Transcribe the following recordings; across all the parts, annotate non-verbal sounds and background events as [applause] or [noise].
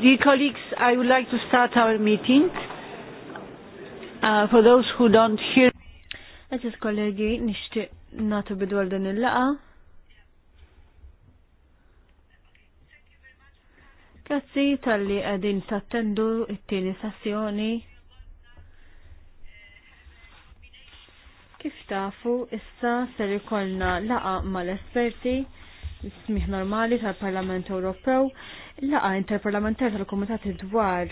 Dear colleagues, I would like to start our meeting. Uh, for those who don't hear. Eżis kollegi, nishtiq natu bidu għal din il-laqa. Grazzi tal-li għedin sattendu it-tieni sessjoni. Kif tafu, issa ser ikolna laqa mal-esperti smih normali tal-Parlament Ewropew, laqa interparlamentar tal-Komitati dwar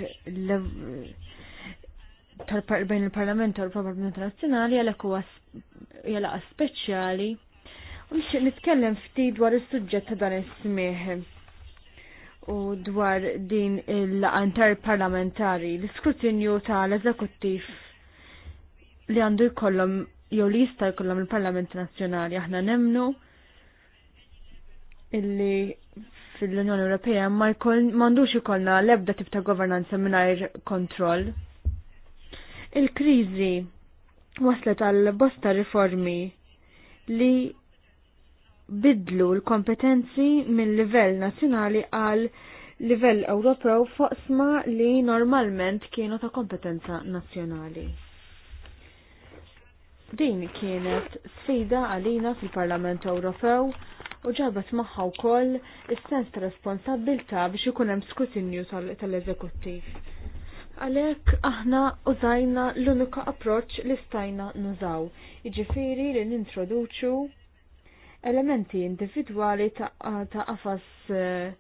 bejn il-Parlament Ewropew u parlament Nazzjonali għalhekk huwa laqa speċjali u nixtieq nitkellem ftit dwar is-suġġett ta' dan is-smih u dwar din il-laqa interparlamentari l-iskrutinju tal-eżekuttiv li għandu jkollhom jew li jista' jkollhom il-Parlament Nazzjonali aħna nemnu illi fil-Unjoni Ewropea ma mandux ikollna l-ebda tip ta' governanza mingħajr kontroll. Il-kriżi waslet għal bosta riformi li bidlu l-kompetenzi mill livell nazzjonali għal livell Ewropew foqsma li normalment kienu ta' kompetenza nazzjonali. Din kienet sfida għalina fil-Parlament Ewropew u ġabet magħha wkoll is-sens ta' responsabilta biex ikun hemm skrutinju tal-eżekuttiv. Għalhekk aħna użajna l-unika approċċ li stajna nużaw, jiġifieri li nintroduċu elementi individwali ta' qafas eh,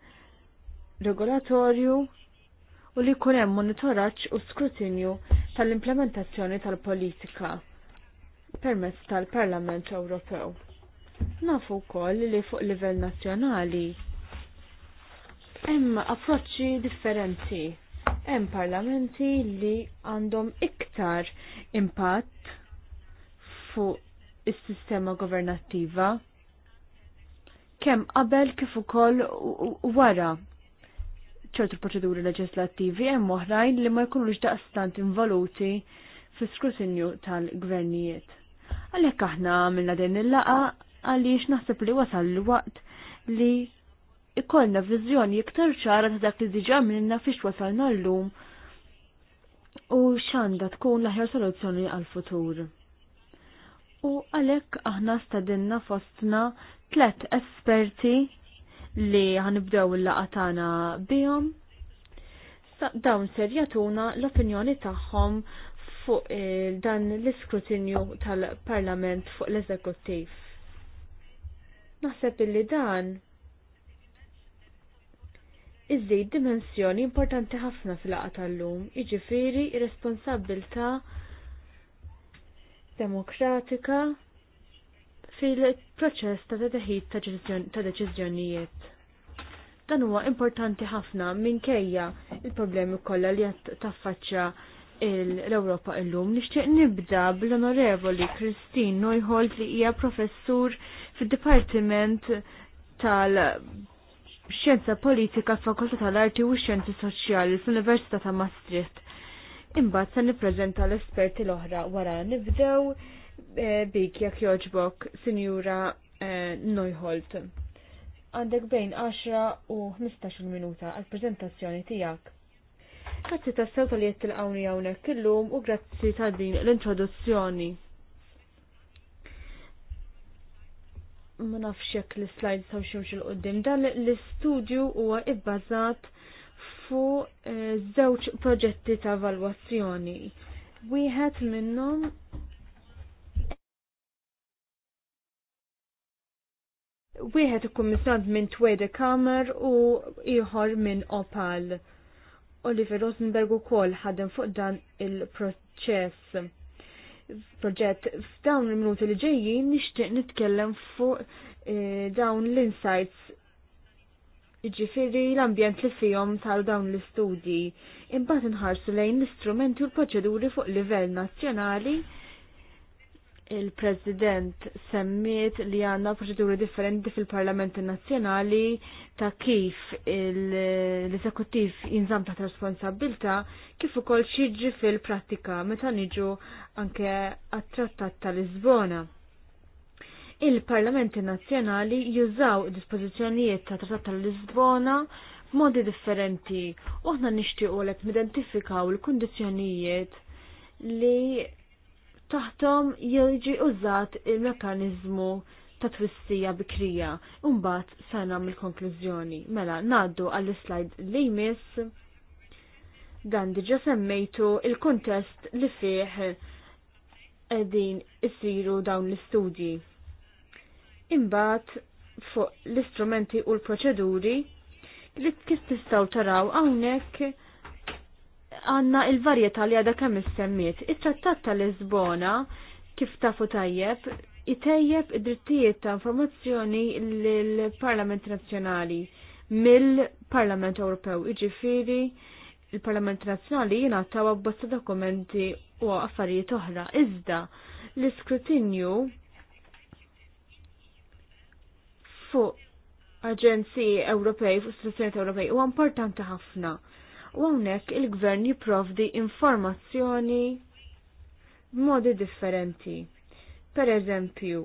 regolatorju u li jkun hemm monitoraġġ u skrutinju tal-implementazzjoni tal-politika permezz tal-Parlament Ewropew. Nafu wkoll li fuq livell nazzjonali hemm approċċi differenti. Hemm parlamenti li għandhom iktar impatt fuq is-sistema governattiva kemm qabel kif ukoll wara ċertu proċeduri leġislattivi hemm oħrajn li ma jkunux daqstant involuti fis-skrutinju tal-gvernijiet. Għalhekk aħna għamilna din il-laqa għaliex naħseb li wasal l-waqt li ikollna viżjoni iktar ċara ta' dak li diġà minna fiex wasalna llum u x'għandha tkun l-aħjar soluzzjoni għal-futur. U għalhekk aħna stadinna fostna tlet esperti li ħanibdew il laqatana bihom dawn serjatuna l-opinjoni tagħhom fuq dan l-iskrutinju tal-Parlament fuq l-Eżekuttiv. Naħseb illi dan iżżid dimensjoni importanti ħafna fil-laqa tal-lum, iġifiri responsabilta demokratika fil-proċess ta' teħid ta' deċiżjonijiet. Dan huwa importanti ħafna minkejja il-problemi kollha li qed taffaċċja l-Ewropa llum. Nixtieq nibda bl-Onorevoli Christine Neuhold li hija professur fil dipartiment tal-Xjenza Politika fakulta tal-Arti u Xjenzi Soċjali fl-Università ta' Maastricht. Imbagħad se nippreżenta l-esperti l-oħra wara nibdew eh, bik jekk joġbok Sinjura eh, Neuholt. Għandek bejn 10 u 15 minuta għal preżentazzjoni tiegħek. Grazzi tas-sew tal-jett il għawni hawnhekk illum u grazzi ta' din l-introduzzjoni. ma nafx jekk l-slides saw ximx il-qoddim. Dan l-istudju huwa ibbażat fuq eh, żewġ proġetti ta' valwazzjoni. Wieħed minnhom Wieħed ikkummissjonat minn Twede Kamer u ieħor minn Opal. Oliver Rosenberg ukoll ħadem fuq dan il-proċess proġett f'dawn il-minuti li ġejjin nixtieq nitkellem fuq eh, dawn l-insights Iġifiri l-ambjent li fihom saru dawn l-istudji, imbagħad inħarsu lejn l-istrumenti u l-proċeduri fuq livell nazzjonali il-President semmiet li għanna proċeduri differenti fil-Parlamenti Nazzjonali ta' kif l esekutif jinżam ta' responsabilta kif ukoll xiġi fil-prattika meta niġu anke għat-Trattat ta' Lisbona. Il-Parlamenti Nazzjonali jużaw dispożizzjonijiet ta' Trattat ta' Lisbona modi differenti u aħna nixtiequ lek identifikaw il-kundizzjonijiet li taħtom jiġi użat il-mekanizmu ta' twistija bikrija. Umbat sana mill konklużjoni Mela, naddu għall-slide li jmiss dan diġa semmejtu il-kontest li fih edin isiru dawn l-istudji. Imbat fuq l-istrumenti u l-proċeduri li kif tistaw taraw hawnhekk għanna il varjeta li għadha kemm semmiet. It-Trattat tal-Lisbona kif tafu tajjeb itejjeb id-drittijiet ta' informazzjoni lill-Parlament Nazzjonali mill-Parlament Ewropew. Iġifiri, il-Parlament Nazzjonali jingħataw abbozza dokumenti u affarijiet oħra. Iżda l-iskrutinju fuq aġenziji Ewropej, fuq istituzzjonijiet Ewropej huwa importanti ħafna u hawnhekk il-gvern jipprovdi informazzjoni b'modi differenti. Per eżempju,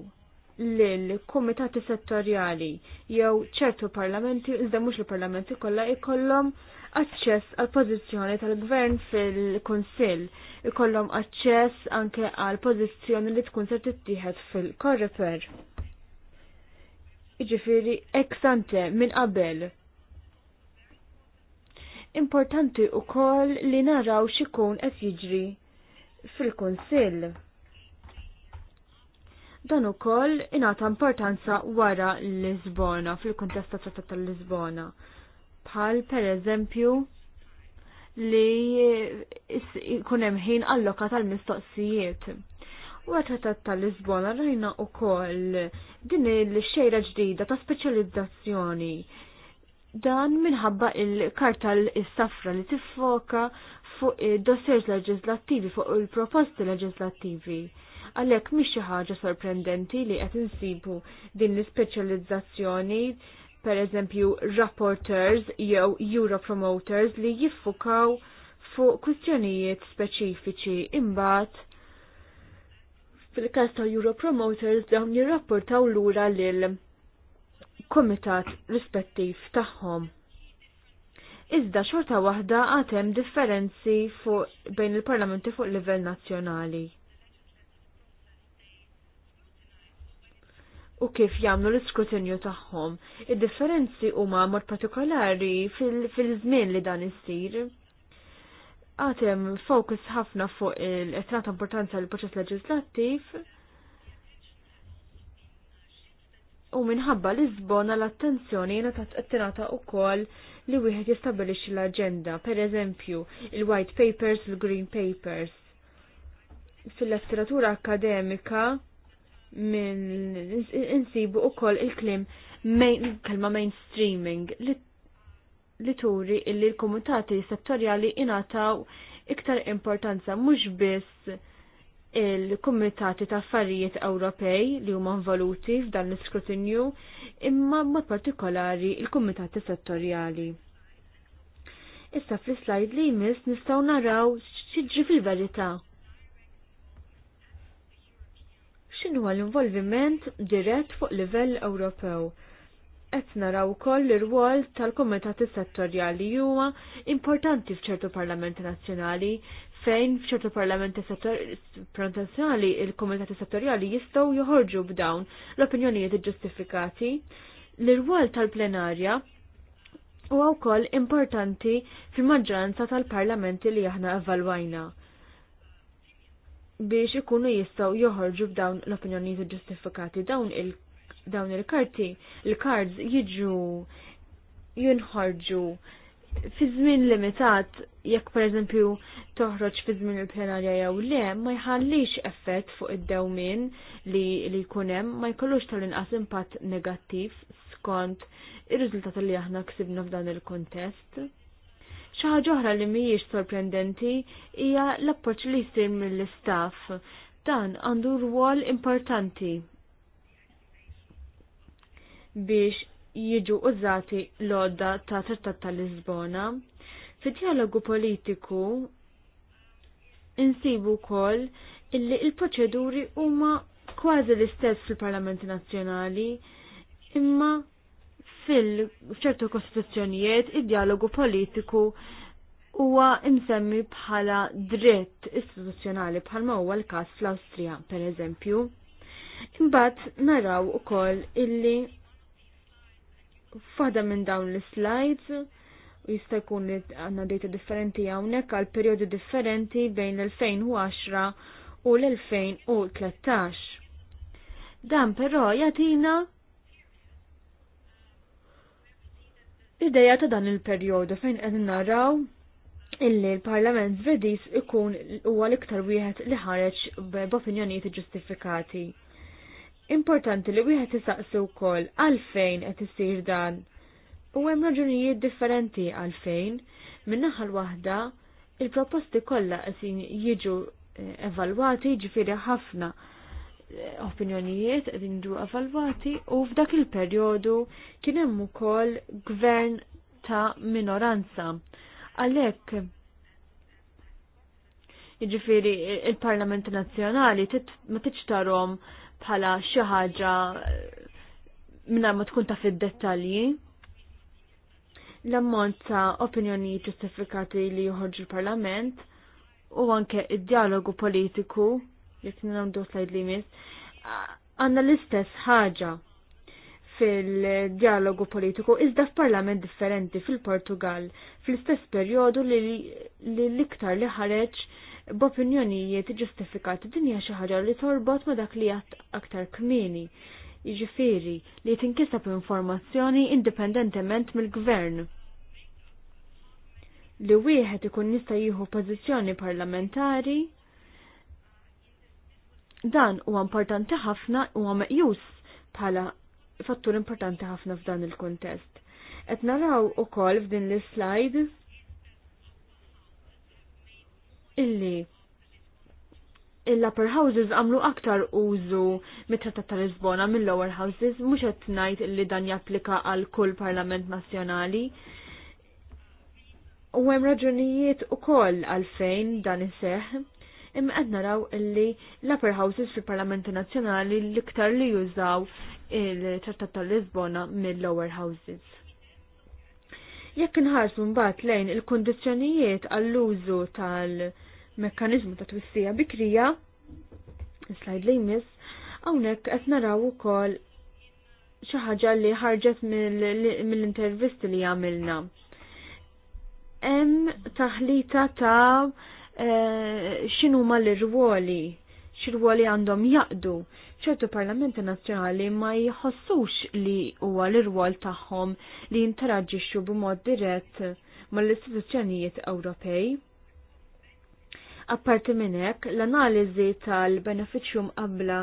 l komitati settorjali jew ċertu parlamenti, iżda mhux il-parlamenti kollha jkollhom aċċess għal pożizzjoni tal-gvern fil-Kunsill, ikollhom aċċess anke għal pożizzjoni li tkun se tittieħed fil-Korreper. Iġifiri, ex ante minn qabel importanti u koll li naraw xikun qed jiġri fil-Kunsill. Dan ukoll ingħata importanza wara l-Lisbona fil-kuntest ta' Trattat tal-Lisbona. Bħal pereżempju li jkun hemm ħin allokat tal-mistoqsijiet. Wara Trattat tal-Lisbona rajna ukoll din il-xejra ġdida ta' speċjalizzazzjoni Dan minħabba il-karta l-safra li tiffoka fuq id-dossiers leġislattivi fuq il-proposti leġislattivi. Għalhekk mhix xi ħaġa sorprendenti li qed insibu din l-ispeċjalizzazzjoni per eżempju rapporters jew Euro promoters li jiffukaw fuq kwistjonijiet speċifiċi imbagħad fil-każ ta' Euro promoters dawn jirrapportaw lura lil il-komitat rispettiv tagħhom. Iżda xorta waħda għatem differenzi fuq bejn il-parlamenti fuq livell nazzjonali. U kif jagħmlu l-iskrutinju tagħhom. Id-differenzi huma mod partikolari fil-żmien li dan isir għatem fokus ħafna fuq il-etnata importanza l proċess leġislattiv u minħabba zbona l-attenzjoni jena ta' t tenata u kol li wieħed jistabilixi l-agenda, per eżempju, il-white papers, il-green papers. Fil-letteratura akademika minn insibu u kol il-klim main, mainstreaming li, li turi illi l-komitati settorjali inataw iktar importanza mhux biss il-Kumitati ta' Affarijiet Ewropej li huma involuti f'dan l-iskrutinju imma mod partikolari il-Kumitati Settorjali. Issa fl slide li jmiss nistgħu naraw x'jiġri fil-verità. X'inhu l-involviment dirett fuq livell Ewropew? Qed naraw ukoll l-irwol tal-Kumitati Settorjali huwa importanti f'ċertu Parlamenti Nazzjonali fejn f'ċertu parlamenti protenzjonali il-komitati settorjali jistgħu joħorġu b'dawn l-opinjonijiet ġustifikati. L-irwol tal-plenarja huwa wkoll importanti fil-maġġoranza tal-parlamenti li aħna evalwajna biex ikunu jistgħu joħorġu b'dawn l-opinjonijiet ġustifikati dawn il dawn il-karti, il-kards jiġu jinħorġu fi żmien limitat jekk pereżempju toħroġ fi żmien il-plenarja jew le, ma jħallix effett fuq id-dewmien li li jkun hemm ma jkollux tal-inqas impatt negattiv skont ir-riżultati li aħna ksibna f'dan il-kontest. Xi ħaġa oħra li mhijiex sorprendenti hija l-appoġġ li jsir mill-istaff. Dan għandu rwol importanti biex jiġu użati l-odda ta' Trattat ta' Lisbona. Fid-dialogu politiku insibu kol illi il-proċeduri huma kważi l-istess fil-Parlamenti Nazzjonali imma fil-ċertu kostituzzjonijiet id-dialogu politiku huwa imsemmi bħala dritt istituzzjonali bħalma huwa l-każ fl-Awstrija, per eżempju. Imbagħad naraw ukoll illi fada minn dawn l-slides u jista' jkun li għandna data differenti hawnhekk għal perjodi differenti bejn l-2010 u l-2013. Dan però jagħtina L-ideja ta' dan il-perjodu fejn qed naraw illi l-Parlament Svediż ikun huwa l-iktar wieħed li ħareġ b'opinjonijiet ġustifikati importanti li wieħed isaqsi wkoll għalfejn qed isir dan. U hemm raġunijiet differenti għalfejn. Min-naħa l-waħda, il-proposti kollha qed jiġu eh, evalwati ġifieri ħafna eh, opinjonijiet qed jiġu evalwati u f'dak il-perjodu kien hemm ukoll gvern ta' minoranza. Għalhekk jiġifieri il-Parlament Nazzjonali ma tiġtarhom bħala xi ħaġa eh, minna ma tkun ta' fid-dettalji. L-ammont ta' opinjoni ġustifikati li joħorġu l-Parlament u anke id-dialogu politiku jekk nagħmlu slajd li mis, għandna l-istess ħaġa fil-dialogu politiku iżda f'parlament differenti fil-Portugal fl-istess perjodu li l-iktar li ħareġ li b'opinjonijiet ġustifikat dinja xi ħaġa li torbot ma dak li għat aktar kmini. Jiġifieri li tinkisab informazzjoni indipendentement mill-gvern li wieħed ikun jista' jieħu pożizzjoni parlamentari dan huwa importanti ħafna huwa meqjus bħala fattur importanti ħafna f'dan il-kuntest. Qed naraw ukoll f'din l-slide illi l-upper houses għamlu aktar użu mit-trattat ta' Lisbona mill-lower houses, mux għet najt illi dan japplika għal kull parlament nazjonali. U għem raġunijiet u koll għalfejn dan iseħ, imma għed naraw illi l-upper houses fil-parlamenti nazjonali l-iktar li jużaw il-trattat ta' Lisbona mill-lower houses. Jekk nħarsu mbagħad lejn il-kundizzjonijiet għall-użu tal- mekkanizmu ta' twissija bikrija, slajd li jmiss, hawnhekk qed naraw ukoll xi ħaġa li ħarġet mill-intervisti li għamilna. Hemm taħlita ta' e, xinu ma l-irwoli, x'irwoli għandhom jaqdu. ċertu parlamenti nazzjonali ma jħossux li huwa l-irwol tagħhom li jinteraġixxu b'mod dirett mal-istituzzjonijiet Ewropej Apparti minn hekk, l-analiżi tal-benefiċċju mqabbla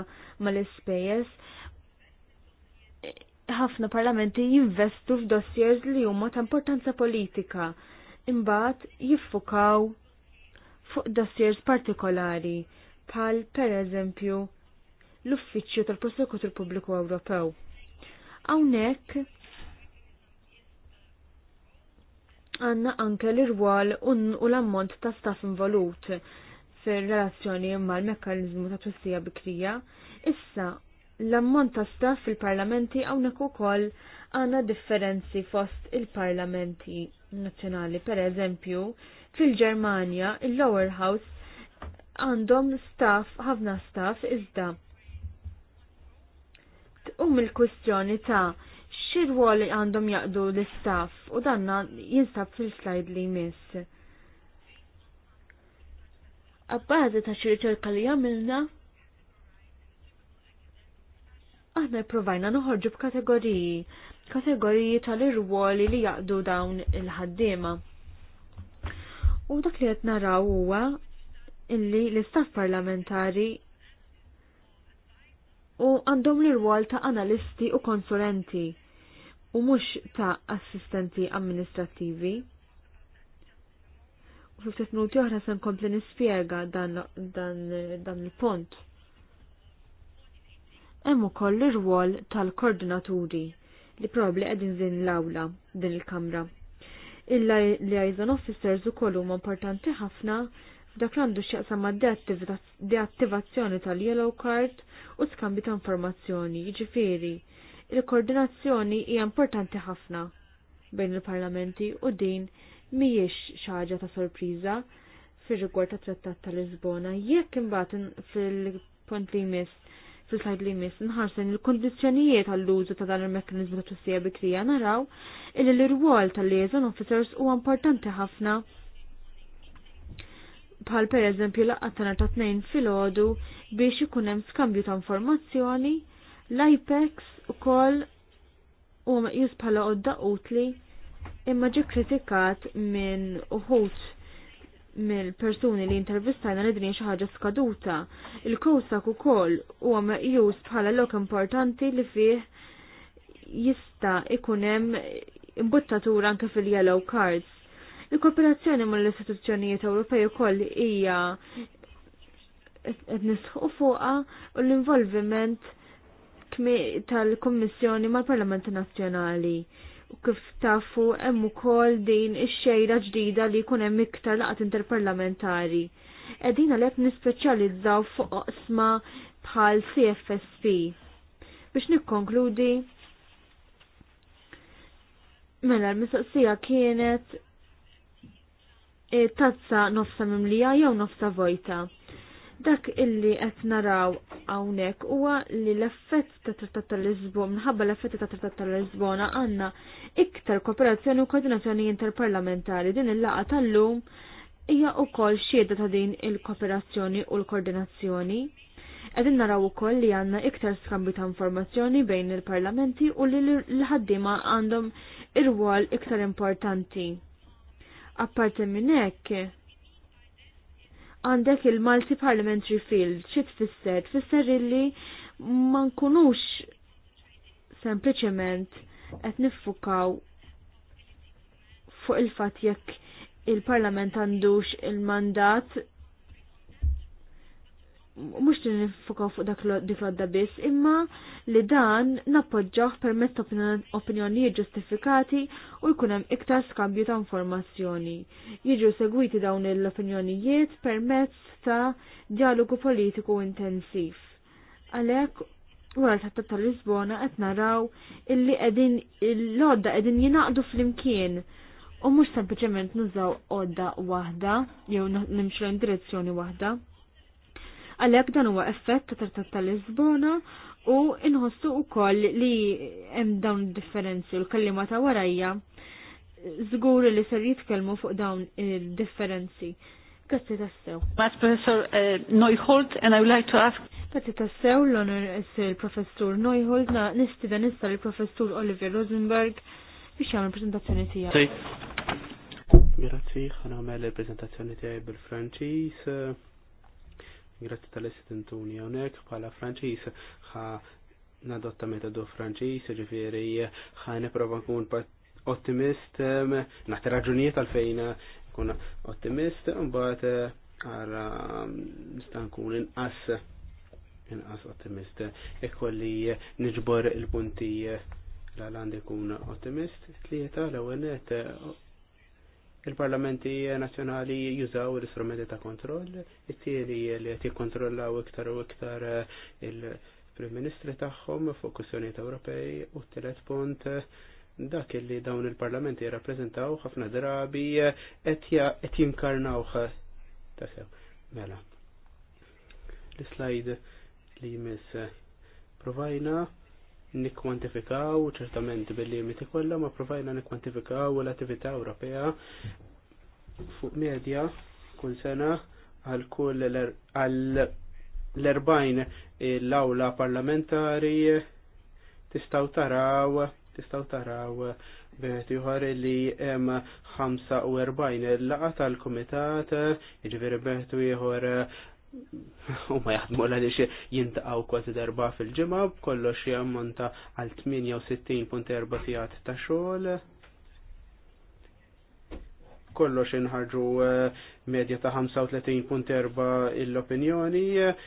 mal-ispejjeż ħafna parlamenti jinvestu f'dossiers li huma ta' importanza politika imbagħad jiffukaw fuq dossiers partikolari per eżempju l-Uffiċċju tal-Prosekutur Pubbliku Ewropew. Hawnhekk għanna anke l-irwal u l-ammont ta' staff involut fil-relazzjoni mal mekkanizmu ta' tussija bikrija. Issa, l-ammont ta' staff fil-parlamenti hawnhekk ukoll għandna differenzi fost il-parlamenti nazzjonali. Per eżempju, fil-Ġermanja, il-Lower House għandhom staff, ħafna staff, iżda. Um il-kwistjoni ta' xi rwol għandhom jaqdu l-istaff u danna jinstab fil slide li jmiss. Abbażi ta' xi riċerka li għamilna, aħna pprovajna noħorġu b'kategoriji, kategoriji tal-irwoli li jaqdu dawn il-ħaddiema. U dak li qed naraw huwa illi l-istaff parlamentari u għandhom l-irwol ta' analisti u konsulenti u mhux ta' assistenti amministrattivi. U ftit minuti oħra se nkompli nispjega dan, dan, dan il-pont. Hemm ukoll ir-rwol tal-koordinaturi li probabli qegħdin zin l-awla din il-kamra. Illa li għajżan officers ukoll huma importanti ħafna f'dak għandu x'jaqsam ma' deattivazzjoni tal-yellow card u skambi ta' informazzjoni, jiġifieri il-koordinazzjoni hija importanti ħafna bejn il-parlamenti u din mhijiex ħaġa ta' sorpriża fir-rigward ta' Trattat ta' Lisbona jekk imbagħad fil-punt li jmiss fil-sajd li jmiss nħarsen il-kondizzjonijiet għall-użu ta' dan il mekkaniżmu ta' tussija bikrija naraw il l-irwol tal-liaison officers huwa importanti ħafna bħal pereżempju eżempju laqqa ta' tnejn fil biex ikun hemm skambju ta' informazzjoni L-IPEX ukoll u jisbħala għodda utli imma ġi kritikat minn uħut mill-persuni li intervistajna li din xi ħaġa skaduta. Il-kowsak ukoll huwa meqjus bħala lok importanti li fih jista' ikunem hemm imbuttatura anke fil-yellow cards. Il-kooperazzjoni mal istituzzjonijiet Ewropej ukoll hija qed nisħu fuqha u l-involviment tal-Kommissjoni mal-Parlamenti Nazzjonali u kif tafu hemm ukoll din ix-xejra ġdida li jkun hemm iktar laqat interparlamentari. Qegħdin għalhekk nispeċjalizzaw fuq oqsma bħal CFSP. Biex nikkonkludi, mela l-mistoqsija kienet e, tazza nofsa mimlija jew nofsa vojta Dak illi qed naraw hawnhekk huwa li l-effett ta' Trattat tal-Lisbon, minħabba l-effetti ta' Trattat tal-Lisbona għandna iktar kooperazzjoni u koordinazzjoni interparlamentari din il-laqa tal-lum hija wkoll xhieda ta' din il-kooperazzjoni u l-koordinazzjoni. Qegħdin naraw ukoll li għandna iktar skambju ta' informazzjoni bejn il-parlamenti u li l-ħaddiema għandhom ir-rwol iktar importanti. Apparti minn hekk, għandek il-Multi Parliamentary Field, xi tfisser? Fisser illi ma nkunux sempliċement qed niffukaw fuq il-fatt jekk il-Parlament għandux il-mandat mux nifokaw fuq dak l-għadda biss, imma li dan nappoġġaħ permezz opinjonijiet ġustifikati u jkun hemm iktar skambju ta' informazzjoni. Jiġu segwiti dawn l-opinjonijiet permezz ta' dialogu politiku intensiv. Għalhekk wara tat l Lisbona qed naraw illi għedin l-għodda qegħdin jingħaqdu flimkien u mhux sempliċement nużaw għodda waħda jew nimxu direzzjoni waħda għalek dan huwa effett ta' Trattat ta' Lisbona u inħossu wkoll li hemm dawn differenzi u l kallima ta' warajja zgur li ser jitkellmu fuq dawn il-differenzi. Grazzi tas-sew. Mas professor eh, Neuhold, and I would like to ask. Grazzi tassew, l-onor il-professor Neuhold, na nistiden nista il professor Oliver Rosenberg biex jgħamil prezentazzjoni tija. Grazzi, għan għamil il-prezentazzjoni tija bil-Franċis. Grazzi tal-istintuni għonek bħala Franċis ħa nadotta metodu Franċis, ġifiri ħa niprofa nkun ottimist, naħti raġunijiet għalfejn kun ottimist, mbagħad ara nista' nkun inqas inqas ottimist. kolli niġbor il-punti l għandi kun ottimist, tlieta l-ewwel il-parlamenti nazjonali jużaw l-istrumenti ta' kontroll, it-tieni li qed jikkontrollaw iktar u iktar eh, il-Prim Ministri tagħhom fuq kwistjonijiet Ewropej u t-telet punt dak li dawn il-parlamenti jirrappreżentaw ħafna drabi qed jinkarnaw ta' sew. Mela. L-slide li jmiss provajna nikkwantifikaw ċertament bil-limiti kollha ma provajna nikkwantifikaw l-attività Ewropea fuq medja kull sena għal kull l-40 l-awla parlamentari tistaw taraw tistaw taraw Bħet juħar li jem 45 l-laqa tal-komitat, ġviri jiġifieri bħet juħar [laughs] u ma jaħdmu l għaliex jintaqaw kważi darba fil-ġimgħa b'kollox jammonta għal 68.4 sigħat ta' xogħol. Kollox inħarġu eh, medja ta' 35.4 l-opinjoni eh,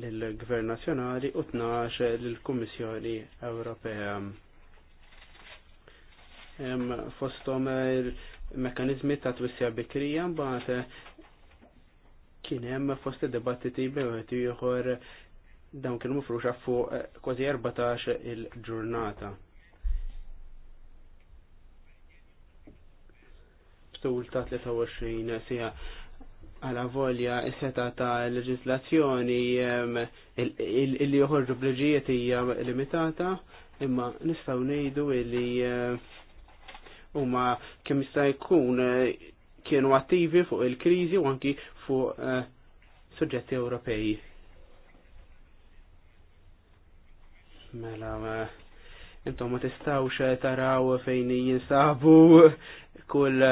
lill-Gvern Nazzjonali u 12 eh, lill-Kummissjoni Ewropea. Fostom il-mekanizmi ta' twissja bikrija mbagħad kien hemm fost id-dibattiti bejn ieħor dawn kienu mifruxa fuq eh, kważi 14 il-ġurnata. B'tul ta' 23 sija għala volja s-seta ta' leġislazzjoni illi joħorġu bleġijiet hija limitata, imma nistgħu ngħidu illi eh, huma kemm jista' jkun eh, kienu attivi fuq il-krizi u anki fuq eh, suġġetti Ewropej. Mela, eh, intom ma tistawx eh, taraw fejn jinsabu kull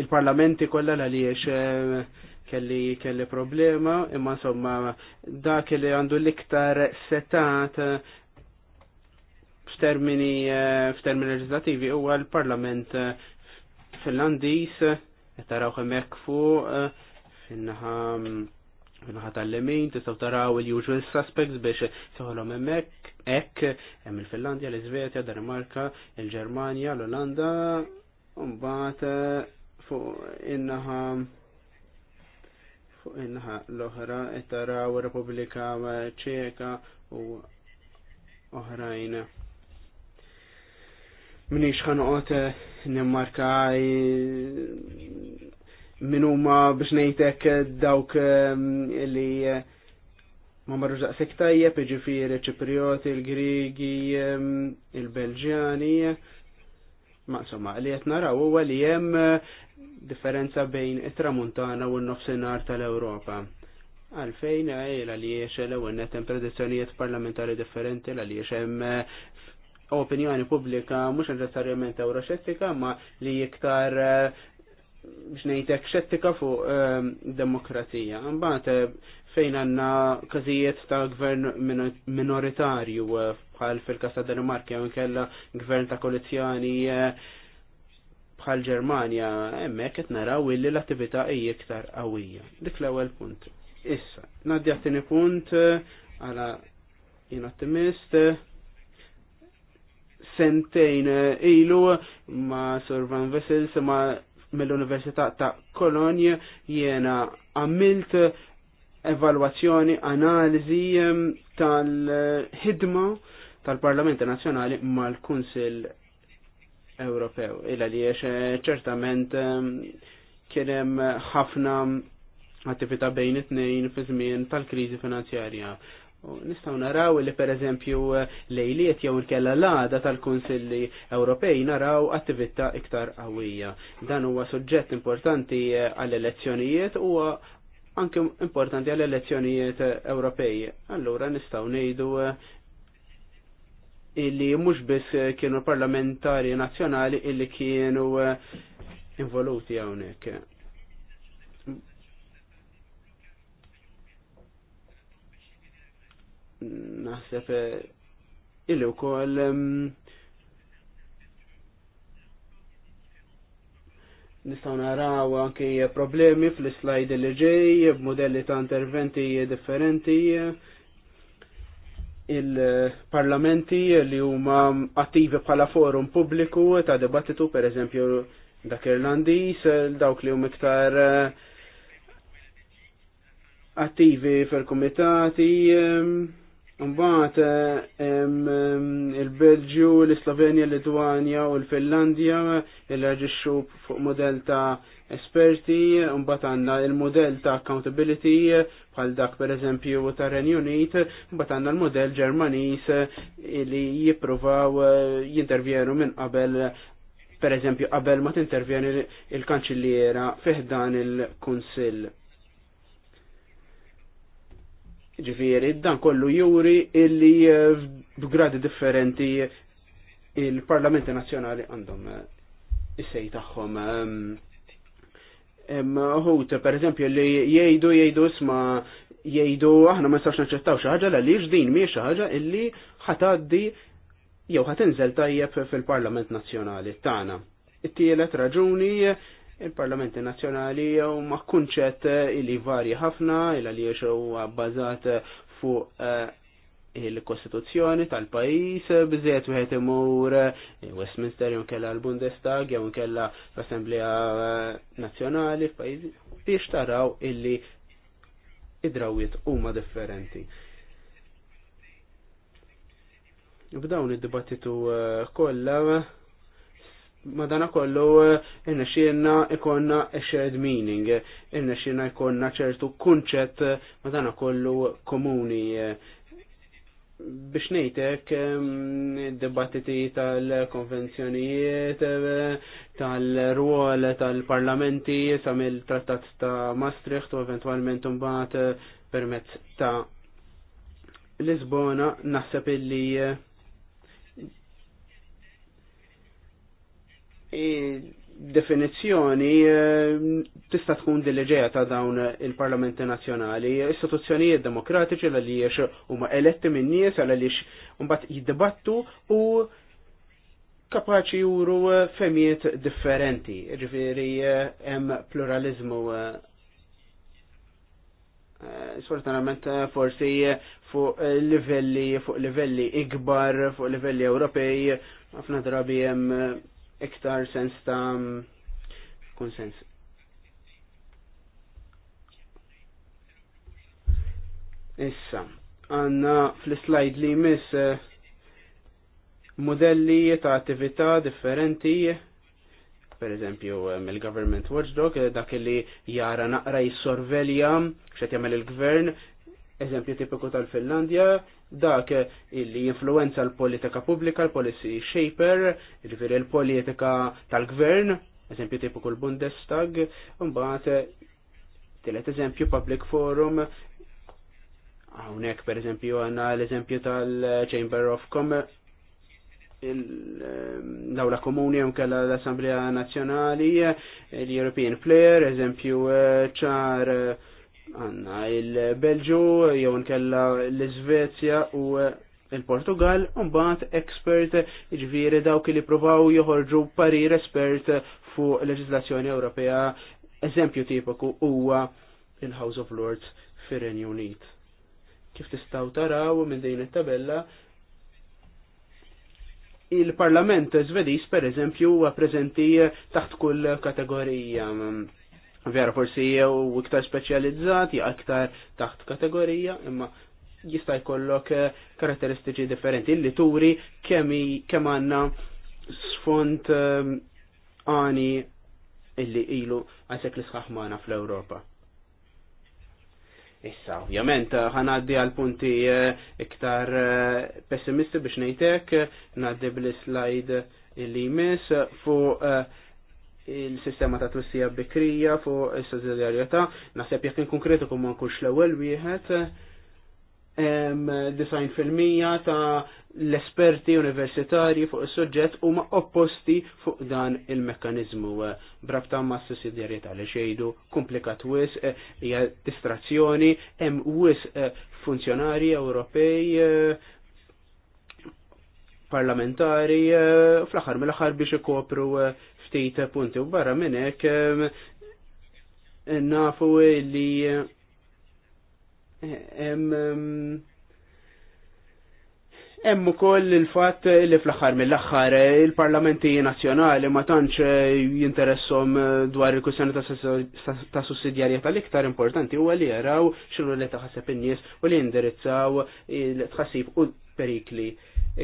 il-parlamenti kollha għaliex kelli kelli problema, imma insomma dak li għandu l-iktar setat f'termini f'termini legislativi huwa l-Parlament Finlandis taraw hemmhekk fuq eh, finnaħa minnaħa tal-lemin, tistaw taraw il-usual suspects biex soħolom emmek, ek, emm il finlandia l izvetja Danimarka, il-Germania, l-Olanda, un-bat eh, fuq innaħa fuq innaħa l-oħra, taraw Republika Ċeka u oħrajna minix ħanuqot eh, nimmarka eh, minuma biex nejtek eh, dawk li ma marruġ daqsek tajjeb, ġifiri ċiprioti, il-Grigi, il-Belġjani, ma insomma li qed naraw huwa li hemm differenza bejn it-tramuntana u n-nofsinhar tal-Ewropa. Għalfejn għajl għaliex l-ewwel hemm parlamentari differenti għaliex hemm opinjoni pubblika mhux neċessarjament euroxettika ma li iktar eh, biex ngħidlek xettika fuq eh, demokrazija. Mbagħad eh, fejn għandna każijiet ta' gvern minoritarju bħal fil-kas ta' Danimarka jew inkella gvern ta' koalizjoni bħal Ġermanja, hemmhekk qed naraw illi l-attività hija iktar qawwija. Dik l-ewwel punt. Issa, naddi għattini punt għala jien ottimist sentejn ilu ma' Sir Van Vessels ma' mill-Università ta' Kolonja jiena għamilt evalwazzjoni, analizi tal-ħidma tal-Parlament Nazzjonali mal-Kunsil Ewropew. Illa li eh, ċertament kienem ħafna attività bejn it-tnejn fi żmien tal-kriżi finanzjarja. Nistaw naraw li per eżempju lejliet jew il-kella l-għada tal-Kunsilli Ewropej naraw attività iktar qawwija. Dan huwa suġġett importanti eh, għall-elezzjonijiet u anke importanti għall-elezzjonijiet eh, Ewropej. Allura nistaw ngħidu eh, illi mhux biss kienu parlamentari nazzjonali illi kienu involuti hawnhekk. naħseb eh, illi wkoll nistgħu naraw anki problemi fl slajd li ġej b'modelli ta' interventi differenti il-parlamenti li huma attivi bħala forum pubbliku ta' dibattitu per eżempju dak Irlandis, dawk li huma iktar eh, attivi fil-komitati, Mbaħt il-Belġju, l-Slovenja, l lituania u l-Finlandja li ġixxu fuq modell ta' esperti, mbagħad għandna il-modell ta' accountability bħal dak pereżempju ta' Renju Unit, mbagħad għandna l-modell Ġermaniż li jippruvaw eh, jintervjeru minn qabel pereżempju qabel ma tintervjeni il-kanċilliera fih dan il-Kunsill. Ġifieri, dan kollu juri illi b'gradi eh, differenti il-Parlamenti Nazzjonali għandhom eh, is-sej tagħhom. Ehm, ehm, Ħut, per eżempju, li jgħidu jgħidu isma jgħidu aħna ma nistax naċċettaw xi ħaġa għaliex din mhi xi ħaġa illi ħatgħaddi jew ħatinżel tajjeb fil-Parlament Nazzjonali tagħna. It-tielet raġuni il-Parlamenti Nazzjonali ma kunċett eh, li varji ħafna il li huwa bbażat fuq eh, il-Kostituzzjoni tal-pajis biżiet wieħed imur eh, Westminster jew kella l-Bundestag jew kella l-Assemblea Nazzjonali f'pajjiż biex taraw illi id-drawiet huma differenti. B'dawn id-dibattitu kollha madana kollu eh, inna xienna ikonna a shared meaning, eh, inna xienna ikonna ċertu kunċett eh, madana kollu komuni. Biex nejtek ehm, debattiti tal-konvenzjonijiet, tal-ruol, tal-parlamenti, sam il-trattat ta' Maastricht u eventualment mbagħad permezz ta' Lisbona naħseb illi definizzjoni eh, tista' tkun diliġeja ta' dawn il-Parlamenti Nazzjonali, istituzzjonijiet demokratiċi l għaliex huma eletti minn nies għal għaliex mbagħad jiddibattu u kapaċi juru femijiet differenti, ġifiri eh, hemm pluralizmu eh, sfortunatament forsi fuq livelli fuq livelli ikbar, fuq livelli Ewropej, ħafna drabi hemm iktar sens ta' konsens. Issa, għanna fl-slide li jmiss eh, modelli ta' attività differenti, per eżempju eh, mill-Government Watchdog, eh, dak li jara naqra jissorvelja xet jagħmel il-gvern, Eżempju tipiku tal-Finlandja, dak illi influenza l-politika pubblika, l-policy shaper, il-veri l-politika tal-gvern, eżempju tipiku l-Bundestag, mbagħad tillet eżempju public forum, hawnhekk per eżempju għandna l-eżempju tal-Chamber of Commerce, ehm, l-Awla Komuni u kella l-Assemblea Nazzjonali, l-European Player, eżempju eh, ċar uh, għanna il-Belġu, jew nkella l-Svezja u il-Portugal, unbat expert ġviri dawk li provaw joħorġu parir espert fuq leġislazzjoni Ewropea. Eżempju tipiku huwa il-House of Lords fir-Renju Unit. Kif tistaw taraw minn din it-tabella, il-Parlament Zvediż per eżempju huwa preżenti taħt kull kategorija vera forsi jew iktar speċjalizzati, aktar taħt kategorija, imma jista' jkollok eh, karatteristiċi differenti illi turi kemm għandna sfond ehm, għani illi ilu għasek l-isħaħ fl-Ewropa. Issa, ovvjament, ħanaddi għal punti eh, iktar eh, pessimisti biex nejtek, naddi bl-slide illi jmiss fuq il-sistema ta' twissija bikrija fuq is-sussidjarjetà, naħseb jekk inkun kritiku ma nkunx l-ewwel wieħed. Design fil-mija ta' l-esperti universitari fuq is-suġġett huma opposti fuq dan il-mekkaniżmu brabta ma' sussidjarjetà li xejdu komplikat wis eh, hija distrazzjoni hemm wis eh, funzjonari Ewropej eh, parlamentari fl-aħħar mill-aħħar biex ikopru ftit punti u barra minn hekk nafu li hemm Hemm ukoll il-fatt li fl-aħħar mill-aħħar il-parlamenti nazzjonali ma tantx jinteressom dwar il-kwistjoni ta' sussidjarja tal-iktar importanti huwa li jaraw x'inhu li taħseb in-nies u li jindirizzaw il-tħassib u perikli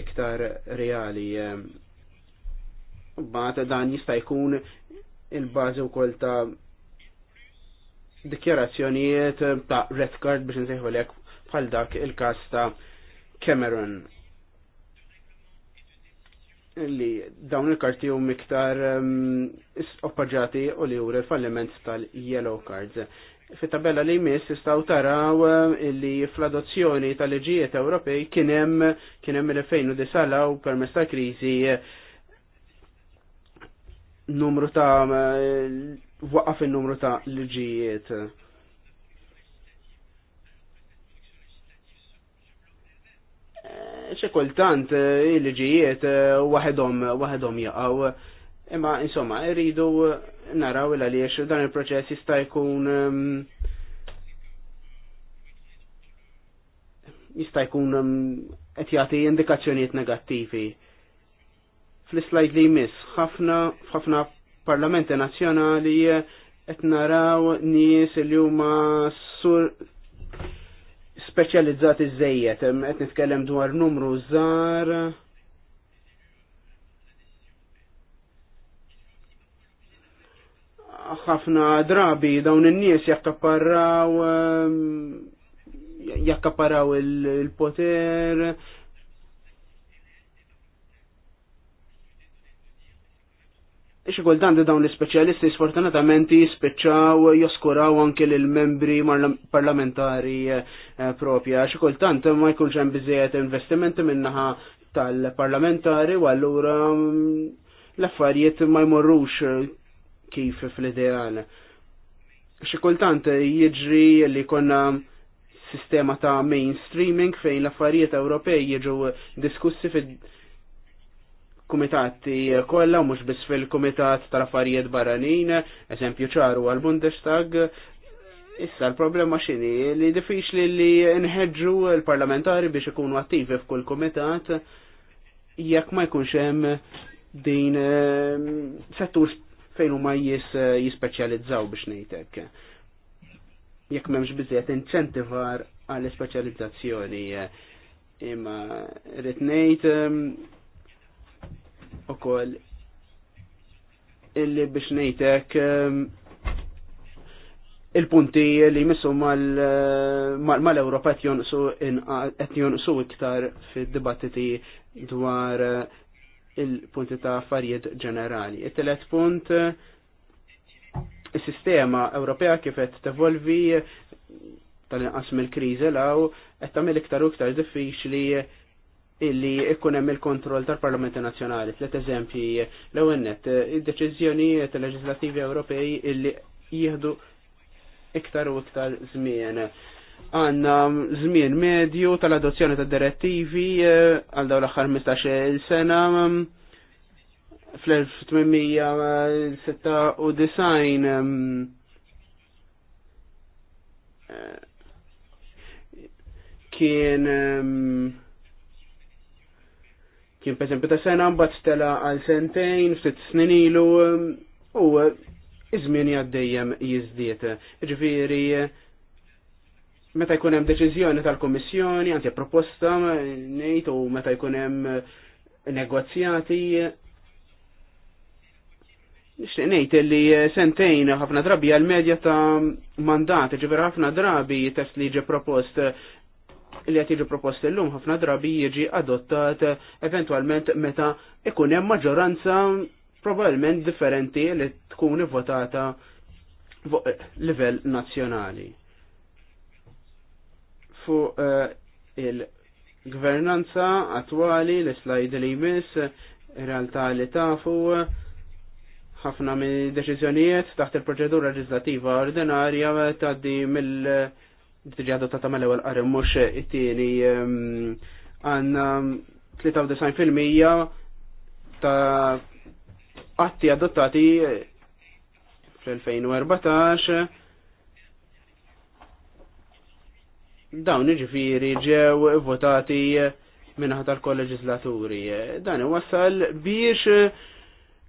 iktar reali bat dan jista' jkun il-bażi wkoll ta' dikjarazzjonijiet ta' red card biex lek bħal dak il-każ ta' Cameron li dawn il-karti u miktar um, oppaġati u li juri falliment tal-yellow cards. Fit-tabella li jmiss istaw taraw um, li fl-adozzjoni tal-leġijiet Ewropej kienem kienem l-2009 u permess tal krizi numru ta' eh, waqaf il-numru ta' liġijiet. ċe eh, kultant eh, il-liġijiet wahedhom wahedhom jaqaw. Imma insomma, rridu naraw il għaliex dan il-proċess jista' jkun ehm, jista' jkun ehm, qed jagħti indikazzjonijiet negattivi fl-slajd li jmiss ħafna f'ħafna parlamenti nazzjonali qed naraw nies li huma sur speċjalizzati żejjed, qed nitkellem dwar numru żgħar. ħafna drabi dawn in-nies jakkaparraw jakkaparraw il-poter, xikultanti dawn l specialisti sfortunatament jispiċċaw joskuraw anke l-membri parlamentari eh, propja. Xikultant ma jkunx hemm biżejjed investimenti minnaħa tal-parlamentari u allura mm, l-affarijiet ma jmorrux kif fl-ideal. Xikultant jiġri li konna sistema ta' mainstreaming fejn l-affarijiet Ewropej jiġu diskussi fid kumitati kollha u mhux biss fil-kumitat tal-affarijiet barranin, eżempju ċaru għal-Bundestag, issa l-problema x'inhi li diffiċli li nħeġġu l-parlamentari biex ikunu attivi f'kull kumitat jekk ma jkunx hemm din ehm, settur fejn huma jispeċjalizzaw biex ngħidlek. Jekk m'hemmx biżejjed incentivar għall-ispeċjalizzazzjoni eh, imma rrid ngħid ehm, u koll illi biex nejtek ehm, il-punti li jmissu mal-Europa qed jonqsu iktar fid-dibattiti dwar eh, il-punti ta' affarijiet ġenerali. It-telet punt is-sistema Ewropea kif qed tevolvi tal-inqas mill-kriżi law qed tagħmel iktar u iktar diffiċli illi ikkun hemm il-kontroll tal-Parlamenti Nazzjonali. Tlet eżempji l-ewwel id-deċiżjonijiet leġislattivi Ewropej illi jieħdu iktar u iktar żmien. Għanna żmien medju tal-adozzjoni ta' direttivi eh, għal dawn l-aħħar 15 sena fl-1896 eh, kien eh, kien per esempio ta' sena mbagħad stela għal sentejn, ftit snin ilu u iż-żmien għaddejjem jiżdied. Ġifieri meta jkun hemm deċiżjoni tal-Kummissjoni, anzi proposta ngħid u meta jkun hemm negozjati Nixtieq ngħid li sentejn ħafna drabi għal medja ta' mandat, ġifier ħafna drabi test li ġie propost li qed jiġi proposti llum ħafna drabi jiġi adottat eventwalment meta ikun hemm maġġoranza probabbilment differenti li tkun votata fuq eh, livell nazzjonali. Fu eh, il-gvernanza attwali, l-slajd li jmiss, realtà li tafu, ħafna minn deċiżjonijiet taħt il-proċedura legislativa ordinarja tgħaddi mill- diġi adottata mal ewwel qarim mhux it-tieni ehm, għanna 93% ta' atti adottati fl-2014 dawn iġifiri ġew votati minħata tal kolleġislaturi Dan wasal biex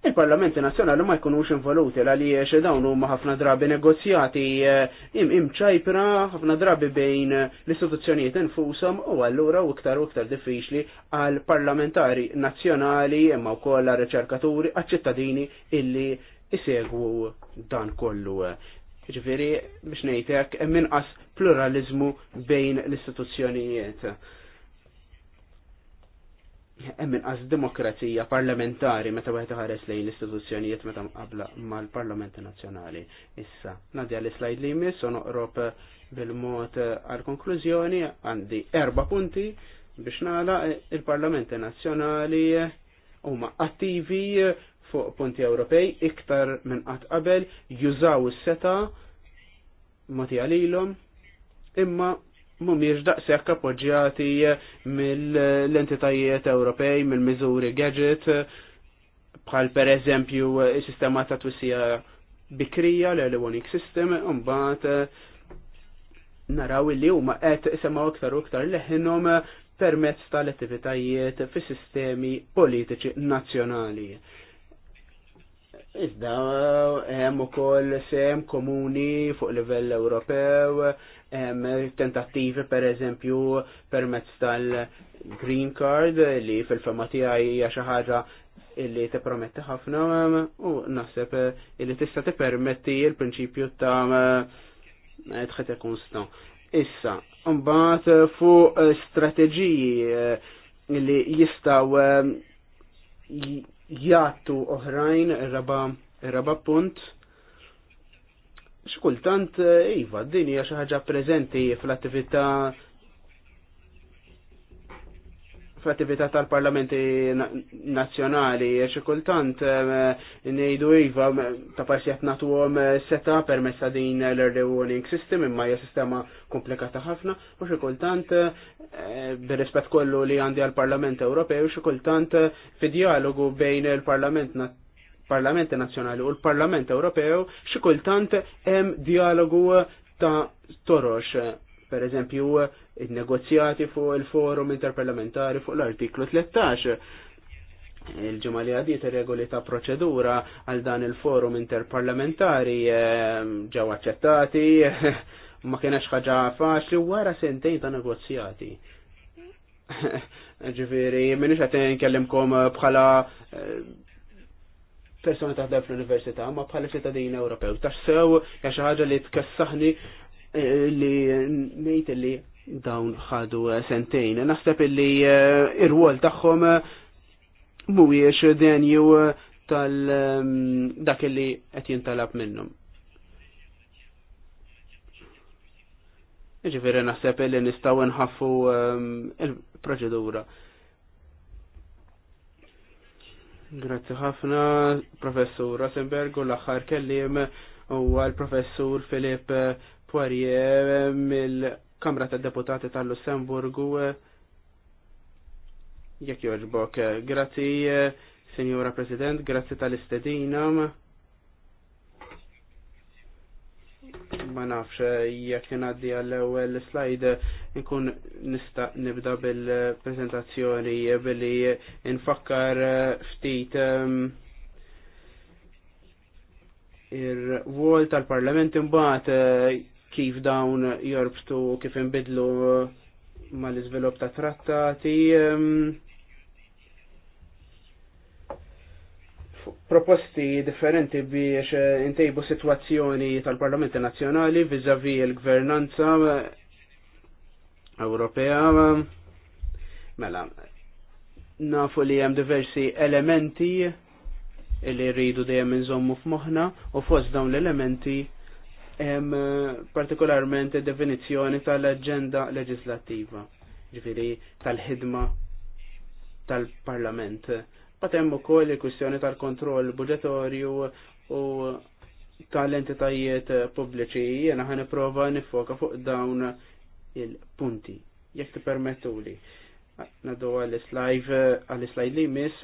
il-Parlamenti Nazzjonali ma jkunux involuti għaliex dawn huma ħafna drabi negozjati eh, imċajpra, ħafna drabi bejn l-istituzzjonijiet infushom u allura u iktar u iktar diffiċli għal parlamentari nazzjonali imma wkoll għal riċerkaturi għaċ-ċittadini illi isegwu dan kollu. Ġifieri biex ngħidlek hemm inqas pluralizmu bejn l-istituzzjonijiet hemm inqas demokrazija parlamentari meta wieħed ħares lejn l-istituzzjonijiet meta mqabla mal parlamenti Nazzjonali. Issa, nadja l slajd li jmiss u noqrob bil-mod għal konklużjoni għandi erba' punti biex nala eh, il parlamenti Nazzjonali huma attivi fuq punti Ewropej iktar minn qatt qabel jużaw is-seta' mati għalilhom imma mumiex daqshekk appoġġjati mill-entitajiet Ewropej, mill-miżuri gadget, bħal per eżempju sistema ta' twissija bikrija l elewonic system, mbagħad eh, naraw li huma qed isemgħu iktar u aktar leħinhom permezz tal-attivitajiet fi sistemi politiċi nazzjonali. Iżda hemm ukoll sem komuni fuq livell Ewropew, tentattivi per eżempju permezz tal-green card li fil-fema tiegħi hija xi ħaġa illi tipprometti ħafna u naħseb illi tista' permetti l-prinċipju ta' tħet konstant. Issa, mbagħad fuq strategiji eh, li jistgħu eh, jgħattu oħrajn raba' raba' punt xkultant eh, iva, din hija xi ħaġa preżenti fl-attività fl-attività tal-parlamenti nazzjonali, xi kultant eh, ngħidu iva ta' parsjat nagħtuhom eh, seta' permessa din l-early warning system imma hija sistema komplikata ħafna u xi kultant bir-rispett kollu li għandi għall-Parlament Ewropew xi kultant fi dialogu bejn il-Parlament parlamenti Nazzjonali u l-Parlament Ewropew xi kultant hemm dialogu ta' torox. Per eżempju, il-negozjati fuq il-forum interparlamentari fuq l-artiklu 13 il-ġimma li għaddi regoli ta' proċedura għal dan il-forum interparlamentari ehm, ġew accettati, [laughs] ma kienax ħaġa faċli wara sentejn ta' negozjati. [laughs] Ġifiri, minix għatin kellimkom bħala eh, persona taħdem fl-università, ma bħala ċittadin Ewropew. Taxsew sew, xi ħaġa li tkessaħni eh, li ngħid li dawn ħadu eh, sentejn. Naħseb li eh, ir-rwol tagħhom mhuwiex denju tal dak li qed jintalab minnhom. Ġifiri naħseb li nistaw nħaffu il-proċedura Grazzi ħafna, professur Rosenberg, u l aħħar kellim u għal-professur Filip Poirier mill-Kamra tad deputati tal-Lussemburgu. Jekk joġbok, grazzi, Signora President, grazzi tal-istedinam. ma nafx jekk ngħaddi għall-ewwel slide nkun nista' nibda bil-preżentazzjoni billi nfakkar ftit ehm, ir-wol tal-Parlament imbagħad eh, kif dawn jorbtu kif inbidlu eh, mal-iżvilupp ta' trattati ehm, proposti differenti biex eh, intejbu situazzjoni tal-Parlamenti Nazzjonali vizavi l-gvernanza eh, Ewropea. Mela, nafu li hemm diversi elementi li rridu dejjem inżommu f'moħħna u fost dawn l-elementi hemm eh, partikolarment id-definizzjoni tal-aġenda leġislattiva, ġifieri tal-ħidma tal-Parlament. tal ħidma tal parlament Għatem u koll kwistjoni tal-kontroll budgetorju u tal-entitajiet pubbliċi, jena ħan prova nifoka fuq dawn il-punti, jekk ti permettu li. Nadu għal-slajd li mis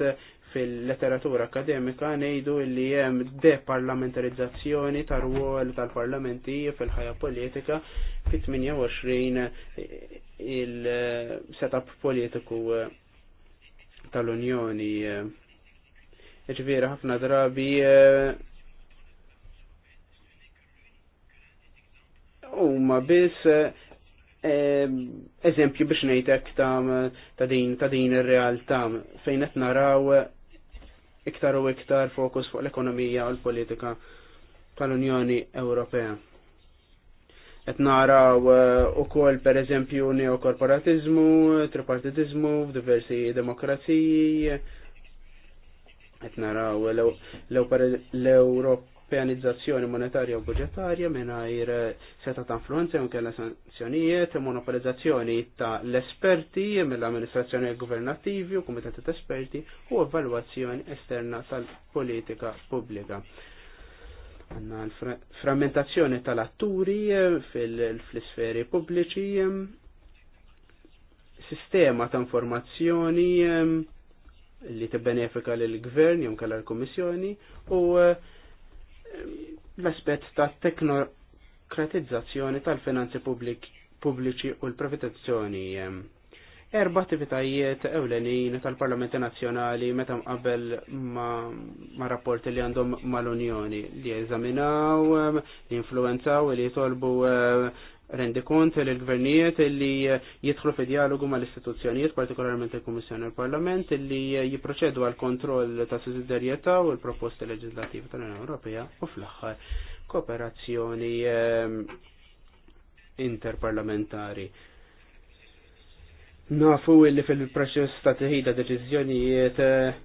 fil-letteratura akademika nejdu li jem deparlamentarizzazzjoni tar ruol tal-parlamenti fil-ħajja politika fit-28 il-setup politiku tal-Unjoni. Eh, Ġviri, ħafna drabi eh, huma biss eh, eżempju biex ngħidlek ta' din ta' din ir-realtà fejn qed naraw iktar u iktar fokus fuq l-ekonomija u l-politika tal-Unjoni Ewropea qed naraw eh, ukoll pereżempju neokorporatizmu, tripartitizmu f'diversi demokraziji, qed naraw l-Ewropeanizzazzjoni monetarja u budġetarja mingħajr seta ta' influenza u kellha sanzjonijiet, monopolizzazzjoni ta' l-esperti mill-amministrazzjoni governativi u kumitati ta' esperti u evalwazzjoni esterna tal-politika pubblika. Għanna l-frammentazzjoni tal-atturi eh, fil-sferi pubbliċi, eh, sistema ta' informazzjoni eh, li tibbenefika l-gvern jew kalla l komissjoni u l-aspett ta' teknokratizzazzjoni tal-finanzi pubbliċi u l-privatizzazzjoni erba' attivitajiet ewlenin tal-Parlamenti Nazzjonali meta mqabel ma', ma rapporti li għandhom mal-Unjoni li jeżaminaw, ehm, li influenzaw, li jitolbu ehm, rendi kont li l-gvernijiet li jidħlu fi dialogu mal istituzzjonijiet partikolarment il-Kummissjoni u l-Parlament, li jiproċedu għal kontroll ta' sussidjarjetà u l-proposti leġislativi tal-Unjoni Ewropea u fl-aħħar kooperazzjoni ehm, interparlamentari. Nafu illi fil-proċess ta' teħida deċiżjonijiet eh,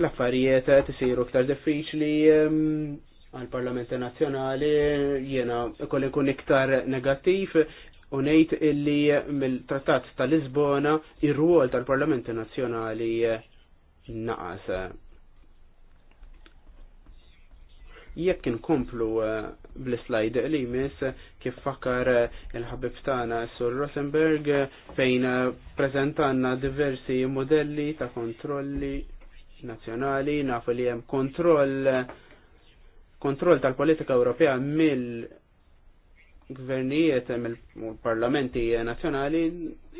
l-affarijiet tisiru ktar diffiċli ehm, għal-Parlament Nazzjonali jiena kolli kun iktar negattiv u ngħid illi mill-Trattat tal Lisbona ir ruol tal-Parlamenti Nazzjonali naqas jekk inkomplu eh, bl-slide li jmiss kif fakar eh, il-ħabib tagħna Sur Rosenberg fejn eh, prezentanna diversi modelli ta' kontrolli nazzjonali nafu li hemm kontroll kontroll tal-politika Ewropea mill gvernijiet mill-parlamenti nazzjonali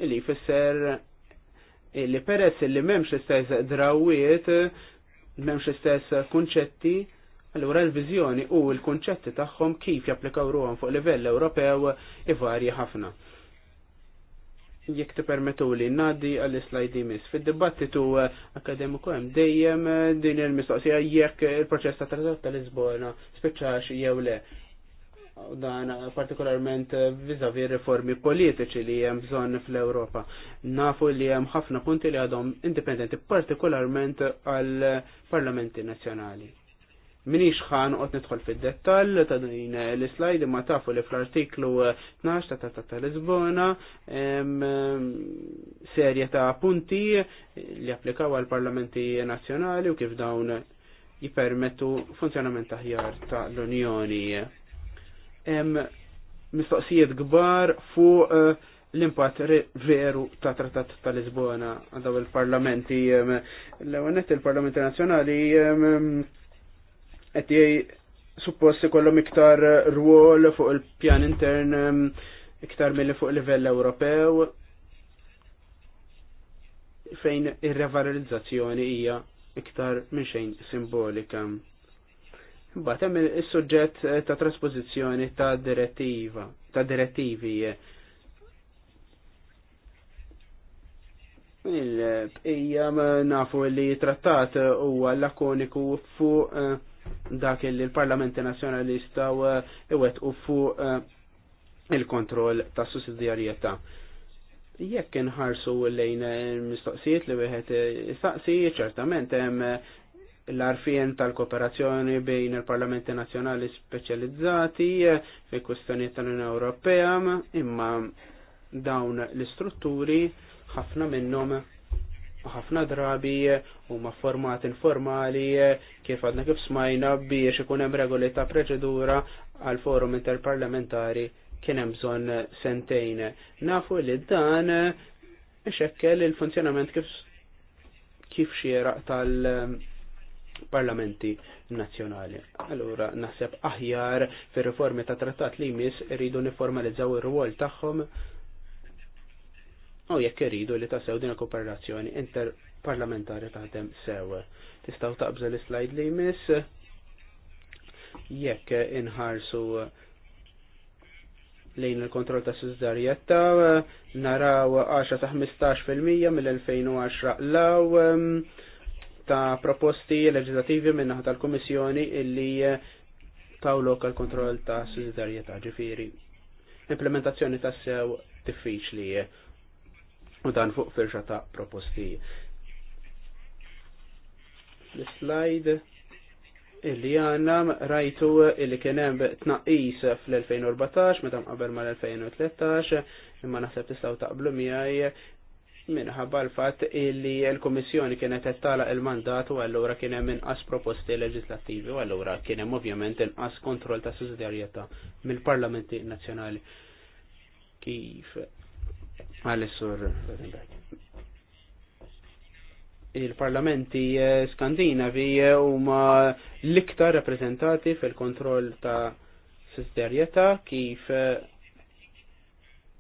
li jfisser li peress li memx istess drawiet, memx istess kunċetti, Allura l-viżjoni u l-kunċetti tagħhom kif japplikaw ruhom fuq livell Ewropew ivarji ħafna. Jekk tippermettu li ngħaddi għall-slajdi miss. Fid-dibattitu eh, akademiku hemm dejjem eh, din il-mistoqsija jekk il-proċess ta' trattat tal-Lisbona spiċċax jew le dan partikolarment vizavi riformi politiċi li hemm bżonn fl-Ewropa. Nafu li hemm ħafna punti li għadhom indipendenti partikolarment għall parlamenti nazzjonali. Minix xan qot nidħol fid-dettall ta' din l-slide ma tafu li fl-artiklu 12 ta' ta' ta' Lisbona serje ta' punti li applikaw għal parlamenti nazzjonali u kif dawn jipermettu funzjonament aħjar ta' l-Unjoni. Mistoqsijiet gbar fuq eh, l-impatt veru ta' trattat ta' Lisbona għadaw il-parlamenti. L-għonet il-parlamenti nazjonali qed suppost ikollhom iktar rwol fuq il-pjan intern um, iktar milli fuq livell Ewropew fejn ir-revalorizzazzjoni hija iktar minn xejn simbolika. Imbagħad hemm is-suġġett eh, ta' trasposizzjoni ta' direttiva, ta' direttivi Il-bqija nafu li trattat huwa lakoniku fuq eh, dak li l-Parlamenti Nazzjonali jistgħu eh, iwettqu fuq eh, il-kontroll tas sussidjarjetà. Jekk inħarsu lejn il-mistoqsijiet li wieħed istaqsi, ċertament hemm eh, l-arfien tal-kooperazzjoni bejn il-Parlamenti Nazzjonali speċjalizzati fi kwistjonijiet tal-Unjoni Ewropea, imma dawn l-istrutturi ħafna minnhom ħafna drabi huma format informali kif għadna kif smajna biex ikun hemm regoli ta' proċedura għal forum interparlamentari kien hemm bżonn sentejn. Nafu li dan ixekkel il-funzjonament kif kif xieraq tal-parlamenti nazzjonali. Allura naħseb aħjar fir riformi ta' trattat li jmiss iridu niformalizzaw ir-rwol tagħhom u jekk iridu li tasew din il-kooperazzjoni interparlamentari taħdem sew. Tistaw taqbżel l-slide li jmiss jekk inħarsu lejn il-kontroll ta' sussidjarjetà naraw 10 sa 15% mill-2010 law ta' proposti leġislativi minnaħ tal-Komissjoni illi taw l kontroll ta' sussidjarjetà ġifiri. Implementazzjoni ta' sew diffiċli u dan fuq firxa ta' proposti. L-slide illi għanna rajtu illi kienem tnaqis fl-2014 meta qabel mal-2013 imma naħseb tistaw taqblu miegħi minħabba l-fatt illi l-Komissjoni kienet tala il-mandat u allura kien hemm inqas proposti leġislattivi u allura kien hemm ovvjament inqas kontroll ta' sussidjarjetà mill-Parlamenti Nazzjonali. Kif Għal-Sur Il-parlamenti eh, skandinavi eh, huma l-iktar rappresentati fil-kontroll ta' sisterjeta kif eh,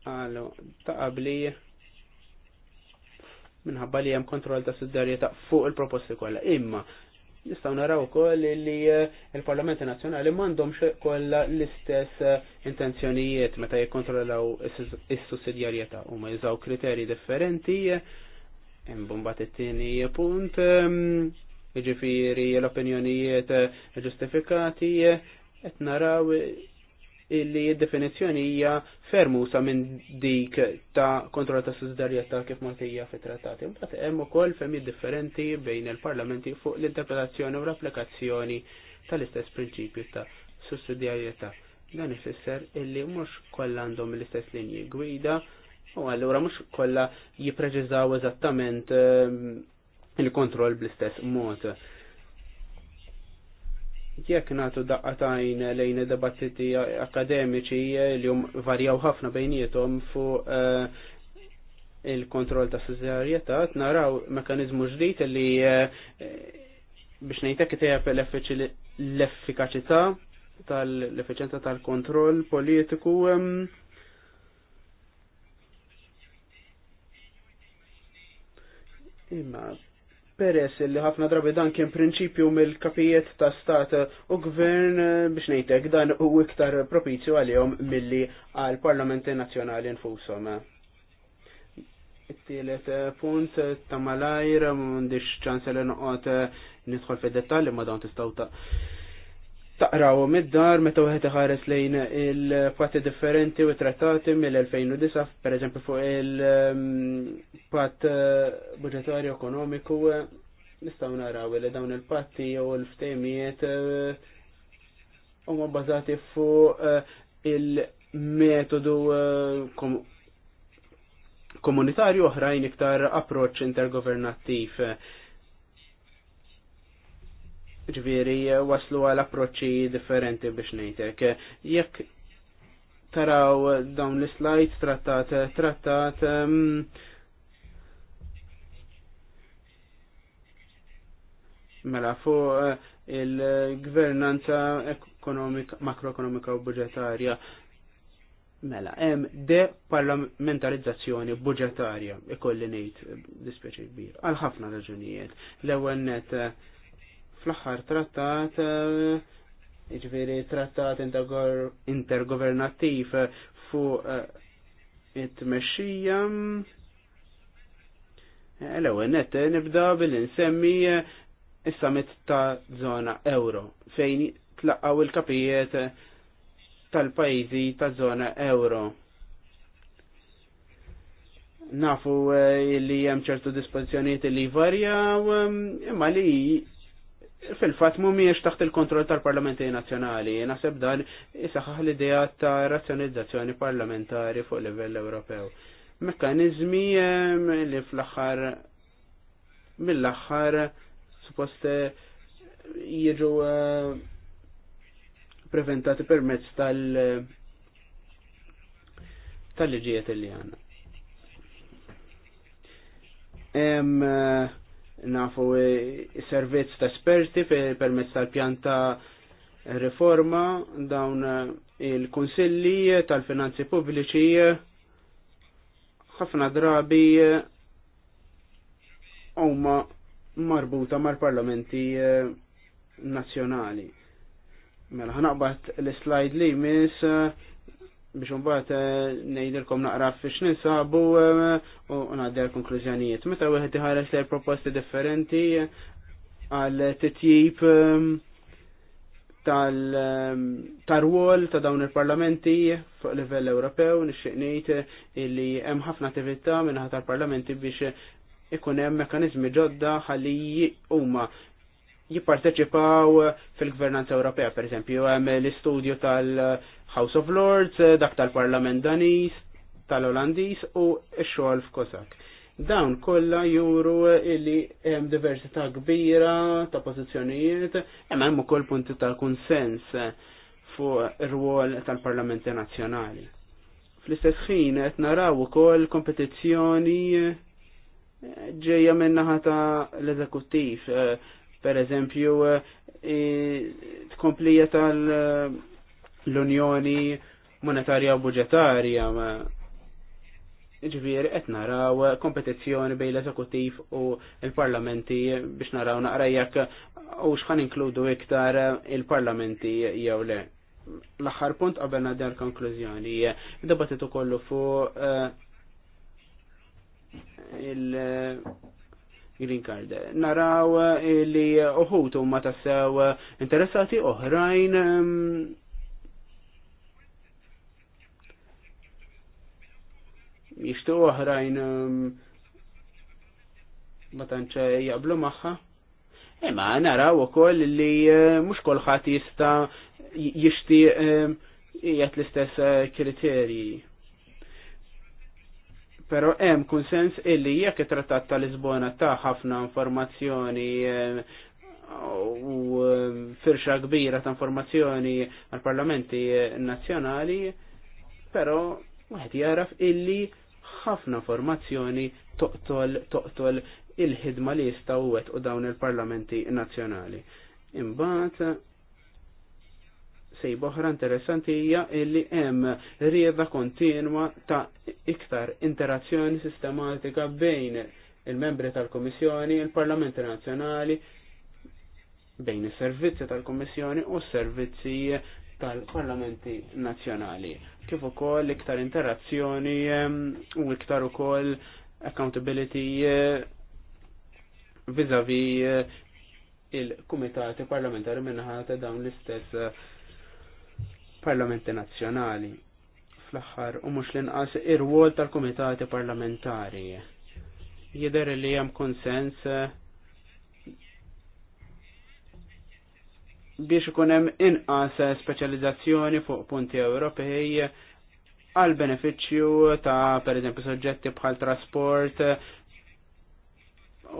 għallu ta' qabli minħabba li hemm kontroll ta' sisterjeta fuq il-proposti kollha. Imma Nistaw naraw ukoll li eh, l-Parlamenti Nazzjonali m'għandhomx kollha l-istess eh, intenzjonijiet meta jikkontrollaw is-sussidjarjetà huma jizaw kriterji differenti eh, imbumbat it-tieni punt jiġifieri l-opinjonijiet ġustifikati qed naraw Illi definizjoni definizzjoni hija fermusa minn dik ta' kontrol ta' sussidjarjetà kif martija fit-trattati. Imbagħad hemm ukoll femi differenti bejn il-parlamenti fuq l-interpretazzjoni u l-applikazzjoni tal-istess prinċipju ta' sussidjarjetà. Dan ifisser illi mhux kollha għandhom l-istess linji gwida u allura mhux kollha jippreċiżaw eżattament ehm, il-kontroll bl-istess mod jekk nagħtu daqqatajn lejn debattiti akademiċi li hum varjaw ħafna bejnietom fuq eh, il-kontroll ta' sussidjarjetà naraw mekanizmu ġdid li eh, biex ngħidlek itejjeb l-effikaċità tal-effiċenza tal-kontroll politiku imma peress li ħafna drabi dan kien prinċipju mill-kapijiet ta' stat u gvern eh, biex ngħidlek dan u iktar propizju għalihom milli għal parlamenti nazzjonali nfushom. Tielet eh, punt eh, ta' malajr m'għandix ċans li noqgħod nidħol fid dettalli ma dawn tistgħu ta' taqrawhom id-dar meta wieħed iħares lejn il-patti differenti u trattati mill-2009 pereżempju fuq il-patt eh, budgetarju ekonomiku eh, nistgħu naraw li dawn il-patti jew il-ftehmijiet eh, huma bbażati fuq il-metodu komunitarju oħrajn iktar approċċ intergovernattiv ġviri waslu għal approċċi differenti biex nejtek. Jekk taraw dawn l-slides trattat, trattat, um, mela fuq uh, il-gvernanza makroekonomika u budgetarja. Mela, hemm deparlamentarizzazzjoni budgetarja ikolli ngħid dispjaċi kbir, għal ħafna raġunijiet. L-ewwel net fl-aħħar trattat eh, iġveri trattat intergovernattiv fuq eh, it-mexxija eh, L-ewwel net nibda bil insemmi is-summit ta' zona euro fejn tlaqgħu il-kapijiet tal-pajjiżi ta' zona euro nafu li hemm ċertu dispożizzjonijiet li varja, imma li fil-fat mumiex taħt il-kontroll tal-parlamenti nazjonali. Naseb dan isaħħaħ l-idea ta' razzjonizzazzjoni parlamentari fuq livell Ewropew. Mekkanizmi li fl axħar mill axħar suppost eh, jiġu eh, preventati permezz tal- tal-liġijiet li għanna. Eh, nafu eh, servizz ta' esperti permezz tal-pjanta riforma dawn eh, il-konsilli eh, tal-finanzi pubbliċi ħafna drabi huma marbuta mal-parlamenti nazzjonali. Mela ħanaqbad l-slide li jmiss biex mbagħad eh, ngħidilkom naqra fiex ninsabu eh, u ngħaddi konklużjonijiet. Meta wieħed iħares lejn proposti differenti għal titjib eh, tal-tarwol ta' dawn il-parlamenti fuq livell Ewropew nixtieq ngħid li hemm ħafna attività minn tal-parlamenti biex ikun hemm mekkaniżmi ġodda ħalli huma jipparteċipaw fil-gvernanza Ewropea, per eżempju, hemm l-istudju tal-House of Lords, dak tal-Parlament Danis, tal-Olandis u x-xogħol f'Kosak. Dawn kollha juru li hemm diversità kbira ta' pożizzjonijiet, hemm hemm ukoll punti tal kunsens fuq ir-rwol tal-Parlamenti Nazzjonali. Fl-istess ħin qed naraw ukoll kompetizzjoni ġejja minnaħa ta' l-eżekuttiv per eżempju, eh, tkomplija tal-Unjoni Monetarja u Budġetarja, ġviri qed naraw kompetizzjoni bejn l-eżekutiv u l-parlamenti biex naraw naqra jekk u x'ħan inkludu iktar il-parlamenti jew le. L-aħħar punt qabel nadar konklużjoni. dabbatitu kollu fuq eh, il- green card. Naraw eh, li uħut ma tassew interessati oħrajn ehm, jishtu oħrajn ehm, ma tantx jaqblu magħha. Imma naraw ukoll li eh, mhux kulħadd jista' jishti ehm, jgħat l-istess eh, kriterji. Pero hemm kunsens illi jekk it-Trattat ta' Lisbona ta' ħafna informazzjoni eh, u eh, firxa kbira ta' informazzjoni għal parlamenti eh, nazzjonali, però wieħed jaraf illi ħafna informazzjoni toqtol toqtol il-ħidma li jistgħu u dawn il-parlamenti nazzjonali. Imbagħad sejba oħra interessanti hija li hemm rieda kontinwa ta' iktar interazzjoni sistematika bejn il-membri tal-Komissjoni, il-Parlamenti Nazzjonali, bejn is-servizzi tal-Komissjoni u s-servizzi tal-Parlamenti Nazzjonali. Kif ukoll iktar interazzjoni u iktar ukoll accountability eh, vis-a-vis eh, il-Kumitati Parlamentari minnaħa dawn l-istess eh, parlamenti nazzjonali fl-aħħar u mhux l-inqas ir-wol tal-kumitati parlamentari. Jidher li hemm konsens biex ikun hemm inqas speċjalizzazzjoni fuq punti Ewropej għal benefiċċju ta' pereżempju soġġetti bħal trasport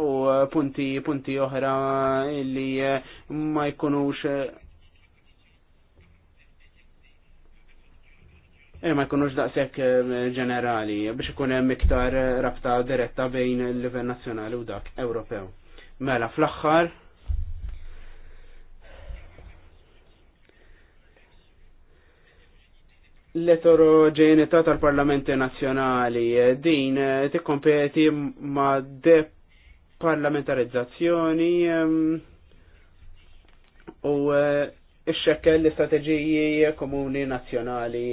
u punti punti oħra li ma jkunux Eh, ma jkunux daqshekk eh, ġenerali biex ikun hemm iktar eh, rabta diretta bejn il-livell nazzjonali u dak Ewropew. Mela fl-aħħar l-eterogenità tal-parlamenti nazzjonali din tikkompeti ma deparlamentarizzazzjoni ehm, u x xekkel l-istrateġiji komuni nazzjonali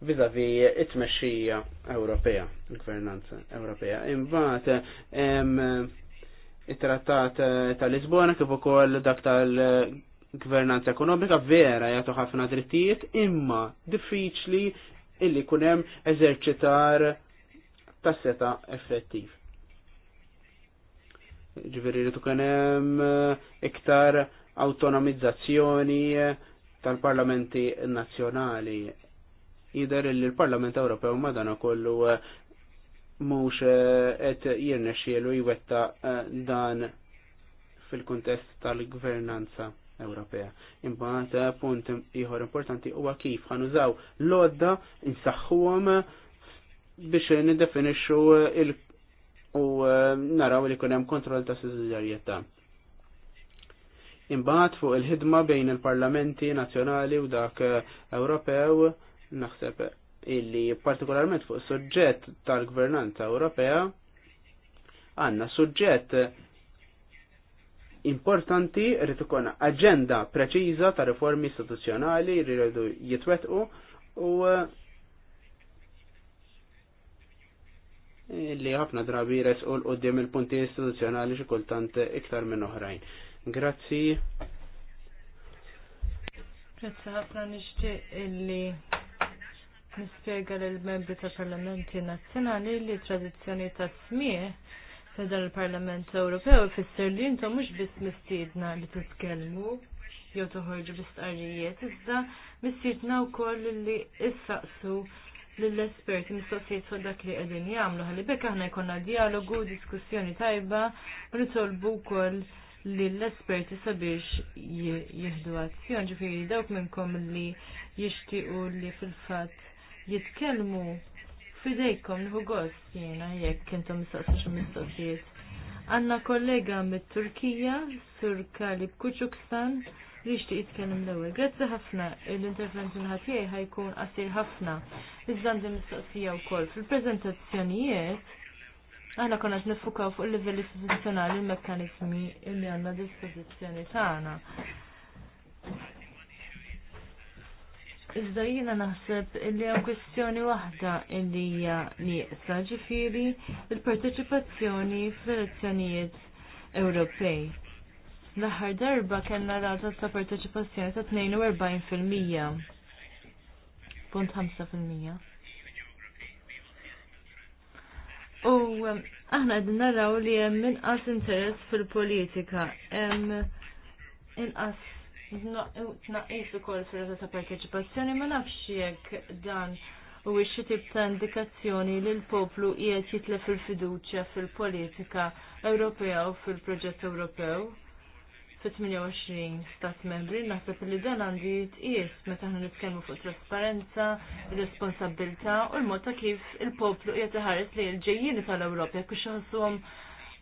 vizavi it-tmexxija Ewropea, il-gvernanza Ewropea. Imbagħad hemm it-trattat tal-Lisbona kif ukoll dak tal-gvernanza ekonomika vera jagħtu ħafna drittijiet imma diffiċli illi kun hemm eżerċitar tas seta effettiv. Ġifieri li tkun hemm iktar autonomizzazzjoni tal-parlamenti nazzjonali jider li l-Parlament Ewropew madana kollu eh, mux et eh, jirnexielu jwetta eh, dan fil-kontest tal-gvernanza Ewropea. Imbagħad punt ieħor importanti huwa kif ħanużaw l-odda insaħħuhom biex niddefinixxu il u naraw li kunem hemm kontroll ta' sussidjarjetà. Imbagħad fuq il-ħidma bejn il-parlamenti nazzjonali u dak Ewropew Naħseb illi partikolarment fuq suġġett tal-gvernanza Ewropea għanna suġġett importanti rrid ikun aġenda preċiża ta' riformi istituzzjonali li rridu jitwetqu u eh, li ħafna drabi resqu l-qoddim il-punti istituzzjonali xi kultant iktar minn oħrajn. Grazzi. Grazzi ħafna nixtieq illi nispjega lill membri tal-Parlamenti Nazzjonali li tradizzjoni ta' smieħ ta' dan il-Parlament Ewropew ifisser li intom mhux biss mistiedna li titkellmu jew toħorġu bistqarrijiet, iżda mistiedna wkoll li issaqsu lill-esperti mistoqsijiet fuq dak li qegħdin jagħmlu ħalli bekk aħna jkollna dialogu, diskussjoni tajba u nitolbu wkoll li l-esperti sabiex jieħdu azzjon ġifiri dawk minnkom li jixtiequ li fil fatt jitkellmu fidejkom nħu gost jena jekk kentu mistaqsu xi mistoqsijiet. Għanna kollega mit-Turkija, Sur Kalib Kuċukstan, li xti jitkellem l-ewwel. Grazzi ħafna, l-intervent ħatijaj ħajkun qasir ħafna. Iżda għandi mistoqsija wkoll fil prezentazzjonijiet Aħna konna nifukaw fuq il-livell istituzzjonali l-mekkanizmi li għandna dispożizzjoni tagħna. Iżda jiena naħseb li hemm kwestjoni waħda li hija nieqsa ġifieri il-parteċipazzjoni fl-elezzjonijiet Ewropej. L-aħħar darba kellna rata ta' parteċipazzjoni ta' 42.5%. Punt U aħna qegħdin naraw li hemm inqas interess fil-politika, hemm inqas tnaqqis ukoll fil ta' parteċipazzjoni ma nafx jekk dan u xi tip ta' indikazzjoni li l-poplu qiegħed jitlef il-fiduċja fil-politika Ewropea u fil-proġett Ewropew fit 28 stat membri naħseb li dan għandi tqies meta aħna nitkellmu fuq trasparenza, responsabilità u l-mod ta' kif il-poplu qiegħed iħares li l-ġejjieni tal-Ewropa jekk ixħossuhom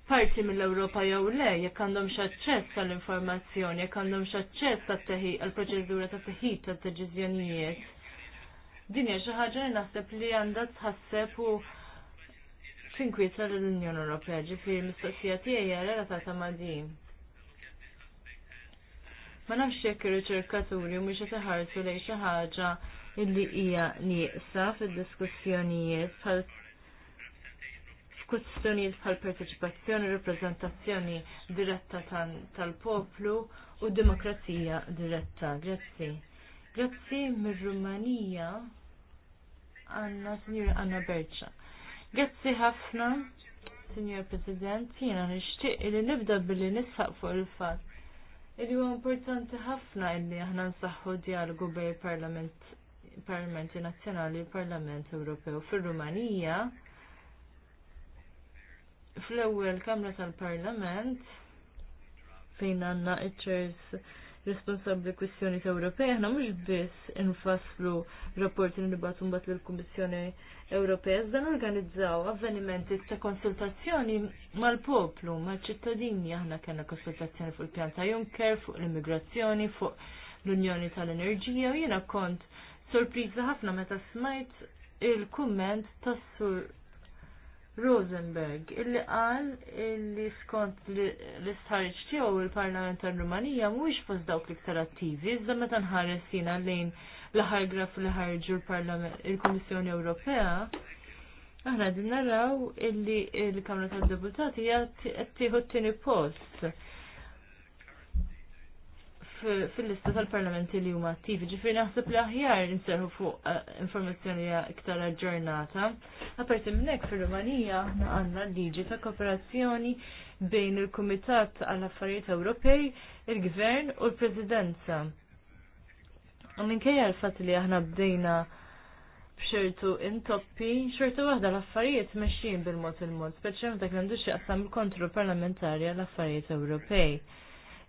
parti mill-Ewropa jew le, jekk għandhom xaċċess għall-informazzjoni, jekk għandhom xaċċess għall-proċedura ta' teħid ta' deċiżjonijiet. Din hija xi ħaġa li naħseb li għandha tħasseb u tinkwieta l-Unjoni Ewropea, ġifieri mistoqsija tiegħi hija relatata ma' din. Ma nafx jekk ir-riċerkaturi mhux qed iħarsu lejn xi ħaġa illi hija nieqsa fid-diskussjonijiet f'kustjonijiet bħal parteċipazzjoni, rappreżentazzjoni diretta tal-poplu u demokrazija diretta. Grazzi. Grazzi mir-Rumanija għanna Sinjura Anna Berċa. Grazzi ħafna, Sinjur President, jiena nixtieq li nibda billi nisħaq fuq il-fatt Illi huwa importanti ħafna illi aħna nsaħħu dialogu bej parlament Parlamenti Nazzjonali u Parlament Ewropew fir-Rumanija fl-ewwel Kamra tal-Parlament fejn għandna iċ-chairs responsabbli kwistjoni Ewropej, aħna mhux biss infasslu rapporti li nibgħatu mbagħad lill-Kummissjoni Ewropea, iżda organizzaw avvenimenti ta' konsultazzjoni mal-poplu, mal-ċittadini aħna kellna konsultazzjoni fuq il-pjan ta' Juncker, fuq l-immigrazzjoni, fuq l-Unjoni tal-Enerġija u jiena kont sorpriża ħafna meta smajt il-kumment tas-sur Rosenberg illi qal illi skont l-istħarġ tiegħu il-Parlament tar-Rumanija mhuwiex fost dawk l-iktar attivi, iżda meta nħares jiena lejn l-aħħar graf li ħarġu l-Parlament il-Kummissjoni Ewropea, aħna din naraw illi l-Kamra tad-Deputati qed tieħu t-tieni post fil-lista tal-parlamenti li huma attivi. ġifri naħseb li aħjar nserħu fuq eh, informazzjoni iktar aġġornata. Aperti minn hekk fir-Rumanija għandna liġi ta' kooperazzjoni bejn il-Kumitat għall affarijiet Ewropej, il-Gvern u l-Presidenza. U Minkejja l-fatt li aħna bdejna b'xertu intoppi, xertu waħda l-affarijiet mexxin bil-mod il-mod, speċjalment dak l-għandu xieqsam il-kontrol parlamentari għall affarijiet Ewropej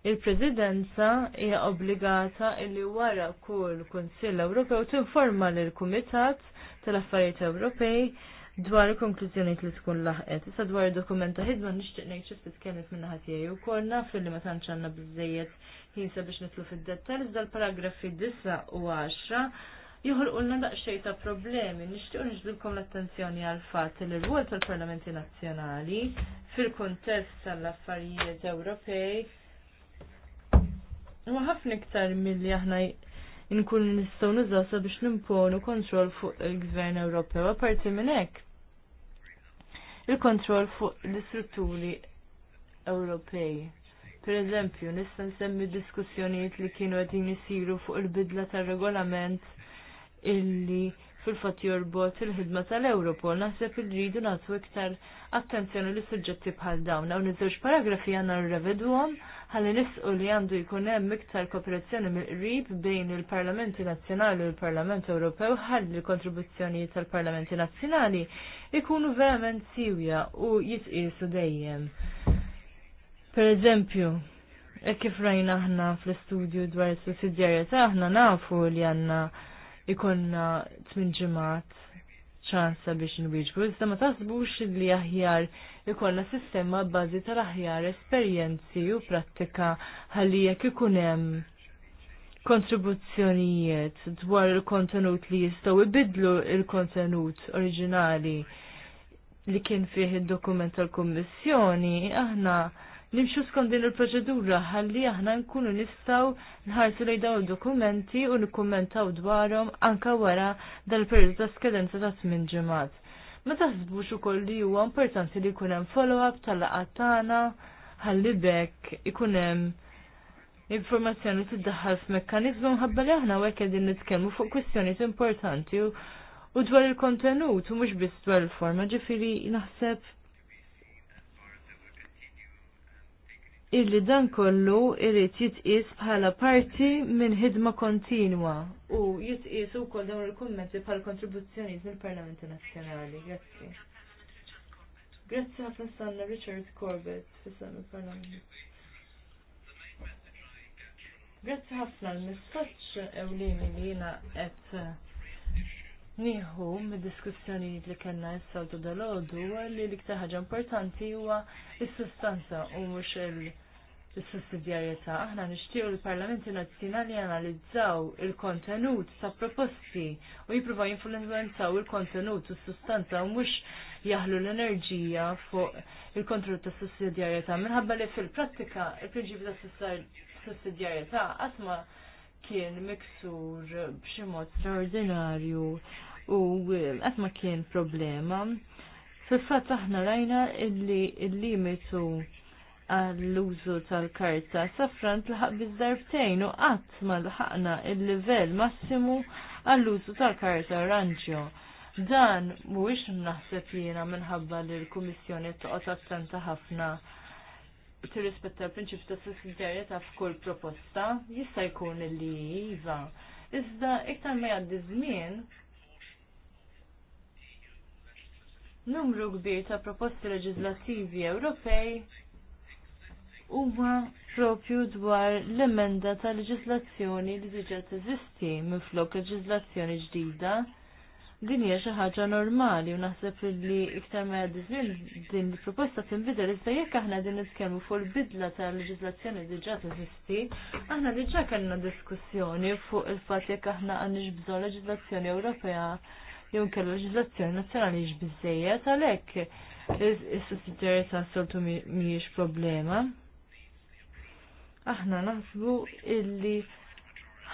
il-Presidenza hija obbligata li wara kull Kunsill Ewropew tinforma lill Kumitat tal-Affarijiet Ewropej dwar konklużjonijiet li tkun laħqet. Issa dwar id-dokumenta ħidma nixtieq ngħid xi ftit kelmet minn naħat jgħidu wkoll naf li ma tantx għandna biżejjed ħinsa biex nitlu fid-dettall iżda l-paragrafi 9 u 10 joħolqulna daqsxejn ta' problemi. Nixtieq niġbilkom l-attenzjoni għal fatt li l-rwol tal-Parlamenti Nazzjonali fil-kuntest tal-affarijiet Ewropej Ma ħafna iktar milli aħna nkun nistgħu nużasa biex nimponu kontroll fuq il-Gvern Ewropew apparti minn hekk. Il-kontroll fuq l-istrutturi Ewropej. Per eżempju, nista' nsemmi diskussjonijiet li kienu qed isiru fuq il-bidla tar-regolament illi fil-fatt jorbot il-ħidma tal-Europol naħseb irridu nagħtu iktar attenzjoni li suġġetti bħal dawn. Hawn iż-żewġ paragrafi għandna nirrevedhom ħalli nisqu li għandu jkun hemm iktar kooperazzjoni mill-qrib bejn il-Parlamenti Nazzjonali u l-Parlament Ewropew ħalli l-kontribuzzjoni tal-Parlamenti Nazzjonali ikunu verament siwja u jitqisu dejjem. Per eżempju, e kif rajna aħna fl-istudju dwar is sussidjarjetà aħna nafu li għandna ikonna tmin ġimgħat ċansa biex nwieġbu, iżda ma taħsbux li aħjar ikollna sistema bbażi tal-aħjar esperjenzi u prattika ħalli jekk ikun hemm kontribuzzjonijiet dwar il-kontenut li jistgħu ibidlu il-kontenut oriġinali li kien fih id-dokument tal-Kummissjoni, aħna nimxu skont din il-proċedura ħalli aħna nkunu nistgħu nħarsu lejn dawn id-dokumenti u nikkummentaw dwarhom anke wara dal-perjodu ta' skedenza ta' tmien ġimgħat. Ma taħsbux ukoll li huwa importanti li jkun hemm follow-up tal laqat tagħna ħalli bekk ikun hemm informazzjoni tiddaħħal f'mekkaniżmu mħabba li aħna hekk qegħdin nitkellmu fuq kwistjonijiet importanti u dwar il-kontenut u mhux biss dwar il-forma ġifieri naħseb illi dan kollu irrit jitqis bħala parti minn ħidma kontinwa u jitqis ukoll dawn il-kummenti bħal kontribuzzjonijiet mill-Parlamenti Nazzjonali. Grazzi. Grazzi ħafna sanna Richard Corbett fis il-Parlament. Grazzi ħafna l-messaġġ ewlieni li jiena qed nieħu mid-diskussjonijiet li kellna s-sawtu dal ħodu li l-iktar ħaġa importanti huwa s sustanza u mhux il-sussidjarjetà. Aħna nishtiju l-Parlamenti Nazzjonali analizzaw il-kontenut sa' proposti u jippruvaw jinfluenzaw il-kontenut u s-sustanza u mux jaħlu l-enerġija fuq il-kontroll ta' sussidjarjetà minħabba li fil-prattika il-prinċipju ta' sussidjarjetà qatt ma kien miksur b'xi mod straordinarju u għatma eh, ma kien problema. Fil-fatt aħna rajna illi il-limitu għall-użu tal-karta safran tlaħaq bizzarbtejn u qatt ma lħaqna il-livell massimu għall-użu tal-karta oranġjo. Dan mhuwiex naħseb jiena minħabba li l-Kummissjoni toqgħod attenta ħafna tirrispetta l-prinċip ta' sussidjarjetà f'kull proposta, jista' jkun li iva. Iżda iktar ma jgħaddi żmien numru kbir ta' proposti leġislattivi Ewropej huma propju dwar l-emenda ta' leġislazzjoni li diġà teżisti minflok leġislazzjoni ġdida. Din hija xi ħaġa normali u naħseb li iktar ma din il-proposta tinbidel iżda jekk aħna din nitkellmu fuq il-bidla ta' leġislazzjoni diġà teżisti, aħna diġà kellna diskussjoni fuq il-fatt jekk aħna għandix bżonn leġislazzjoni Ewropea jew nazjonali leġiżlazzjoni nazzjonali x'biżejjed għalhekk is s soltu mhijiex problema. Aħna naħsbu illi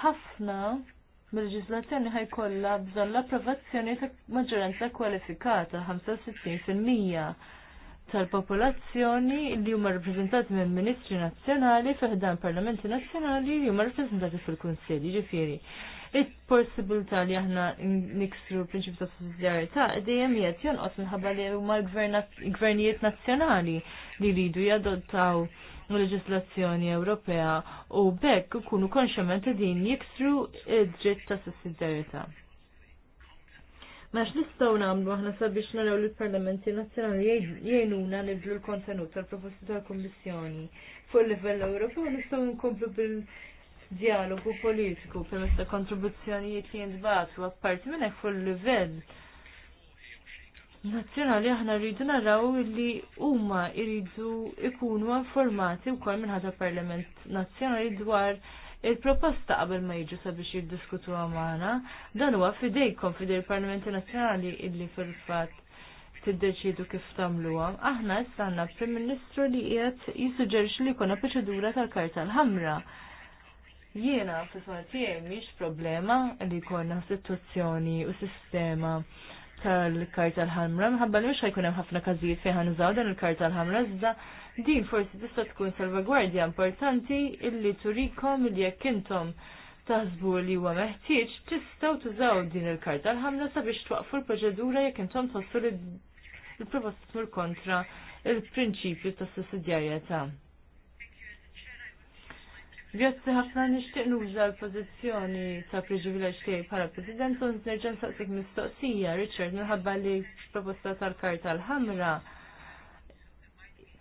ħafna mill-leġiżlazzjoni ħajkollha bżonn l-approvazzjoni ta' maġġoranza kwalifikata 65% tal-popolazzjoni li huma rappreżentati minn ministri nazzjonali fiħdan parlamenti nazzjonali li huma rappreżentati fil kunsilli jiġifieri il-possibilità li aħna niksru l-prinċipju ta' sussidjarjetà dejjem qed jonqos minħabba li huma l-gvernijiet nazzjonali li jridu jadottaw l-leġislazzjoni Ewropea u bekk ikunu konxament din jiksru id-dritt ta' sussidjarjetà. Max x'nistgħu nagħmlu aħna sabiex naraw li l-Parlamenti Nazzjonali jgħinuna nibdlu l-kontenut tal-proposti tal kummissjoni fuq il-livell Ewropew nistgħu nkomplu bil dialogu politiku permezz ta' kontribuzzjonijiet li jintbatu apparti minn hekk fuq livell nazzjonali aħna rridu naraw li huma iridu ikunu informati wkoll minħata Parlament Nazzjonali dwar il-proposta qabel ma jiġu sabiex jiddiskutu għamana, dan huwa fidejkom fidej il-Parlamenti Nazzjonali illi fil-fatt tiddeċidu kif tagħmluha. Aħna issa għandna Prim Ministru li qiegħed jisuġġerixxi li jkollna proċedura tal-karta l-ħamra. Jiena fis-smart tiegħi mhix problema li jkollna situazzjoni u sistema tal-karta l-ħamra, mħabba li mux ħajkunem hemm ħafna każijiet fejn ħanużaw dan il-karta l-ħamra, zda din forsi tista' tkun salvagwardja importanti illi turikom li jekk intom taħsbu li huwa meħtieġ tistgħu tużaw din il-karta l-ħamra sabiex twaqfu l-proċedura jekk intom tħossu li l-proposta kontra il-prinċipju tas sussidjarjetà. Ta Grazzi ħafna nixtieq nuża l-pożizzjoni ta' priġivileġġ tiegħi bħala President u nerġa' nsaqsik mistoqsija, Richard, minħabba li proposta tal-karta l-ħamra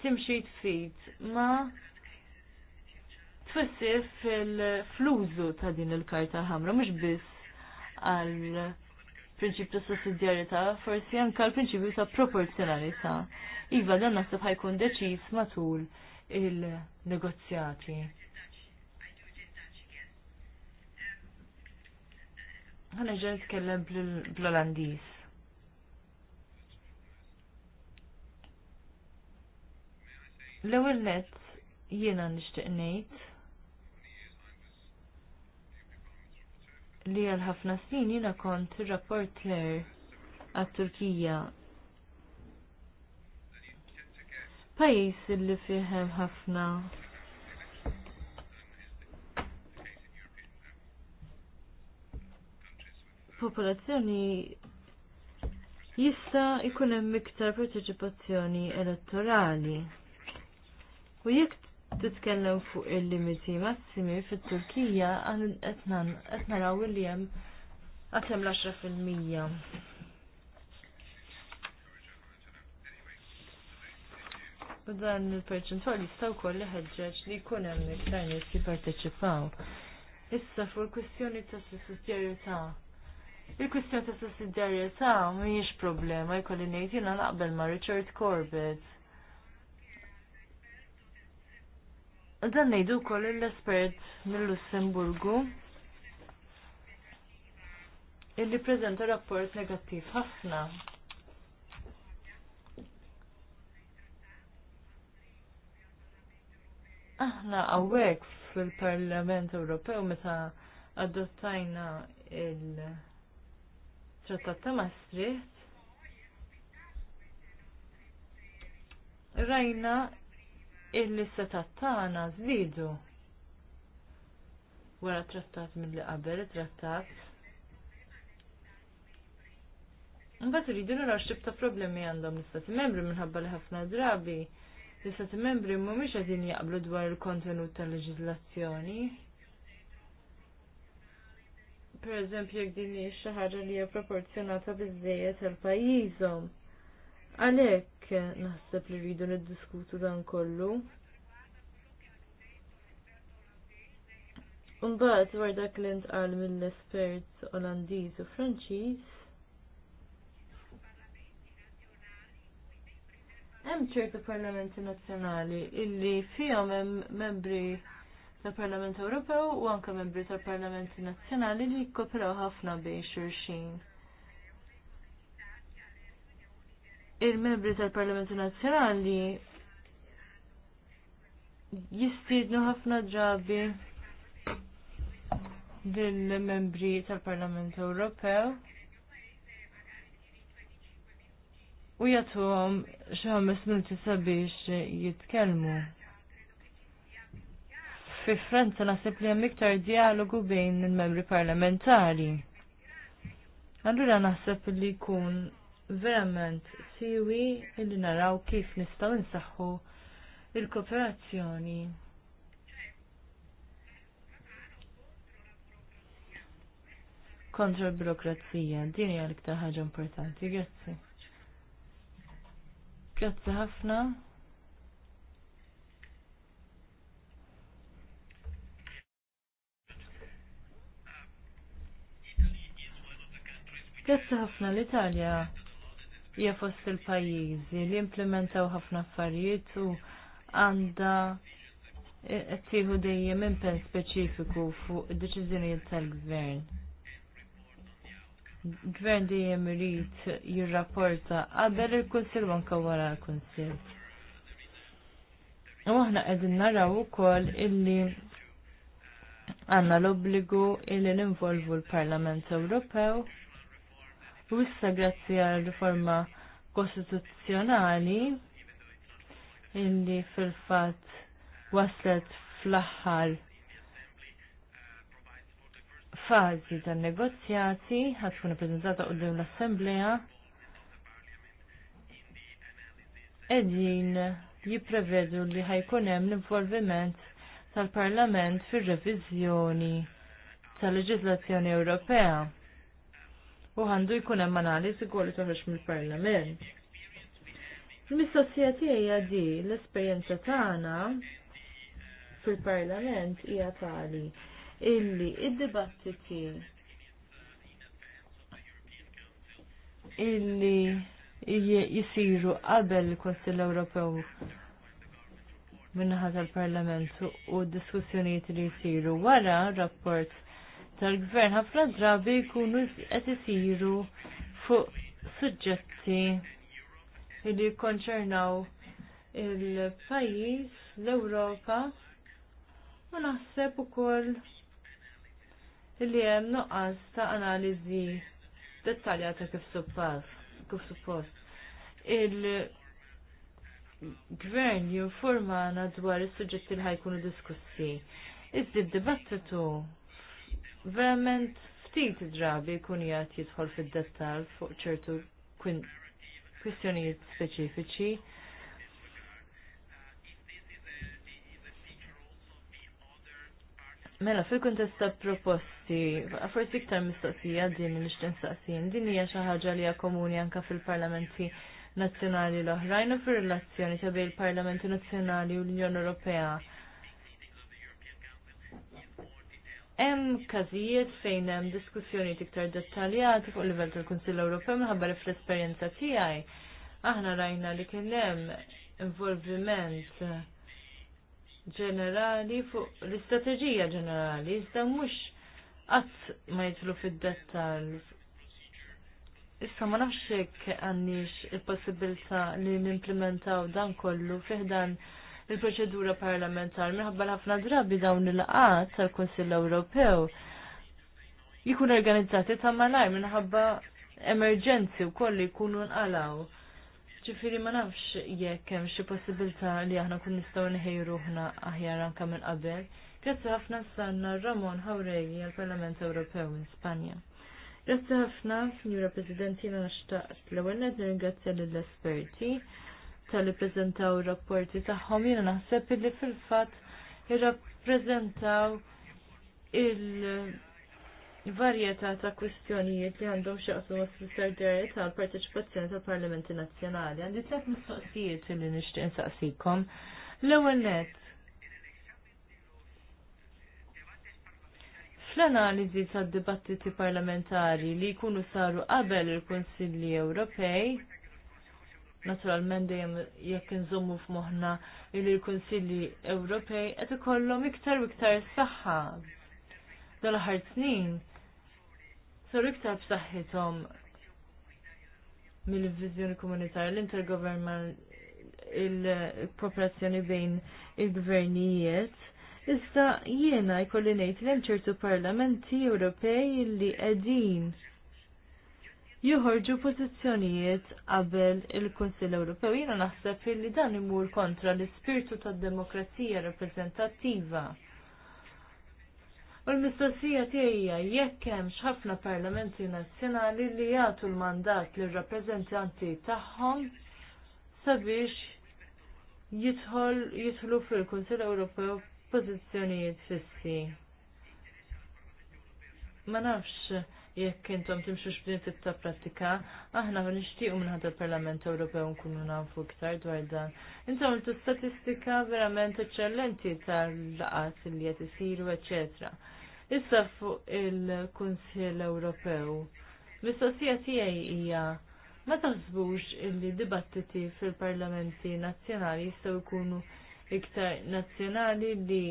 timxi tfid ma' tfissir fil-flużu ta' din il-karta ħamra, mhux biss għal prinċip ta' sussidjarjetà, forsi anke għal prinċipju ta' proporzjonalità. Iva dan naħseb ħajkun deċiż matul il-negozjati. Għana ġer nitkellem bl-Olandiż. L-ewwel nett jiena nixtieq ngħid li għal ħafna snin jiena kont ir-rapport l-er għat-Turkija Pajis li fiħem ħafna popolazzjoni jista' jkun hemm iktar parteċipazzjoni elettorali. U jekk titkellem fuq il-limiti massimi fit-Turkija qed naraw li hemm qed hemm l-10 fil-mija. U dan il-perċentwal jista' wkoll iħeġġeġ li jkun hemm iktar nies jipparteċipaw. Issa fuq il kwistjoni ta' sussidjarjetà Il-kwistjoni ta' sussidjarjetà mhijiex problema jkolli ngħid jiena naqbel ma' Richard Corbett. Dan ngħidu wkoll l-espert mill-Lussemburgu illi preżenta rapport negattiv ħafna. Aħna għawek fil-Parlament Ewropew meta adottajna il- trattat ta' Maastricht rajna il-setat tagħna żdiedu wara trattat mill-li qabel trattat. Mbagħad rridu nara x'tib problemi għandhom l-istati membri minħabba li ħafna drabi l-istati membri mhumiex qegħdin jaqblu dwar il-kontenut tal-leġiżlazzjoni per eżempju jekk din hija xi ħaġa li hija proporzjonata biżejjed għal pajjiżhom. Għalhekk naħseb li rridu niddiskutu dan kollu. Mbagħad dwar dak li ntqal mill-espert Olandiż u Franċiż, hemm ċertu parlamenti nazzjonali illi fihom hemm membri tal-Parlament Ewropew u anke membri tal-Parlamenti Nazzjonali li jikkopraw ħafna bejn xulxin. Il-membri tal-Parlamenti Nazzjonali jistidnu ħafna ġabi lill-membri tal-Parlament Ewropew. u jagħtuhom xi ħames minuti sabiex jitkellmu fi Franza naħseb li hemm iktar dialogu bejn il-membri parlamentari. Allura naħseb li jkun verament siwi illi naraw kif nistgħu nsaħħu il-kooperazzjoni. kontra l-birokrazija, din hija l-iktar ħaġa importanti, grazzi. Grazzi ħafna. Grazzi ħafna l-Italja hija fost il-pajjiżi li implementaw ħafna affarijiet u għandha e, qed tieħu dejjem impen speċifiku fuq id-deċiżjonijiet tal-gvern. Gvern dejjem rrit jirrapporta qabel il-Kunsill u anke wara l-Kunsill. U aħna qegħdin naraw ukoll illi għandna l-obbligu illi ninvolvu l-Parlament Ewropew U issa grazzi għal riforma kostituzzjonali illi fil-fat waslet fl-aħħar fazi tan negozjati ħad tkun ippreżentata qudiem l-Assembleja edin jipprevedu li ħajkun hemm l-involviment tal-Parlament fir-reviżjoni tal leġizlazzjoni Ewropea u għandu jkun hemm analiżi ukoll li toħroġ mill-Parlament. Mis-sosja tiegħi di l-esperjenza tagħna fil-Parlament hija tali illi id-dibattiti illi jisiru qabel il-Konsil Ewropew minnaħa tal-Parlament u d diskussjonijiet li jisiru wara rapport tal-gvern ħafna drabi jkunu qed isiru fuq suġġetti li konċernaw il-pajjiż, l-Ewropa, u naħseb ukoll li hemm nuqqas ta' analiżi dettaljata kif suppost. Kif suppost. Il-gvern jinformana dwar is-suġġetti li ħajkunu diskussi. Iżda d-dibattitu verament ftit drabi kun jgħat jidħol fid-dettal fuq ċertu kwistjonijiet speċifiċi. Mela, fil-kuntest ta' proposti, forsi iktar mistoqsija din nixtin saqsin, din hija xi ħaġa li hija komuni anke fil-parlamenti nazzjonali l-oħrajn u fir-relazzjoni ta' bejn il-Parlamenti Nazzjonali u l-Unjoni Ewropea Hemm każijiet fejn hemm diskussjoni iktar dettaljati fuq livell tal-Kunsill Ewropew minħabba li fl-esperjenza tiegħi aħna rajna li kien hemm involviment ġenerali fuq l-istrateġija ġenerali, iżda mhux qatt ma jidħlu fid-dettall. Issa ma nafx hekk għandix il-possibilità li nimplementaw dan kollu fiħdan dan il-proċedura parlamentar minħabba ħafna drabi dawn il-laqat tal-Kunsill Ewropew jikun organizzati ta' malaj minħabba emerġenzi u kolli jkunu nqalaw. Ġifiri ma nafx jekk hemm xi possibilità li aħna kun nistgħu nħejruħna aħjar anke minn qabel. Grazzi ħafna sanna Ramon Hawrejji għal-Parlament Ewropew minn Spanja. Grazzi ħafna, Signora Presidentina jena naxtaqt l-ewwel nirringrazzja lill-esperti tal-li prezentaw rapporti tagħhom jiena naħseb li fil-fatt irrappreżentaw il-varjetà ta' kwistjonijiet li għandhom xaqsu mas s ta' tal-parteċipazzjoni tal-Parlamenti Nazzjonali. Għandi tlet mistoqsijiet li nixtieq insaqsikom. L-ewwel nett. Fl-analiżi tad-dibattiti parlamentari li jkunu saru qabel il-Kunsilli Ewropej, naturalment dejjem jekk inżommu f'moħħna li l-Kunsilli Ewropej qed ikollhom iktar u iktar saħħa dal-aħħar snin saru iktar b'saħħithom mill-viżjoni komunitarja l-intergovernment il-kooperazzjoni bejn il-gvernijiet. Issa jiena jkolli ngħid li hemm ċertu parlamenti Ewropej li qegħdin joħorġu pożizzjonijiet qabel il-Kunsill Ewropew. Jiena naħseb li dan imur kontra l-ispirtu tad-demokrazija rappreżentattiva. U l-mistoqsija tiegħi jekk hemm ħafna parlamenti nazzjonali li jagħtu l-mandat lir rappreżentanti tagħhom sabiex jidħol jidħlu fil-Kunsill Ewropew pożizzjonijiet fissi. Ma nafx jekk intom timxux b'din tip ta' pratika, aħna nixtiequ ħadd l-Parlament Ewropew nkunu nafu iktar dwar dan. Intom l statistika verament eċċellenti tal-laqat li qed isiru, eċetera. Issa fuq il-Kunsill Ewropew. Mistoqsija tiegħi hija ma taħsbux illi dibattiti fil-parlamenti nazzjonali jistgħu jkunu iktar nazzjonali li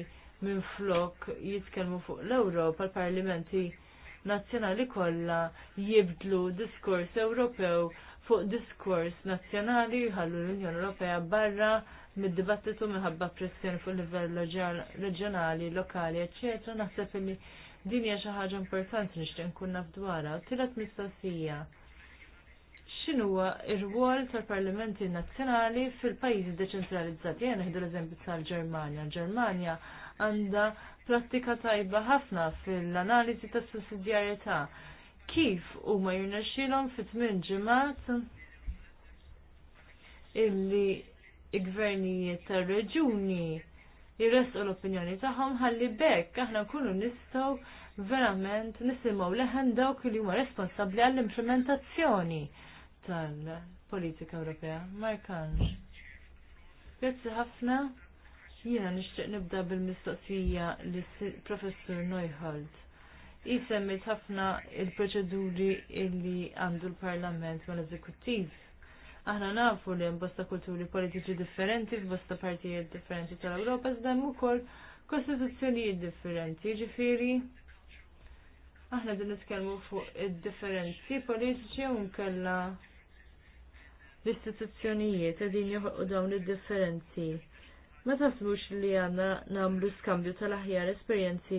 minn flok jitkellmu fuq l-Ewropa l-parlamenti nazzjonali kollha jibdlu diskors Ewropew fuq diskors nazzjonali jħallu l-Unjoni Ewropea barra mid-dibattitu minħabba pressjoni fuq livell reġjonali, lokali, eċċetera, naħseb li din hija xi ħaġa importanti nixtieq nkun naf dwarha. Tielet mistoqsija. X'inhuwa r-rwol tal-parlamenti nazzjonali fil-pajjiżi deċentralizzati? Jien neħdu l-eżempju tal-Ġermanja. Ġermanja għandha prattika tajba ħafna fil-analiżi tas sussidjarjetà kif huma jirnexxilhom fit tmien ġimgħat illi l gvernijiet tar-reġuni jirresqu l-opinjoni tagħhom ħalli bekk aħna nkunu nistgħu verament nisimgħu leħen dawk li huma responsabbli għall-implementazzjoni tal-politika Ewropea. Markanx. Grazzi ħafna. Jiena nixtieq nibda bil-mistoqsija li professur Neuhold. Isemmit ħafna il-proċeduri illi għandu l-Parlament mal eżekuttiv Aħna nafu li mbosta kulturi politiċi differenti, f'bosta partijiet differenti tal-Ewropa, iżda hemm ukoll kostituzzjonijiet differenti, ġifieri aħna din nitkellmu fuq id-differenzi politiċi u nkella l-istituzzjonijiet qegħdin joħolqu dawn id-differenzi ma tasbux li għanna namlu skambju tal-aħjar esperienzi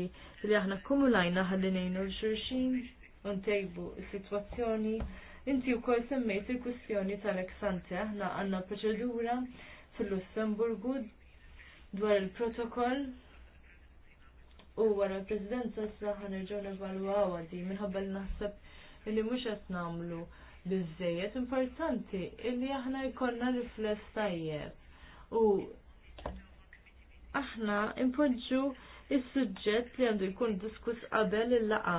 li aħna kumulajna ħalli nejnu l-xurxin, untejbu il-situazzjoni, inti u kol semmejt il-kustjoni tal-eksante, aħna għanna proċedura fil-Lussemburgu dwar il-protokoll u għara l-prezidenza s-saħħa nerġaw għawadi minħabba li naħseb li mux għet namlu bizzejet importanti illi aħna jkollna rifless tajjeb u aħna impoġġu is-suġġett li għandu jkun diskuss qabel il-laqa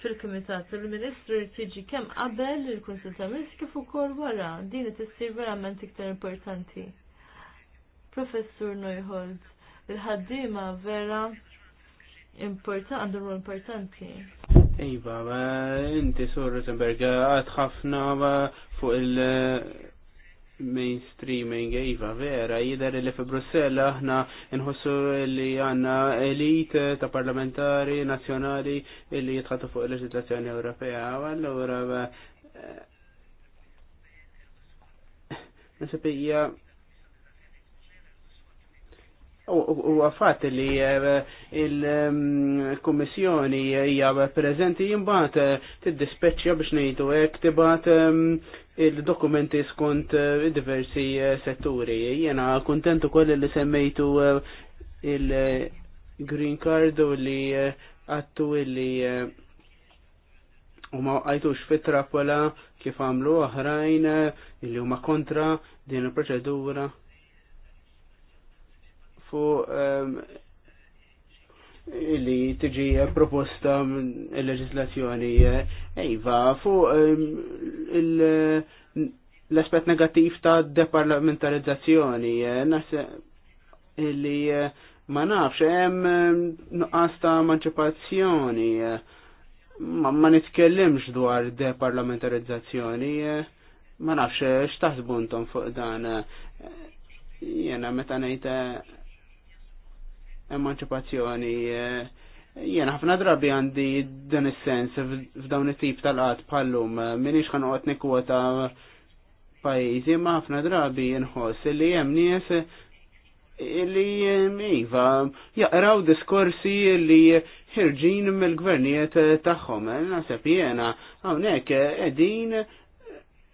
fil-Kumitat il-Ministru jtiġi kemm qabel il-Kunsil ta' kif ukoll wara din tissir verament iktar importanti. Professur Neuhold, il-ħaddiema vera importanti rol importanti. Iva, inti sur Rosenberg għad ħafna fuq il- mainstreaming iva vera jider li fi Brussella aħna nħossu li għanna elit ta' parlamentari nazjonali li jitħatu fuq il-leġislazzjoni Ewropea allura eh, nasib hija u għafat li eh, il-kommissjoni hija prezenti jimbat eh, tiddispeċċja biex ngħidu hekk tibgħat il-dokumenti skont eh, diversi eh, setturi. Jena kontentu koll li semmejtu eh, il-green card u li għattu li u ma għajtux fitra pola kif għamlu oħrajn li huma kontra din il-proċedura fuq illi tiġi proposta il-leġislazzjoni eh, Iva, fuq ehm, l-aspet negativ ta' deparlamentarizzazzjoni, eh, naħseb illi eh, ma nafx, hemm ehm, nuqqas ta' emancipazzjoni, ma nitkellimx dwar deparlamentarizzazzjoni, ma nafx x'taħsbuntom fuq dan. Jena meta ngħid emancipazzjoni eh, jiena ħafna drabi għandi dan is-sens f'dawn it-tip tal-qat bħallum minix kan qod nikkwota pajjiżi ma ħafna drabi nħoss li hemm nies li eh, iva jaqraw diskorsi li ħirġin mill-gvernijiet tagħhom. naħseb jiena hawnhekk qegħdin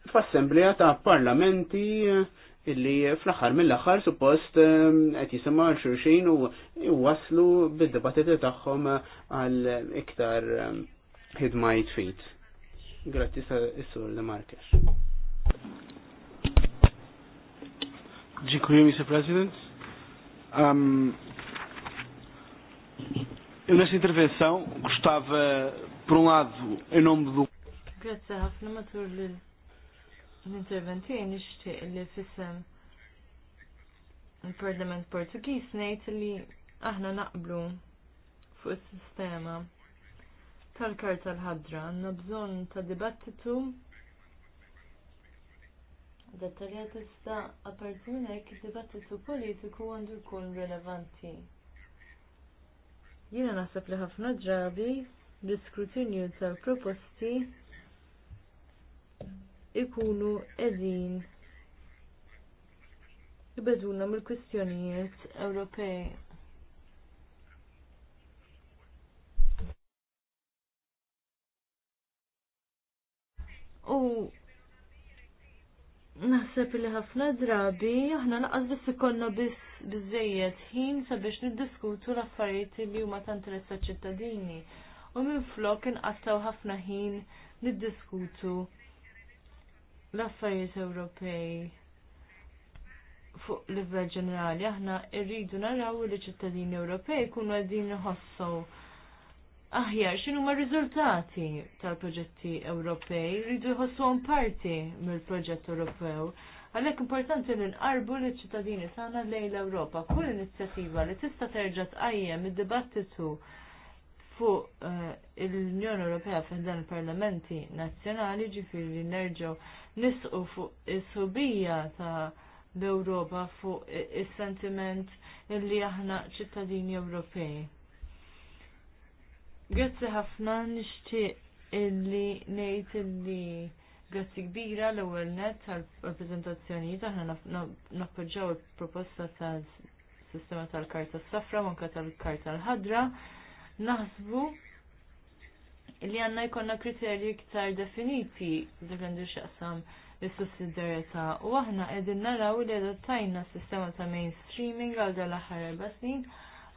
f'assembleja ta' parlamenti illi fl-axar mill-axar suppost ehm, qed jisimgħu għal xulxin u waslu bid-dibattiti tagħhom għal iktar ehm, ħidma jitfit. Grazzi sa is-sur li Markex. Dziękuję, Mr. President. Um, eu nesta intervenção gostava, por um Grazie, matur l-interventi nixtieq li fissem il-Parlament Portugiż ngħid li aħna naqblu fuq is-sistema tal-karta l-ħadra għandna bżonn ta' dibattitu dettaljat issa apparti minn hekk id-dibattitu politiku għandu jkun rilevanti. Jiena naħseb li ħafna ġrabi l-iskrutinju tal-proposti ikunu qegħdin jibedulna mill-kwistjonijiet Ewropej. U naħseb li ħafna drabi aħna laqas biss ikollna biss biżejjed ħin sabiex niddiskutu l-affarijiet li huma ta' interess ċittadini u minflok inqattaw ħafna ħin niddiskutu l-affarijiet Ewropej fuq livell ġenerali, aħna rridu naraw li ċittadini Ewropej kunu għadin ħossu aħjar xinu ma' riżultati tal-proġetti Ewropej, rridu jħossuhom parti mill-proġett Ewropew. Għalhekk importanti li nqarbu li ċittadini tagħna lejn l-Ewropa kull inizjattiva li tista' terġa' tqajjem id-dibattitu fuq eh, l-Unjoni Ewropea fejn dan il-Parlamenti Nazzjonali ġifieri nerġgħu nisqu fuq is-subija ta' l-Ewropa fuq is-sentiment li aħna ċittadini Ewropej. Grazzi ħafna nixtieq illi ngħid illi grazzi kbira l-ewwel net tal-preżentazzjoni aħna nappoġġaw il-proposta tal-sistema tal-karta s-safra, manka tal-karta l-ħadra. tal karta l ħadra naħsbu li għanna jkonna kriterji iktar definiti dependi għandu xaqsam l-sussidjarieta u aħna qegħdin naraw li adottajna s-sistema ta' mainstreaming għal dal aħħar erba' snin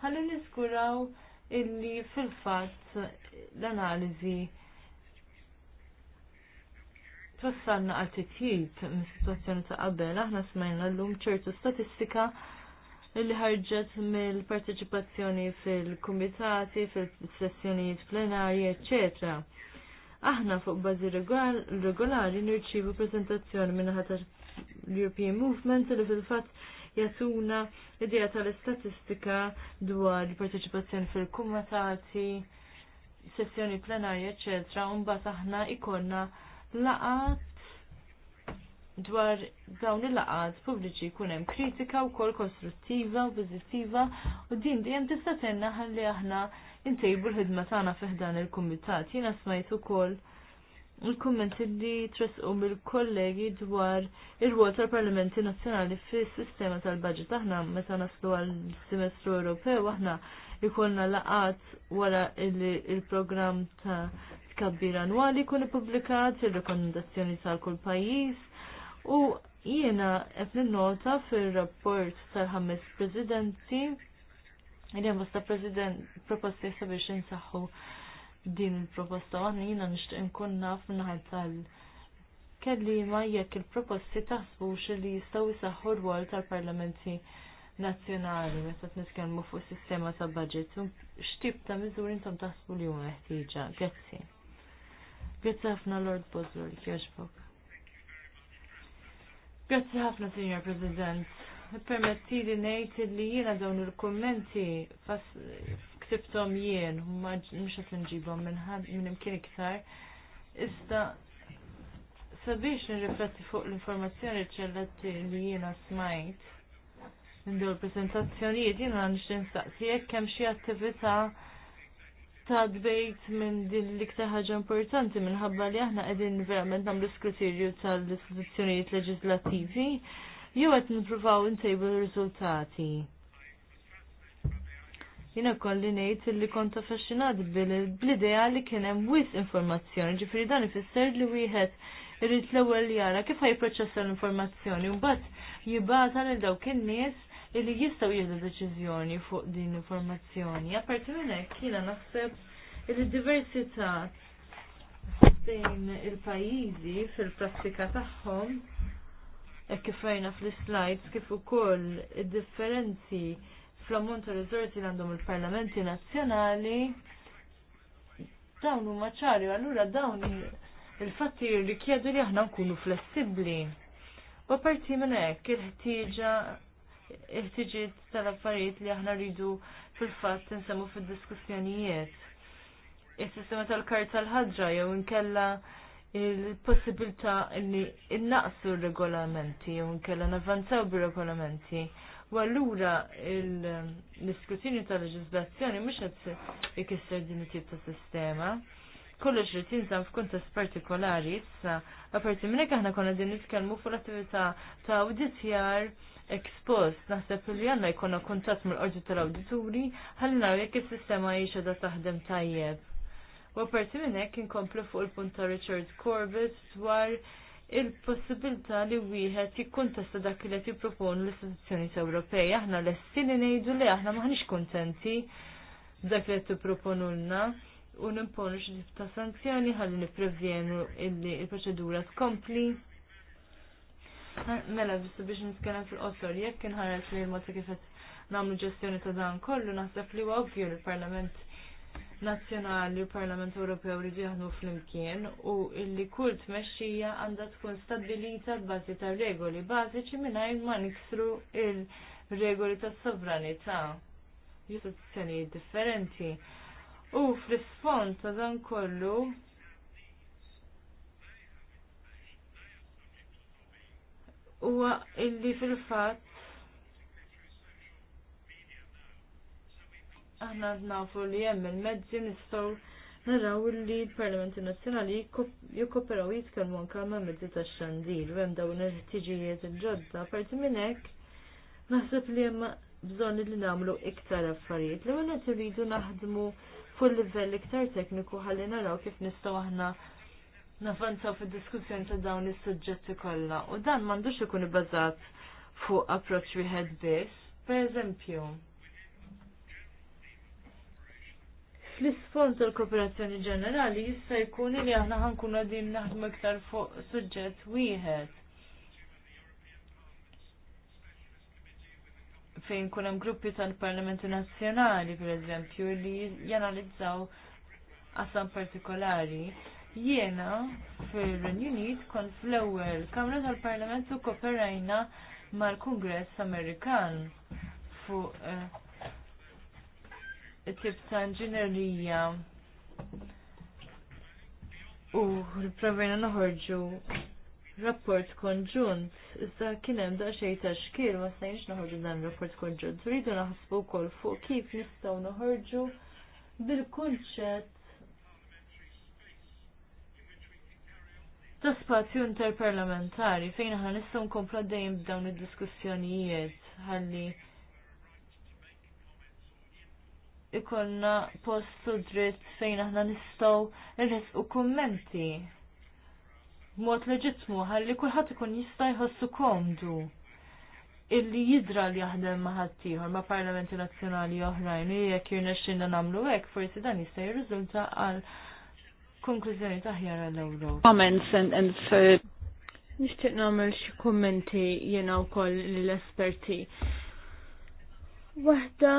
ħalli niskuraw illi fil-fatt l-analiżi tussanna għal titjib mis-situazzjoni ta' qabel, aħna smajna l-lum ċertu statistika li ħarġet mill-parteċipazzjoni fil-kumitati, fil-sessjonijiet plenarji, etc. Aħna fuq bażi regolari nirċivu prezentazzjoni minn ħatar l-European Movement li fil-fatt id idea tal-istatistika dwar il-parteċipazzjoni fil-kumitati, sessjoni plenarji, etc. Mbagħad aħna ikonna laqat dwar dawn il-laqad pubbliċi jkun hemm kritika wkoll kostruttiva u pożittiva u din dejjem tista' tenna ħalli aħna intejbu l-ħidma tagħna fih dan il-kumitat. Jiena smajt ukoll il-kummenti li tresqu mill-kollegi dwar ir-rwol tal-Parlamenti Nazzjonali fis-sistema tal-budget aħna meta naslu għal-semestru Ewropew aħna jkollna laqat wara il programm ta' tkabbir annwali kun ippubblikat, il-rekomendazzjoni tal kull pajjiż, U jiena qed ninnota fir-rapport tal-ħames presidenti li hemm bosta president proposti sabiex insaħħu din il-proposta aħna jiena nixtieq nkun naf minnaħal tal- kellima jekk il-proposti taħsbux li jistgħu jsaħħu r-wol tal-parlamenti nazzjonali meta nitkellmu fuq sistema ta' budget. X'tip ta' miżuri intom taħsbu li huma meħtieġa? Grazzi. Grazzi ħafna Lord Boswell, jogħġbok. Grazzi ħafna, Signor President. Permetti li nejt li jiena dawn il-kommenti fas ktibtom jien, mux għat nġibom minn imkien iktar. Issa sabiex nirrifletti fuq l-informazzjoni ċellati li jiena smajt minn dawn il-prezentazzjonijiet jiena nixtin saqsijek kemm xi attività ta' dbejt minn din l-iktar ħaġa importanti minħabba li aħna qegħdin verament nagħmlu skriterju tal-istituzzjonijiet leġislattivi jew qed nippruvaw intejbu r-riżultati. Jina kolli ngħid li kont affaxxinat bl-idea li kien hemm wis informazzjoni, ġifieri dan ifisser li wieħed irid l-ewwel jara kif ħajproċessa l-informazzjoni u mbagħad jibgħata lil dawk in-nies illi jistgħu jieħdu deċiżjoni fuq din l-informazzjoni. Apparti minn hekk jiena naħseb illi diversità bejn il-pajjiżi fil-prattika tagħhom hekk kif rajna fl-slides kif ukoll id-differenzi fl-ammont ta' riżorsi li għandhom il-parlamenti nazzjonali dawn huma ċari, allura dawn il-fatti rikjedu li aħna nkunu flessibbli. U parti minn hekk il-ħtieġa ħtiġiet tal-affarijiet li aħna rridu fil-fatt nsemmu fil-diskussjonijiet. Is-sistema tal-kart tal ħadġa jew inkella il-possibilità li innaqsu r-regolamenti jew inkella navvanzaw bir-regolamenti. U allura l-iskrutinju tal-leġislazzjoni mhux qed ikisser din it-tip ta' sistema kollox li tinsam f'kuntest partikolari, issa, aparti minn hekk aħna konna din nitkellmu fuq l-attività ta' awditjar ekspost, naħseb li għanna jkonna kontat mill-qorġu tal-awdituri, ħallina jekk il-sistema jiexa da taħdem tajjeb. U għaparti minnek inkomplu fuq il-punt ta' Richard Corbett dwar il-possibilità li wieħed jikkuntesta dak li qed jipproponu l-istituzzjoni Ewropej. Aħna l li ngħidu li aħna maħniex kuntenti dak li qed tipproponulna u nimponu xi ta' sanzjoni ħalli nipprevjenu il-proċedura tkompli. Mela, bisu biex nitkellem fil-qosor, jekk inħares li l mota kif qed nagħmlu ġestjoni ta' dan kollu, naħseb li huwa ovvju l-Parlament Nazzjonali u Parlament Ewropew li fl flimkien u illi kull tmexxija għandha tkun stabilita b-bazi ta' regoli bażiċi mingħajr ma niksru il-regoli tas-sovranità. Justazzjonijiet differenti. U fl-isfond ta' dan kollu huwa illi fil-fatt aħna nafu li hemm il-mezzi nistgħu naraw li l-Parlamenti Nazzjonali jikkoperaw jitkellmu anke ma' mezzi tax-xandir u hemm dawn il-ħtiġijiet il-ġodda parti minn hekk naħseb li hemm bżonn li nagħmlu iktar affarijiet. li ewwel iridu naħdmu fuq livell iktar tekniku ħalli naraw kif nistgħu aħna nafanzaw fid-diskussjoni ta' dawn is-suġġetti kollha u dan m'għandux ikun ibbażat fuq approach wieħed biss. Pereżempju, fl-isfond tal-kooperazzjoni ġenerali jista' jkun li aħna ħankun għadin naħdmu iktar fuq suġġett wieħed. fejn kun hemm gruppi tal-Parlamenti Nazzjonali, pereżempju, li janalizzaw qasam partikolari Jiena fir-Renju Unit kont fl-ewwel Kamra tal-Parlament u koperajna mal-Kungress Amerikan fuq eh, it-tip ta' inġinerija u provajna noħorġu rapport konġunt. Issa kien hemm daqsxejn ta' xkil ma stajniex noħorġu dan rapport konġunt. Rridu naħsbu wkoll fuq kif nistgħu noħorġu bil-kunċett ta' spazju interparlamentari fejn aħna nistgħu nkomplu dejjem b'dawn id-diskussjonijiet ħalli post postu dritt fejn aħna nistgħu nresqu kummenti b'mod leġittmu ħalli kulħadd ikun jista' jħossu komdu illi jidra li jaħdem ma' ħaddieħor ma' parlamenti nazzjonali oħrajn u jekk jirnexxinna nagħmlu hekk forsi dan jista' jirriżulta għal konklużjoni taħjar għal ewro Comments and, and Nishtiq namel xie kommenti jena u koll l-esperti. Wahda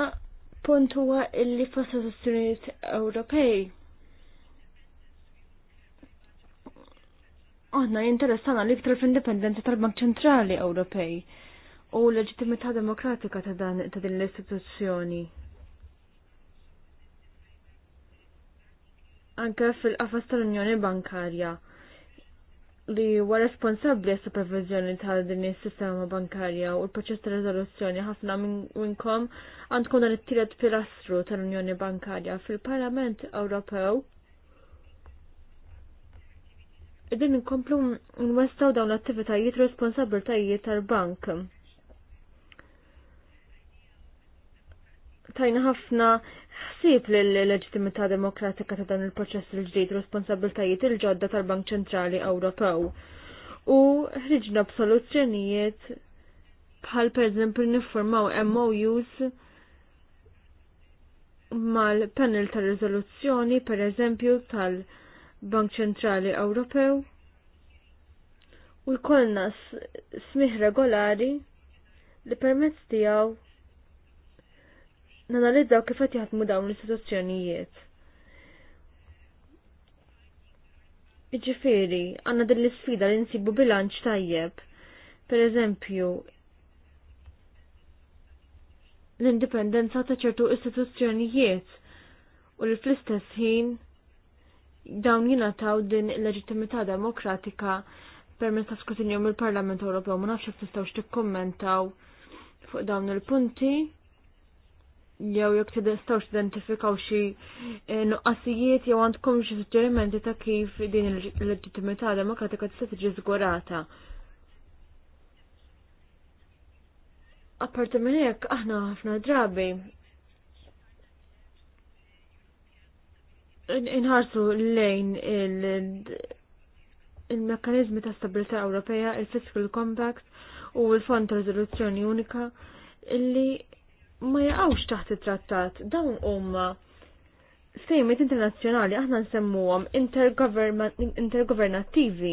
punt huwa illi fasa istituzzjonijiet Ewropej. Aħna jinteressana li iktar fl tal-Bank Ċentrali Ewropej u l-leġitimità demokratika ta' din l-istituzzjoni. anke fil-qafas tal-Unjoni Bankarja li huwa responsabbli għas supervizjoni ta' din is-sistema bankarja u l-proċess ta' riżoluzzjoni ħafna minnkom għandkom dan it-tielet pilastru tal-Unjoni Bankarja fil-Parlament Ewropew. Din inkomplu nwestaw dawn l-attivitajiet responsabbiltajiet tal-bank. Tajna ħafna ħsieb l-leġitimità demokratika ta' dan il-proċess il-ġdid responsabiltajiet il-ġodda tal-Bank Ċentrali Ewropew. U ħriġna b'soluzzjonijiet bħal pereżempju niffurmaw MOUs mal-panel ta' riżoluzzjoni pereżempju tal-Bank Ċentrali Ewropew u jkollna smih regolari li permezz tiegħu nanalizzaw kif qed jaħdmu dawn l-istituzzjonijiet. Jiġifieri għandna din l-isfida li nsibu bilanċ tajjeb. Per eżempju, l-indipendenza ta' ċertu istituzzjonijiet u li fl-istess ħin dawn jingħataw din il-leġittimità demokratika permezz ta' skrutinju mill-Parlament Ewropew ma nafx tistgħux tikkommentaw fuq dawn il-punti jew jekk tistgħux identifikaw xi eh, nuqqasijiet jew għandkom xi suġġerimenti ta' kif din il-leġittimità demokratika tista' tiġi żgurata. Apparti minn hekk aħna ħafna drabi inħarsu lejn il-mekkanizmi ta' stabilità Ewropea, il-Fiscal Compact u l-Fond ta' Riżoluzzjoni Unika illi ma jaqgħux taħt it-trattat dawn huma sejmiet internazzjonali aħna nsemmuhom intergovernattivi.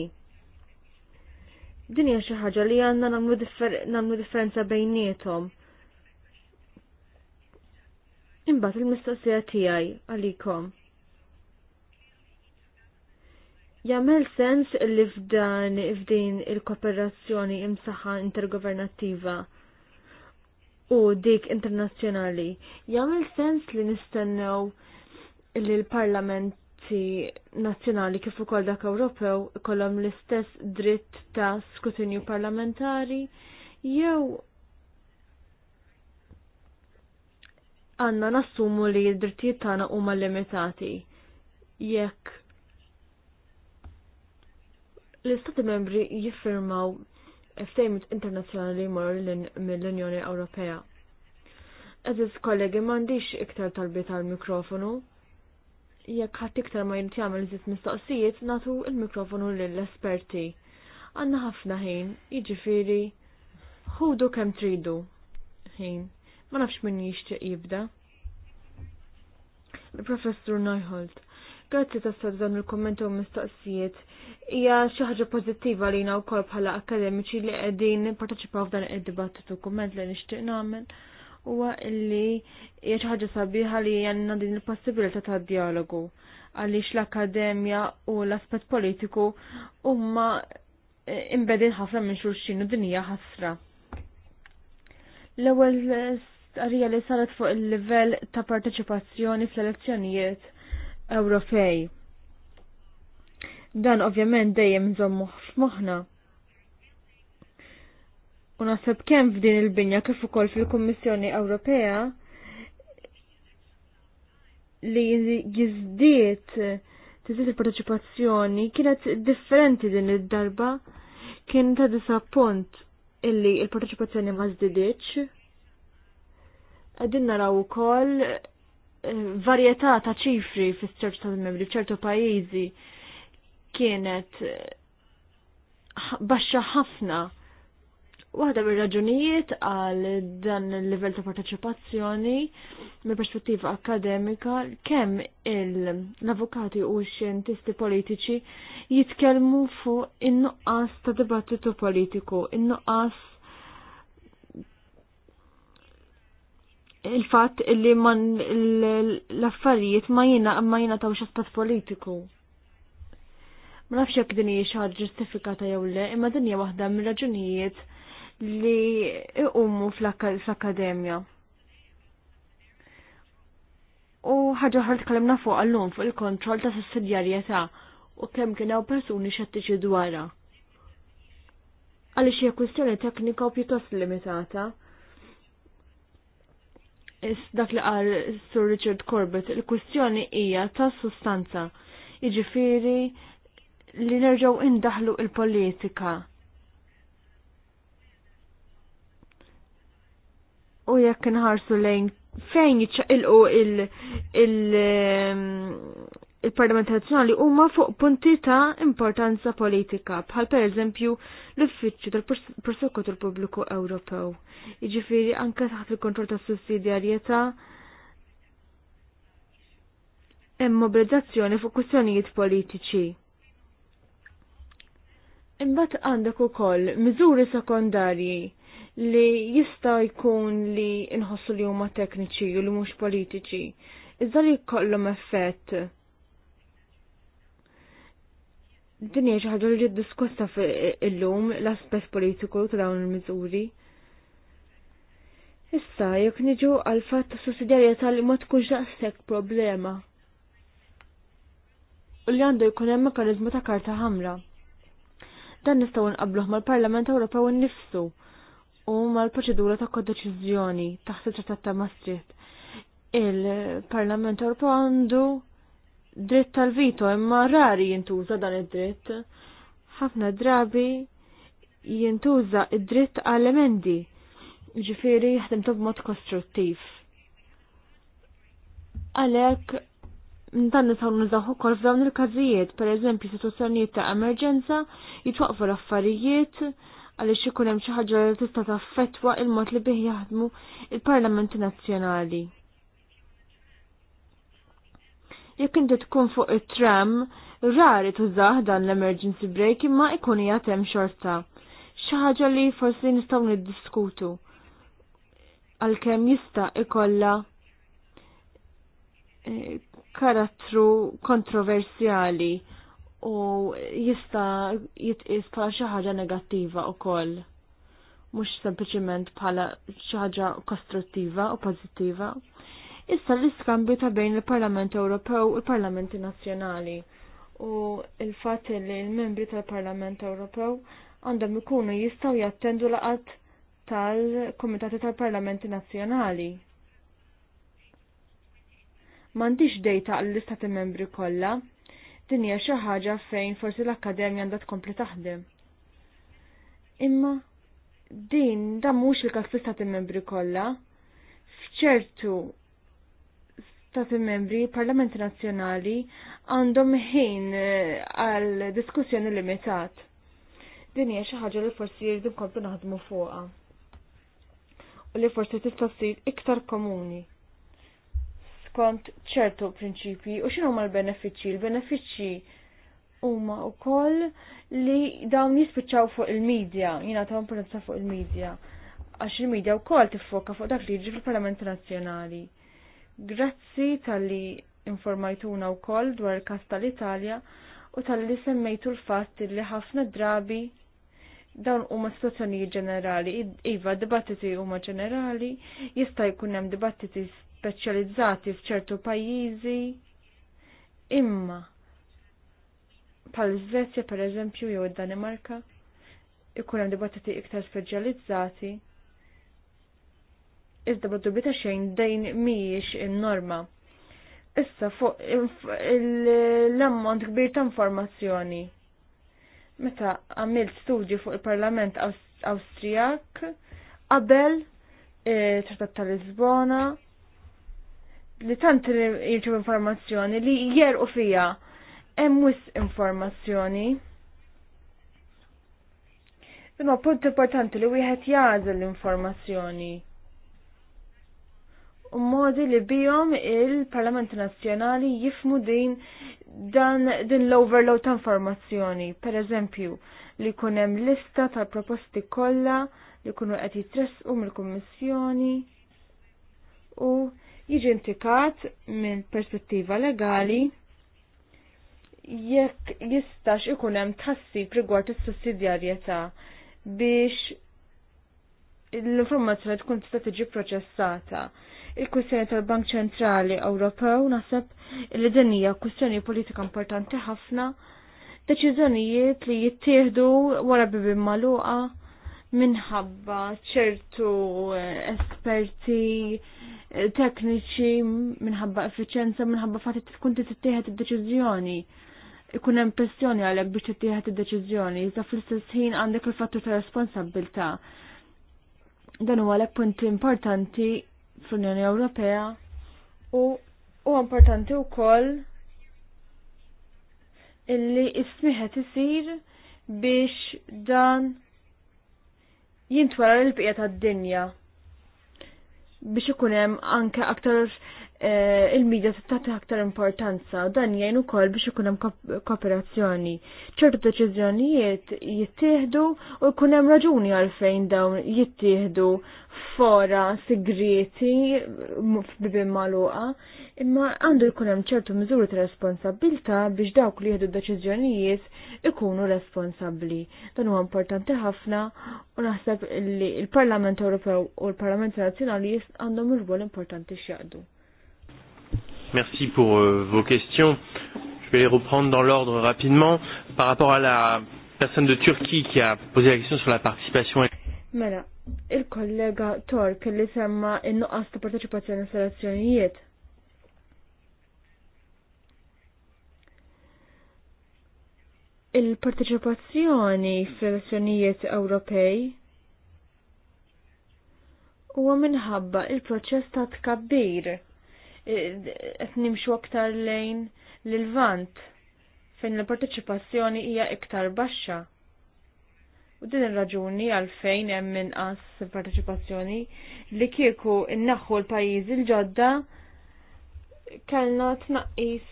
Din hija xi ħaġa li għandna nagħmlu differ differenza bejniethom. Imbagħad il-mistoqsija tiegħi għalikom. Jamel sens li f'dan f'din il-kooperazzjoni imsaħħa intergovernattiva u dik internazzjonali. Jagħmel sens li nistennew li l-parlamenti nazzjonali kif ukoll dak Ewropew ikollhom l-istess dritt ta' skrutinju parlamentari jew għanna nassumu li d-drittijiet tagħna huma limitati. Jekk l-istati membri jiffirmaw statement internazzjonali mor mill-Unjoni Ewropea. Eżis kollegi m'għandix iktar talbi tal-mikrofonu. Jekk ħadd iktar ma jrid jagħmel iżis mistoqsijiet natu il-mikrofonu lill-esperti. Għanna ħafna ħin, jiġifieri ħudu kemm tridu ħin. Ma nafx min jixtieq jibda. Il-Professur Neuholt. Grazzi ta' dan il-kommenti u mistoqsijiet. Ija xaħġa pozittiva li jina u kol bħala akademiċi li għedin parteċipaw f'dan id-dibattitu komment li nishtiq namen huwa illi ija xi ħaġa sabiħa li għandna din il-possibilità ta' dialogu għaliex l-akademja u l-aspett politiku huma e, imbedin ħafna minn xulxin u din hija ħasra. L-ewwel starija li saret fuq il-livell ta' parteċipazzjoni fl-elezzjonijiet Ewropej. Dan ovvjament dejjem nżommu f'moħħna. U naħseb kemm f'din il-binja kif ukoll fil-Kummissjoni Ewropea li jiżdiet tiżdiet il-parteċipazzjoni kienet differenti din id-darba kien ta' disappunt illi il-parteċipazzjoni ma żdidietx. Għadin naraw ukoll varjetà ta' ċifri fis-ċertu tal-membri f'ċertu pajjiżi kienet eh, baxxa ħafna. Waħda mir-raġunijiet għal dan il-livell ta' parteċipazzjoni mill perspettiva akademika kemm l-avukati u x-xjentisti politiċi jitkellmu fuq in-nuqqas ta' dibattitu politiku, in-nuqqas il-fatt li man l-affarijiet ma jina ma jina ta' xaspat politiku. Ma nafx jekk din hija ħaġa ġustifikata jew le, imma din hija waħda mir-raġunijiet li iqumu fl-akademja. U ħaġa ħart tkellimna fuq għallum fuq il-kontroll ta' sussidjarjetà u kemm kien hawn persuni xettiċi dwarha. Għaliex hija kwistjoni teknika u pjuttost limitata dak li qal Sir Richard Corbett, il-kwistjoni hija ta' sustanza. Jiġifieri li nerġgħu indaħlu il-politika. U jekk inħarsu lejn fejn jiċċaqilqu il-, il, il il-Parlament Nazzjonali huma fuq punti ta' importanza politika, bħal per eżempju l-uffiċċju tal-Prosekutur Pubbliku Ewropew. Jiġifieri anke taħt il-kontroll tas sussidjarjetà hemm mobilizzazzjoni fuq kwistjonijiet politiċi. Imbagħad għandek ukoll miżuri sekondarji li jista' jkun li nħossu li huma tekniċi u li mhux politiċi iżda li jkollhom effett Dinja xi ħaġa li ġiet fil illum l-aspett politiku ta' dawn il-miżuri. Issa jekk niġu għal fatt ta' sussidjarjetà li ma tkunx daqshekk problema. U li għandu jkun hemm mekkaniżmu ta' karta ħamra. Dan nistgħu nqabluh mal-Parlament Ewropew innifsu u mal-proċedura ta' kodeċiżjoni taħt it-Trattat ta' Maastricht. Il-Parlament Ewropew għandu dritt tal-vito imma rari jintuża dan id-dritt. Ħafna drabi jintuża id-dritt għall-emendi, ġifiri jaħdem ta' b'mod kostruttiv. Għalek, dan nisaw nużaw ukoll f'dawn il-każijiet, per eżempju ta' emerġenza, jitwaqfu l-affarijiet għaliex ikun hemm xi ħaġa li tista' taffettwa il-mod li bih jaħdmu il-Parlamenti Nazzjonali jekk inti tkun fuq it-tram, rari tużah dan l-emergency break imma ikun hemm xorta. Xi ħaġa li forsi nistgħu niddiskutu. Għalkemm jista' ikolla eh, karattru kontroversjali u jista' jitqis bħala xi ħaġa negattiva wkoll. Mhux sempliċement bħala xi ħaġa kostruttiva u pożittiva issa l-iskambju ta' bejn il-Parlament Ewropew u l-Parlamenti Nazzjonali u il-fatt li l-membri tal-Parlament Ewropew għandhom ikunu jistgħu jattendu laqat tal-Komitati tal-Parlamenti Nazzjonali. M'għandix dejta għall-istati membri kollha, din hija xi ħaġa fejn forsi l-akkademja għandha tkompli taħdem. Imma din da mhux il-każ fl-istati membri kollha, f'ċertu stati membri, parlamenti nazzjonali għandhom ħin eh, għal diskussjoni limitat. Din hija xi ħaġa li forsi jridu nkomplu naħdmu fuqha. U li forsi tista' ssir iktar komuni skont ċertu prinċipji u x'inhu l-benefiċċji? L-benefiċċji huma wkoll li dawn jispiċċaw fuq il-medja, jingħataw importanza fuq il-medja għax il-medja wkoll tiffoka fuq dak li jiġri fil-Parlament Nazzjonali. Grazzi tal-li informajtuna u koll dwar kas tal-Italja u tal-li semmejtu l fatti li ħafna drabi dawn huma situazzjoni ġenerali, iva dibattiti huma ġenerali, jista' jkun hemm dibattiti speċjalizzati f'ċertu pajjiżi, imma pal Svezja per eżempju jew id-Danimarka ikun hemm dibattiti iktar speċjalizzati iżda bla dubju ta' xejn dejn mhijiex in-norma. Issa fuq l-ammont kbir ta' informazzjoni. Meta għamilt studju fuq il-Parlament Awstrijak qabel e, trattat ta' Lisbona li tant jirċu informazzjoni li jerqu fija hemm informazzjoni. Imma punt importanti li wieħed jażel l-informazzjoni u modi li bijom il-Parlament Nazzjonali jifmu din dan din l-overload ta' informazzjoni. Per eżempju, li kunem lista ta' proposti kollha li kunu qed jitresqu mill-Kummissjoni u jiġi intikat minn perspettiva legali jekk jistax ikun hemm tħassib rigward is-sussidjarjetà biex l-informazzjoni tkun tista' tiġi proċessata il-kwistjoni tal-Bank Ċentrali Ewropew naħseb li din hija kwistjoni politika importanti ħafna, deċiżjonijiet li jittieħdu wara bibin maluqa minħabba ċertu eh, esperti eh, tekniċi minħabba effiċenza minħabba fatti tkun tittieħed id-deċiżjoni ikun hemm pressjoni għalhekk biex tittieħed id-deċiżjoni, iżda fl-istess ħin għandek il-fattur ta' responsabilità. Dan huwa għalhekk punti importanti fl-Unjoni Ewropea u u importanti wkoll illi ismiħet isir biex dan jintwara l-bqija tad-dinja biex ikun hemm anke aktar Eh, il-medja tagħti aktar importanza dan jgħin ukoll biex ikun hemm kooperazzjoni. ċertu deċiżjonijiet jittieħdu u jkun hemm raġuni għalfejn dawn jittieħdu fora segreti bibim magħluqa, imma għandu jkun hemm ċertu miżuri ta' responsabilità biex dawk li jieħdu deċiżjonijiet ikunu responsabbli. Dan huwa importanti ħafna u naħseb li l-Parlament Ewropew u l-Parlament Nazzjonali għandhom ir-rwol importanti x'jaqdu. Merci pour euh, vos questions. Je vais les reprendre dans l'ordre rapidement. Par rapport à la personne de Turquie qui a posé la question sur la participation. Mela, il-kollega Tork li semma in-nuqqas ta' partecipazzjoni selezzjonijiet. Il-parteċipazzjoni fil-elezzjonijiet Ewropej huwa minħabba il-proċess ta' tkabbir qed nimxu aktar lejn l-vant fejn il-parteċipazzjoni hija iktar baxxa. U din ir-raġuni għalfejn hemm inqas parteċipazzjoni li kieku nnaħħu l-pajjiżi l-ġodda kellna tnaqqis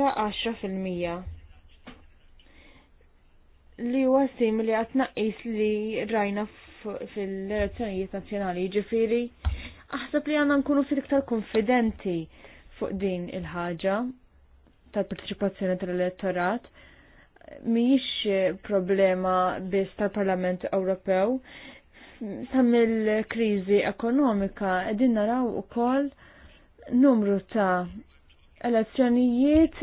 ta' 10% li huwa li għat tnaqqis li rajna fil-elezzjonijiet nazzjonali ġifiri aħseb li għanna nkunu fil iktar konfidenti fuq din il-ħaġa tal-parteċipazzjoni tal-elettorat Mijiex problema biss tal-Parlament Ewropew. Sam il-krizi ekonomika edin naraw u koll numru ta' elezzjonijiet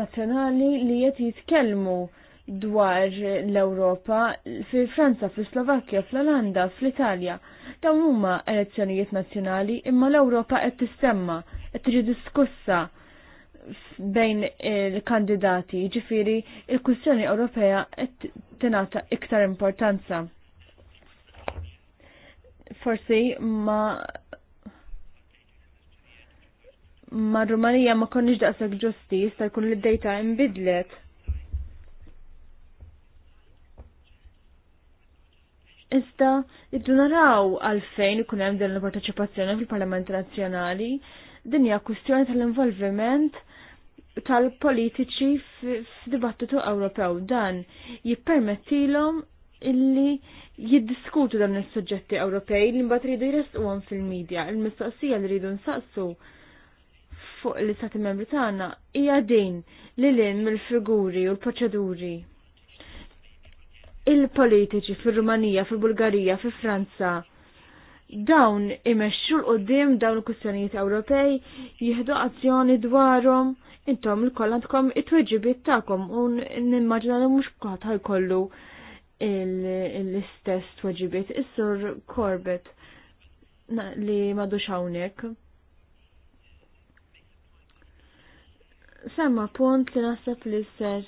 nazjonali li jiet jitkellmu dwar l-Ewropa fi Franza, fi Slovakkja, fl-Olanda, fl-Italja. Dawn huma elezzjonijiet nazzjonali imma l-Ewropa qed tistemma, qed tiġi diskussa bejn il-kandidati, ġifiri il-kwistjoni Ewropea qed tingħata iktar importanza. Forsi ma ma Rumanija ma konniex daqshekk ġusti, jista' jkun li d-dejta inbidlet Iżda iddu naraw għalfejn ikun hemm din il-parteċipazzjoni fil-Parlament Nazzjonali, din hija kwistjoni tal-involviment tal-politiċi f'dibattitu Ewropew dan jippermettilhom illi jiddiskutu dan is-suġġetti Ewropej li mbagħad ridu jresquhom fil-medja. Il-mistoqsija li rridu nsaqsu fuq l-istati membri tagħna hija din li l-in mill-figuri u l-proċeduri il-politiċi fil-Rumanija, fil-Bulgarija, fil-Franza dawn imesċu l-qoddim dawn il-kustjonijiet Ewropej jieħdu azzjoni dwarhom intom l-kollantkom għandkom it-tweġibiet tagħkom u nimmaġna li mhux kulħadd ħajkollu l-istess tweġibiet. Is-sur Corbett li m'għadux hawnhekk. Semma punt li naħseb li ser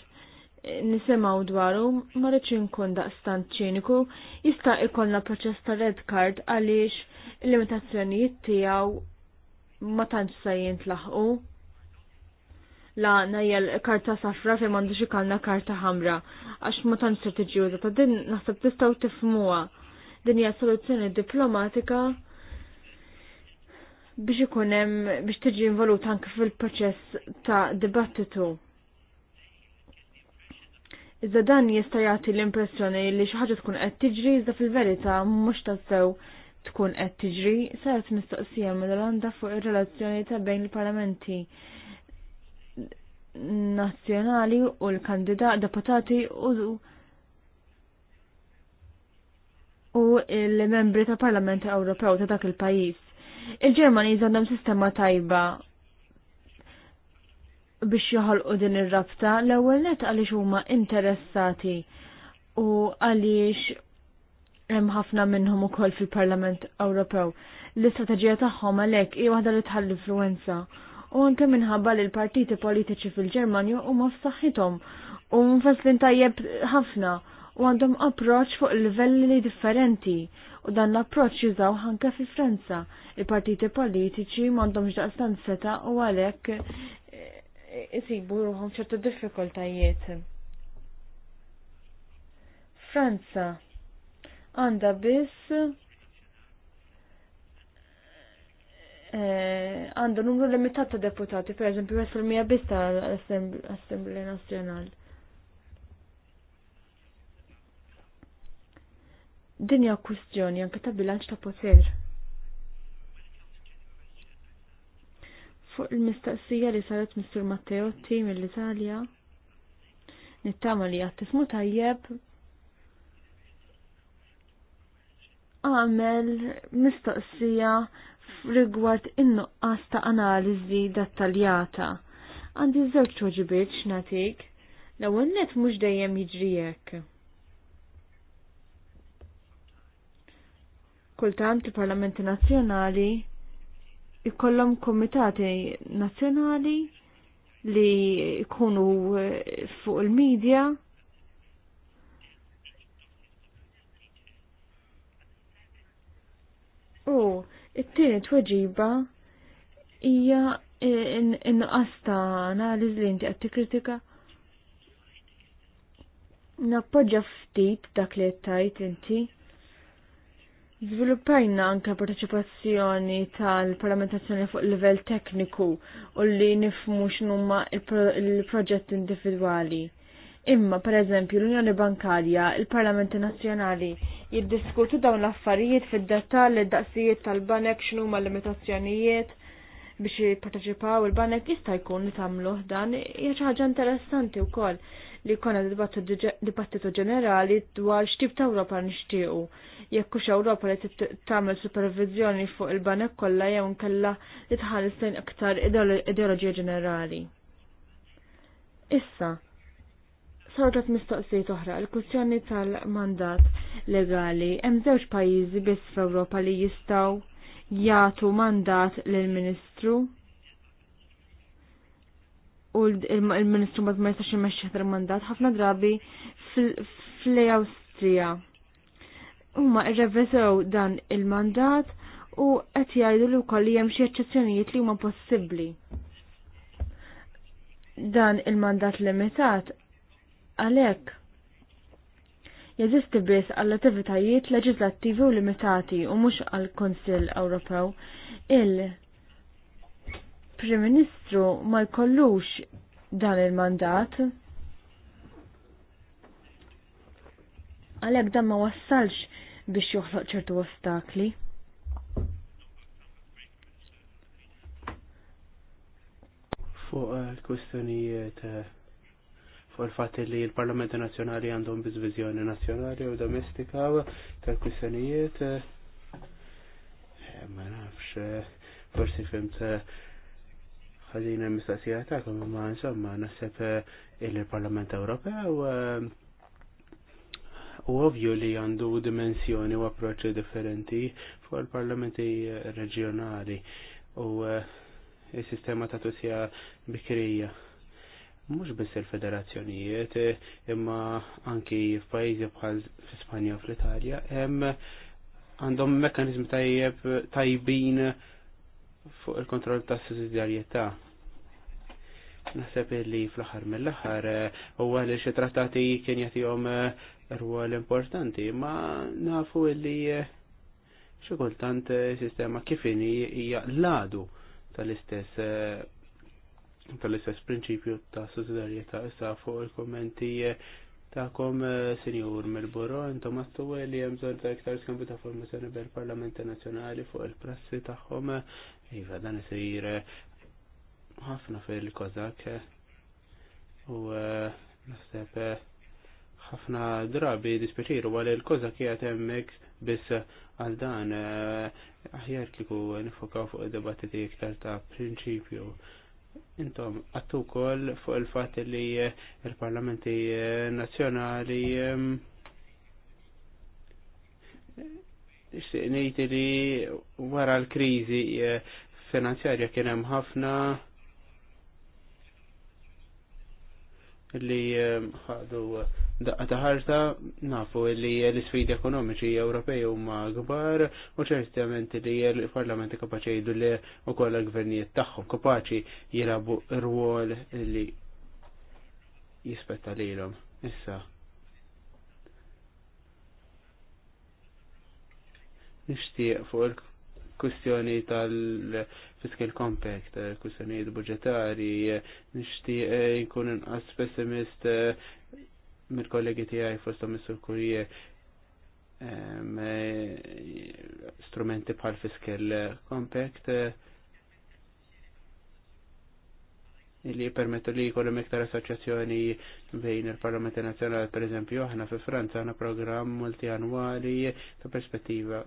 nisemaw dwaru, ma rridx inkun daqstant ċiniku, jista' ikollna proċess ta' red card għaliex il-limitazzjonijiet tiegħu ma tantx se jintlaħqu. La najja karta safra fejn m'għandux ikalna karta ħamra għax ma tantx se tiġi ta' din naħseb tistgħu tifhmuha. Din hija soluzzjoni diplomatika biex ikun hemm biex tiġi involuta anke fil-proċess ta' dibattitu Iżda dan jista' jagħti l-impressjoni li xi ħaġa tkun qed tiġri iżda fil-verità mhux tassew tkun qed tiġri saret mistoqsija mill-Olanda fuq ir-relazzjoni ta' bejn il-parlamenti nazzjonali u l-kandidat deputati u u l-membri tal Parlament Ewropew ta' dak il-pajjiż. Il-Ġermani għandhom sistema tajba biex joħolqu din ir-rabta l-ewwel net għaliex huma interessati u għaliex hemm ħafna minnhom ukoll fil-Parlament Ewropew. L-istrateġija tagħhom għalhekk hi waħda li tħall influenza. U anke minħabba li l-partiti politiċi fil-Ġermanja huma f'saħħithom u mfasslin tajjeb ħafna u għandhom approċċ fuq livelli differenti u dan l-approċċ jużaw anke fi Franza. Il-partiti politiċi m'għandhomx daqstan seta u għalhekk isibu ruħom ċertu diffikultajiet. Franza għanda biss eh, għanda numru limitat ta' deputati, per eżempju, għas l mija biss ta' l-Assemblea Nazjonal. Dinja kwistjoni anke ta' bilanċ ta' poter. Fuq il-mistaqsija li saret Mr. Matteotti mill-Italja, nittama li għattifmu tajjeb għamel mistaqsija rigward in-nuqqas ta' analizi dettaljata. Għandi żewġ tweġibiet x'natik, l-ewwel mux mhux dejjem jiġri hekk. Kultant il-Parlamenti Nazzjonali ikollhom komitati nazzjonali li ikunu eh, fuq il-medja U it-tieni tweġiba hija inqas ta' analiż li inti qed tikkritika. Nappoġġa ftit dak li qed tajt inti. Zvilupajna anke partecipazzjoni tal-parlamentazzjoni fuq livell tekniku u li nifmu x'numa il-proġett individwali. Imma, per eżempju, l-Unjoni Bankarja, il-Parlamenti Nazzjonali jiddiskutu dawn l-affarijiet fid-dettall id-daqsijiet tal-banek x'numa limitazzjonijiet biex jipparteċipaw il-banek jista' jkun li tagħmluh dan hija ħaġa interessanti wkoll li jkollna dibattitu ġenerali dwar x'tip ta' Europa nixtiequ. Jekk hux Ewropa li tagħmel supervizjoni fuq il-banek kollha jew nkella li tħares iktar ideoloġija ġenerali. Issa, sorgat mistoqsijiet oħra, il kussjoni tal-mandat legali. Hemm żewġ pajjiżi biss fl-Ewropa li jistgħu jagħtu mandat lill-Ministru u il-Ministru ma jistax jimmexxi il-mandat ħafna drabi fl-Awstrija. Huma irreveżew dan il-mandat u qed jgħidu li wkoll hemm xi eċċezzjonijiet li huma possibbli. Dan il-mandat limitat għalhekk jeżisti biss għall attivitajiet leġislattivi u limitati u mhux għall kunsill Ewropew. Il- Prim Ministru ma jkollux dan il-mandat. Għalhekk dan ma wassalx biex joħloq ċertu ostakli. Fuq il-kwistjonijiet eh, eh, fuq il fat li l-Parlamenti Nazzjonali għandhom bizvizjoni nazzjonali u domestika tal-kwistjonijiet eh, ma nafx forsi fimt ħażin il-mistoqsija tagħkom imma insomma naħseb eh, il-Parlament Ewropew eh, u ovvju li għandu dimensjoni u approċċi differenti fuq il-parlamenti reġjonali u eh, il-sistema ta' tussija bikrija. Mux biss il-federazzjonijiet, imma anki f'pajjiżi bħal f'Ispanja u fl-Italja, hemm għandhom mekkanizmi tajjeb tajbin fuq il-kontroll ta' sussidjarjetà. Naħseb li fl-aħħar mill-aħħar eh, huwa li xi trattati kien jagħtihom eh, rwol importanti, ma nafu li eh, xi kultant sistema kif hija ladu tal-istess tal-istess prinċipju ta' sussidjarjetà issa fuq il-kommenti ta'kom senjur mel buro intom għattu li jemżon ta' iktar skambu ta' formazzjoni bel parlamenti Nazjonali fuq il-prassi tagħhom Iva, dan isir eh, ħafna fil-kozak eh, u eh, nasib ħafna drabi dispeċiru għal il-kozak jgħat emmek biss għal dan aħjar kiku nifokaw fuq debattiti iktar ta' prinċipju. Intom, għattu kol fuq il-fat li il-parlamenti nazjonali Xtiqnejt li wara l-krizi eh, finanzjarja kien hemm ħafna li eh, ħadu daqqa ta' ħarta nafu li l-sfidi ekonomiċi Ewropej huma kbar u ċertament li l-Parlament kapaċi jgħidu li wkoll l-gvernijiet tagħhom kapaċi jilagħbu rwol li jispetta lilhom. Issa, nixtieq fuq il-kwistjoni tal-fiscal compact, kwistjonijiet budgetari, nixtieq eh, nkun inqas pessimist eh, mill-kollegi tiegħi fost Mr. Kurje strumenti bħal fiscal compact eh, li permettu li jkollhom iktar assoċjazzjoni bejn il-Parlamenti Nazzjonali, per eżempju, aħna fi Franza għandna programm multianwali ta' perspettiva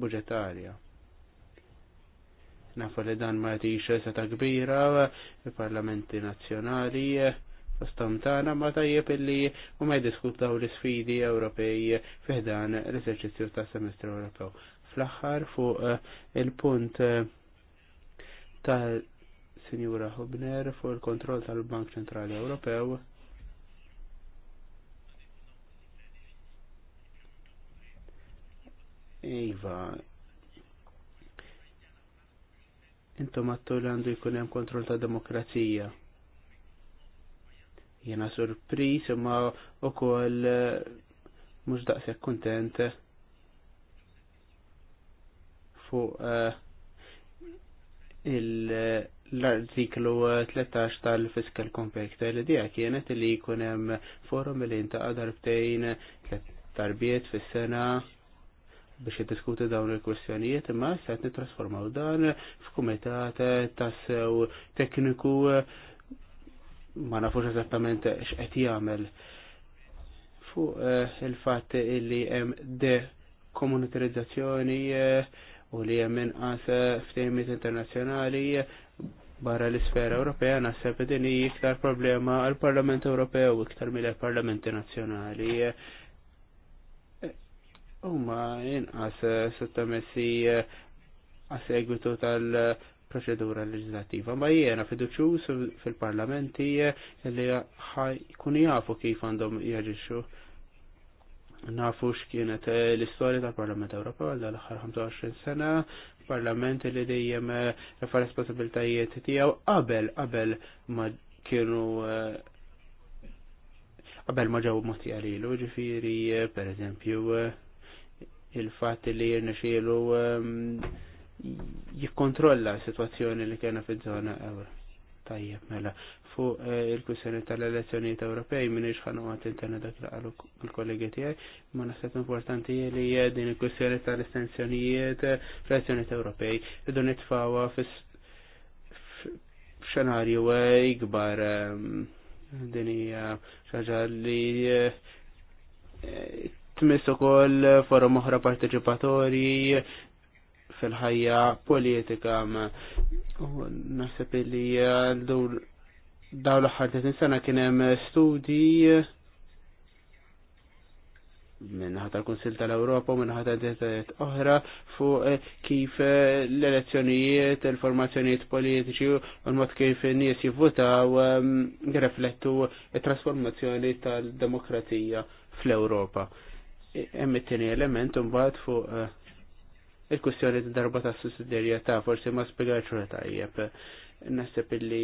budġetarja. Nafu li dan ma jtix seta kbira, il-parlamenti nazzjonali, fostom ma tajjeb illi u ma jdiskutaw l-isfidi Ewropej fiħdan l-eżerċizzju ta' semestru Ewropew. Fl-aħħar fuq eh, il-punt eh, tal Sinjura Hubner fuq il-kontroll tal-Bank Ċentrali Ewropew Iva, intom għattu li għandu jkun hemm kontroll ta' demokrazija. Jena surpriz imma ukoll eh, mhux daqshekk kuntent fuq eh, l-artiklu 13 tal-Fiscal Compact li dija kienet li jkun hemm forum li intaqa' darbtejn tliet tarbiet fis-sena biex jiddiskuti dawn il-kwestjonijiet, imma se qed nittrasformaw dan f'kumitat tassew tekniku ma nafux eżattament x'qed jagħmel fuq eh, il-fatt li hemm de komunitarizzazzjoni eh, u li hemm inqas eh, f'temijiet internazzjonali barra l-isfera Ewropea naħseb din hi iktar problema għall parlament Ewropew iktar mill-Parlamenti Nazzjonali huma inqas eh, sottomessi eh, a segwitu tal-proċedura leġislattiva. Ma jiena fiduċus fil-parlamenti eh, li kun jafu kif għandhom jaġixxu. Nafu x'kienet l-istorja tal-Parlament Ewropew għal l-aħħar 25 sena, parlament li dejjem rafa responsabiltajiet tiegħu qabel qabel ma kienu qabel ma ġew moti għalilu, ġifieri per eżempju il fat li jirna xielu ehm, jikontrolla situazzjoni li kena fil-żona euro. Tajjeb, mela, Fu eh, il-kwissjoni tal-elezzjonijiet Ewropej minn iġħan u għat interna dak laqalu il-kollegi tijaj, ma naħseb importanti li eh, din il-kwissjoni tal-estensjonijiet eh, fl-elezzjonijiet Ewropej, id-dun nitfawa f-xenarju ikbar ehm, din hija xaġa li tmiss ukoll forum oħra parteċipatori fil-ħajja politika u naħseb li eh, daw l-aħħar tletin sena kien hemm studji minn ħata l-Kunsil tal-Ewropa u minn ħata dettajt oħra fuq eh, kif eh, l-elezzjonijiet, il-formazzjonijiet politiċi u l-mod kif n-nies jivvutaw ehm, jirreflettu it-trasformazzjoni tal-demokrazija fl-Ewropa hemm it-tieni element imbagħad fuq eh, il kwestjoni ta' darba ta' sussidjarjetà forsi ma spjegaċu tajjeb. Naħseb illi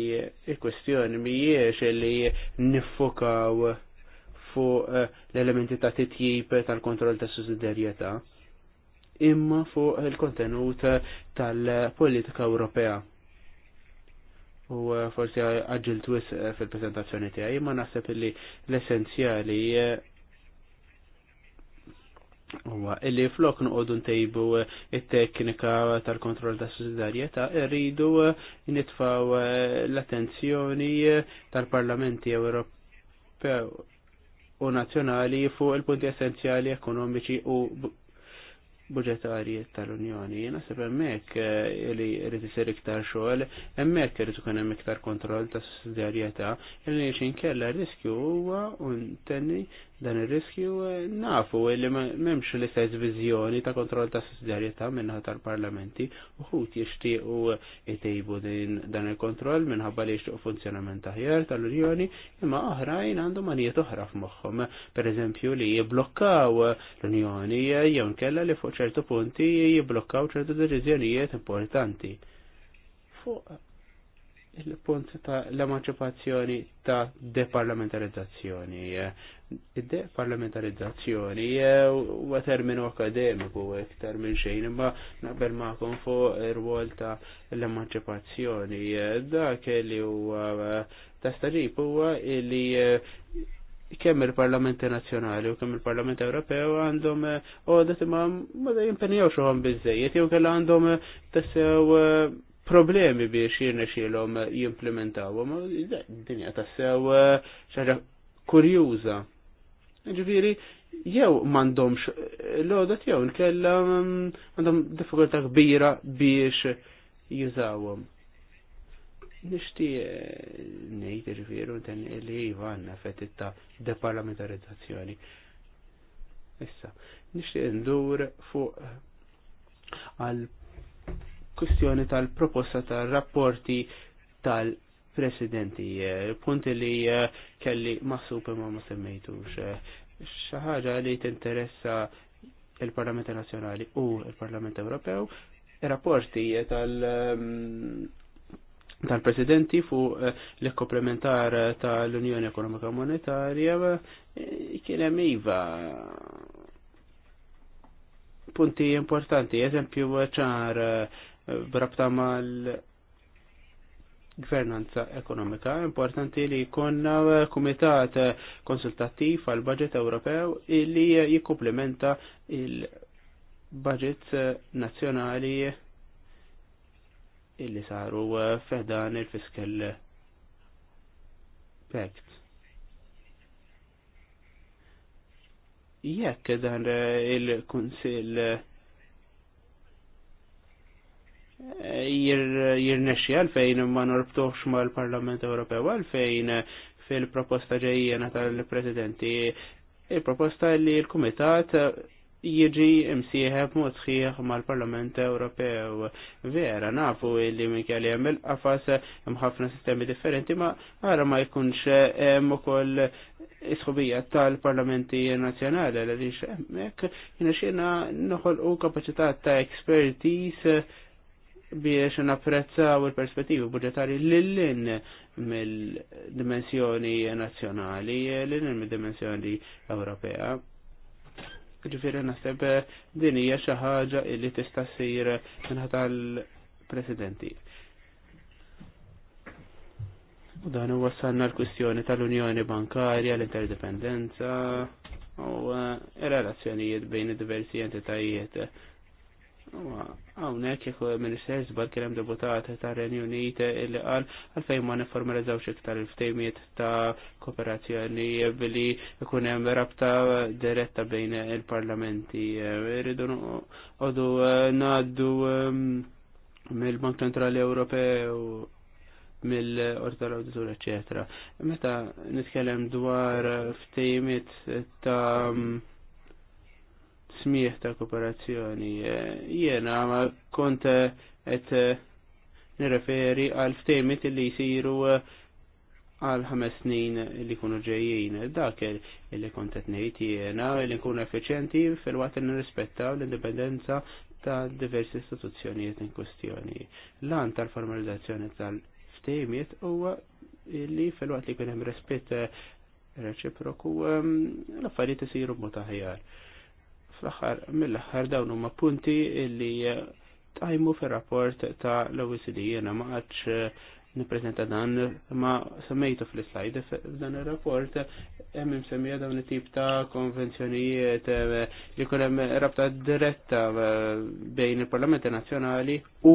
il-kwistjoni mhijiex li niffokaw fuq eh, l-elementi ta' titjib tal-kontroll ta' sussidjarjetà imma fuq il-kontenut tal-politika Ewropea. U eh, forsi għagġil twis fil-presentazzjoni tiegħi, imma naħseb li l-essenzjali Uwa, illi flok nuqodu ntejbu eh, il-teknika tal-kontroll ta' sussidarieta, rridu eh, nitfaw eh, l-attenzjoni tal-parlamenti Ewropew u nazjonali fuq il-punti essenzjali ekonomiċi u budġetarji tal-Unjoni. Jena seb emmek illi rrit isir iktar xogħol, emmek rrit ikun hemm iktar kontroll ta' sussidjarjetà, li xinkella riskju huwa ntenni dan ir-riskju eh, nafu li m'hemmx l-istess viżjoni ta' kontroll ta' sussidjarjetà minnaħa tal-parlamenti uħut jixtiequ jtejbu eh, din dan il-kontroll minħabba li jixtiequ funzjonament aħjar tal-Unjoni imma oħrajn għandhom manijiet oħra f'moħħhom. Pereżempju li jiblokkaw l-Unjoni eh, jew kella li fuq ċertu punti jiblokkaw ċertu deċiżjonijiet importanti. Fuq il-punt ta' l-emanċipazzjoni ta' deparlamentarizzazzjoni id-deparlamentarizzazzjoni huwa terminu akademiku iktar minn xejn imma naqbel magħkom fuq ir-rwol ta' l-emanċipazzjoni dak li huwa ta' starib huwa li eh, kemm il-Parlamenti Nazzjonali u kemm il-Parlament Ewropew għandhom eh, għodet imma ma jimpenjaw xoħom bizzejiet, jew kella għandhom eh, tassew problemi biex xilom jimplementawhom. Dinja tassew xaġa kurjuża ġifiri, jew mandomx l-għodat jew nkella mm, għandhom diffikultà kbira biex jużawhom. Nishti nejt ġifiri ten li jiva għanna fetit ta' deparlamentarizzazzjoni. Issa, nishti ndur fuq għal kustjoni tal-proposta tal-rapporti tal-ECOSOC. tal proposta tal rapporti tal tal proposta tal rapporti tal Presidenti, eh, punti li eh, kelli maħsub ma ma semmejtux. Eh, ħaġa li tinteressa il-Parlament Nazzjonali u il-Parlament Ewropew, rapporti tal- ehm, tal-presidenti fu l-komplementar tal-Unjoni Ekonomika Monetarja kien hemm iva punti importanti, eżempju ċar brabta mal gvernanza ekonomika. Importanti li jkollna kumitat konsultattiv għal budget Ewropew illi jikkomplementa il-budget nazzjonali illi saru fedan il-fiskal pact. Jekk dan il-Kunsill jirnexxi għalfejn ma norbtuħx mal-Parlament Ewropew għalfejn fil-proposta ġejjena tal-Presidenti. Il-proposta li l-Kumitat jiġi imsieħeb mod sħiħ mal-Parlament Ewropew. Vera, nafu li minn kelli għamil għafas ħafna sistemi differenti ma għara ma jkunx hemm ukoll isħubija tal-Parlamenti Nazzjonali li xemmek, jina xina noħolqu kapacità ta' expertise biex napprezzaw il-perspettivi budgetari l-lin mill-dimensjoni nazjonali, l-lin mill-dimensjoni Ewropea. Ġifiri naħseb din hija xi ħaġa li tista' ssir tal-presidenti. U dan huwa sanna l-kwistjoni tal-Unjoni Bankarja, l-interdipendenza u eh, relazzjonijiet bejn diversi entitajiet Għawnek jek minister zbal kienem deputat ta' Unite illi għal għalfejn ma neformalizzawx iktar il-ftejmiet ta' kooperazzjoni billi ikunem rabta diretta bejn il-parlamenti. Rridu għadu eh, naddu ehm, mill-Bank Centrali Ewropew mill-Orta l-Auditur, eccetera. Meta nitkellem dwar ftejmiet ta' smieħ ta' kooperazzjoni. Jena ma kont et nirreferi għal ftemit li jisiru għal ħames snin li kunu ġejjin. Dak li kont qed ngħid jiena li nkunu effiċjenti fil-waqt li nirrispettaw l-indipendenza ta' diversi istituzzjonijiet in kwestjoni. Lan tal-formalizzazzjoni tal-ftejmiet huwa li fil-waqt li kunem hemm rispett reċiproku ehm, l-affarijiet isiru b'mod aħjar fl-axar mill-axar dawn huma punti li tajmu fir-rapport ta' l-OECD jena ma għadx eh, dan ma semmejtu fl-slide f'dan ir-rapport hemm semmija dawn it-tip ta' konvenzjonijiet eh, li jkun hemm rabta diretta eh, bejn il-Parlamenti Nazzjonali u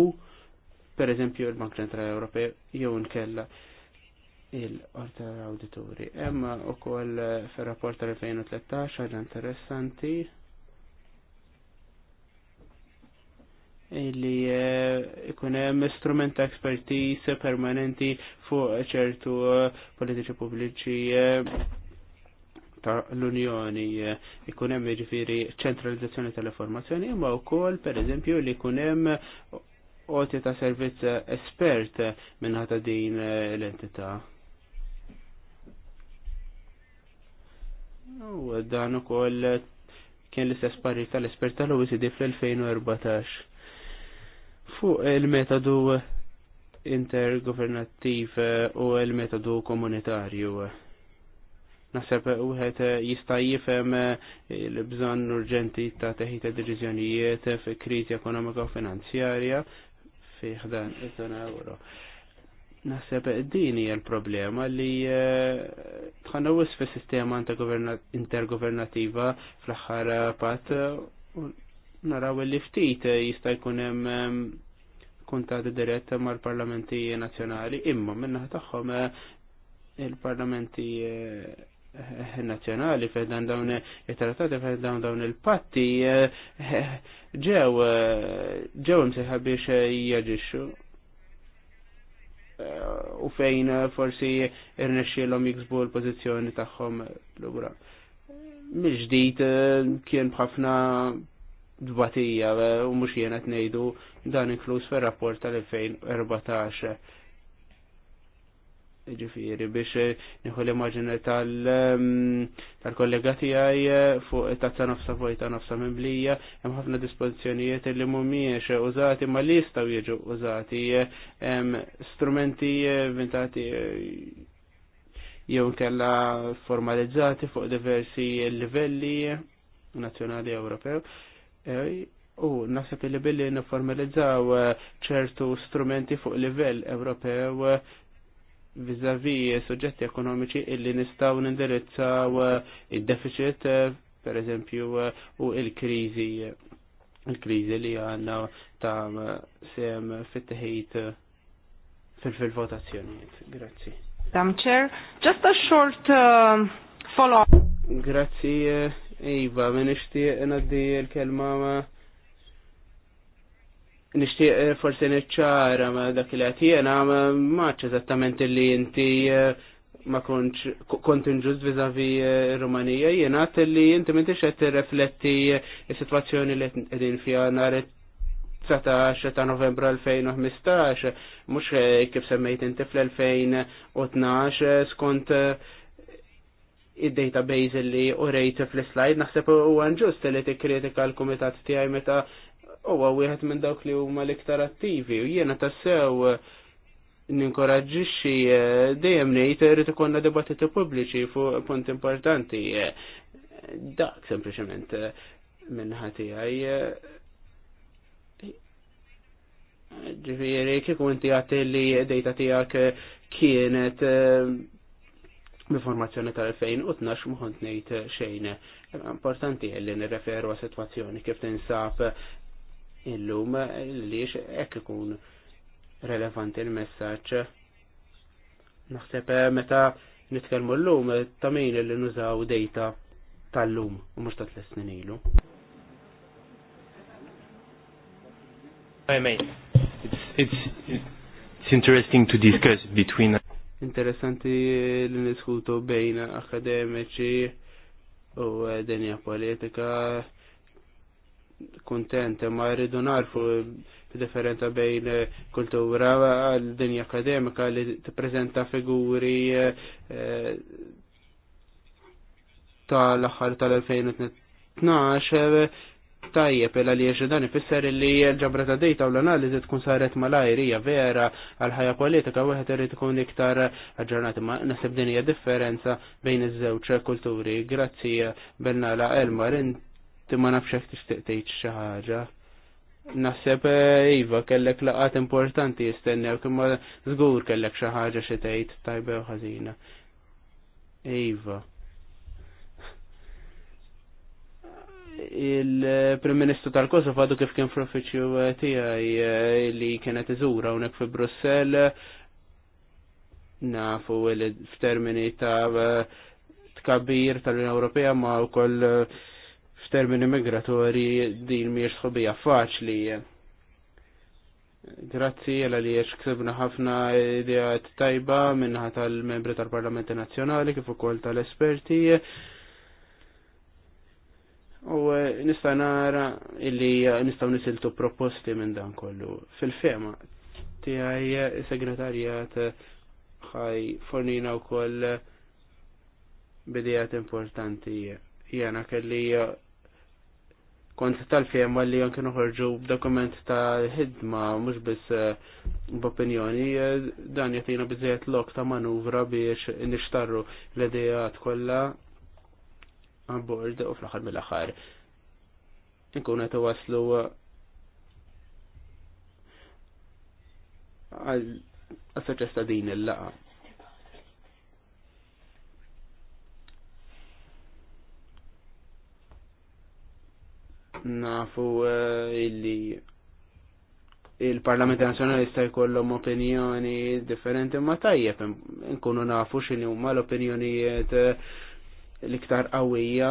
per eżempju il-Bank Centrali Ewropej jew nkella il-qorta auditori. Emma u koll fil-rapport tal-2013 għal interessanti li eh, ikun hemm strument ta' ekspertiż permanenti fuq ċertu eh, politiċi pubbliċi eh, tal l-Unjoni ikun hemm jiġifieri ċentralizzazzjoni tal-informazzjoni imma wkoll pereżempju li jkun hemm oti ta' servizz espert minn ta' din l-entità. U dan ukoll kien l-istess parri tal-espert tal-OECD fl-2014 fuq il-metodu intergovernattiv eh, u il-metodu komunitarju. Naseb uħet eh, jista' jifhem eh, l-bżonn urġenti ta' teħita deċiżjonijiet fi krizi ekonomika u finanzjarja fi ħdan il żona euro. Naħseb din hija l-problema li tħannawis fi sistema intergovernativa fl-aħħar pat naraw li ftit jista' jkun hemm kuntati dirett mal-parlamenti nazzjonali, imma minna tagħhom eh, il-parlamenti eh, nazzjonali eh, fejn dawn it-trattati fejn dawn il-patti ġew ġew msiħa biex jaġixxu u fejn forsi irnexxielhom jiksbu l-pożizzjoni tagħhom l-ura. Mill-ġdid kien bħafna dbatija u mux jena t-nejdu dan inkluż fil rapport tal-2014. Ġifiri, biex nieħu l-immaġina mm, tal-kollega tijaj fuq tazza nafsa ta' nafsa mimlija, hemm ħafna dispozizjonijiet li mumiex użati ma li jistaw jiġu użati, strumenti vintati jew kella formalizzati fuq diversi livelli nazzjonali Ewropew Eh, u naħseb li billi niformalizzaw eh, ċertu strumenti fuq livell Ewropew eh, vizavi soġġetti ekonomiċi illi nistaw nindirizzaw id-deficit per eżempju u il-krizi il-krizi li għanna ta' sem fit-teħid fil-votazzjoniet. Grazzi. Dam Chair, just a short uh, follow-up. Grazzi Iva, ma nishtiq naddi l-kelma nishtiq eh, forse neċċara ma dak li għatijena ma maċ eżattament li inti eh, ma kont inġust vizavi eh, Rumanija jena li inti minti xed rifletti il-situazzjoni li għedin fija nar 19 ta' novembru 2015 mux kif semmejt inti fl-2012 skont id-database li u rejt fl-slide, naħseb u għanġust li t-kritika l-komitat tijaj meta u għawihet minn dawk li huma l-iktar attivi u jiena tassew ninkoraġġixxi eh, dejjem ngħid irid ikonna dibattiti pubbliċi fuq punt importanti. Eh, dak sempliċement eh, minnaħa tiegħi. Ġifiri, kieku inti għati li dejta tiegħek kienet B'informazzjoni tal-2012 muħont ngħid xejn importanti li nirreferu għas sitwazzjoni kif tinsab illum li hekk ikun relevanti l-messaġġ. Naħseb eh, meta nitkellmu llum ta' min li nużaw data tal-lum u mhux ta' tliet snin ilu. it's, it's, it's interesting to discuss between interessanti li niskutu bejn akademiċi u eh, dinja politika kontent ma rridu narfu differenta bejn eh, kultura għal dinja akademika li tippreżenta figuri eh, tal-aħħar tal-2012 tajjeb il li dan ifisser li l-ġabra ta' dejta u l analizi tkun saret malajrija vera għal-ħajja politika wieħed irid ikun iktar aġġornati ma' naħseb din hija differenza bejn iż-żewġ kulturi. Grazzi Bernala Elmar, inti ma nafxek hekk tixtieq tgħid xi ħaġa. Naħseb Iva kellek laqat importanti jistennew kumma żgur kellek xi ħaġa xi tgħid u ħażina. Iva. il-Prim Ministru tal-Kosovo għadu kif kien fl-uffiċju eh, tiegħi eh, li kienet iżura hawnhekk fi Brussell nafu li f'termini ta' eh, tkabbir tal-Unjoni Ewropea ma wkoll f'termini migratori din mhijiex ħobija faċli. Grazzi għal li ksebna ħafna idejat tajba minnaħa tal-membri tal-Parlamenti Nazzjonali kif ukoll tal-esperti U eh, nista' nara illi eh, nistgħu nisiltu proposti minn dan kollu. Fil-fema tiegħi eh, is-segretarjat ħaj fornina wkoll bidejat importanti. Jena kelli kont tal fema li jon kienu ħorġu b'dokument ta' ħidma, mux biss b'opinjoni, dan jatina bizziet lok ta' manuvra biex nixtarru l-idejat kolla bord u fl-axar mill-axar nkun qed waslu għal suċċess ta' din il-laqa. Nafu eh, illi il-Parlament Nazzjonali sta jkollhom opinjoni differenti ma tajjeb nkunu nafu x'inhi huma l-opinjonijiet l-iktar qawwija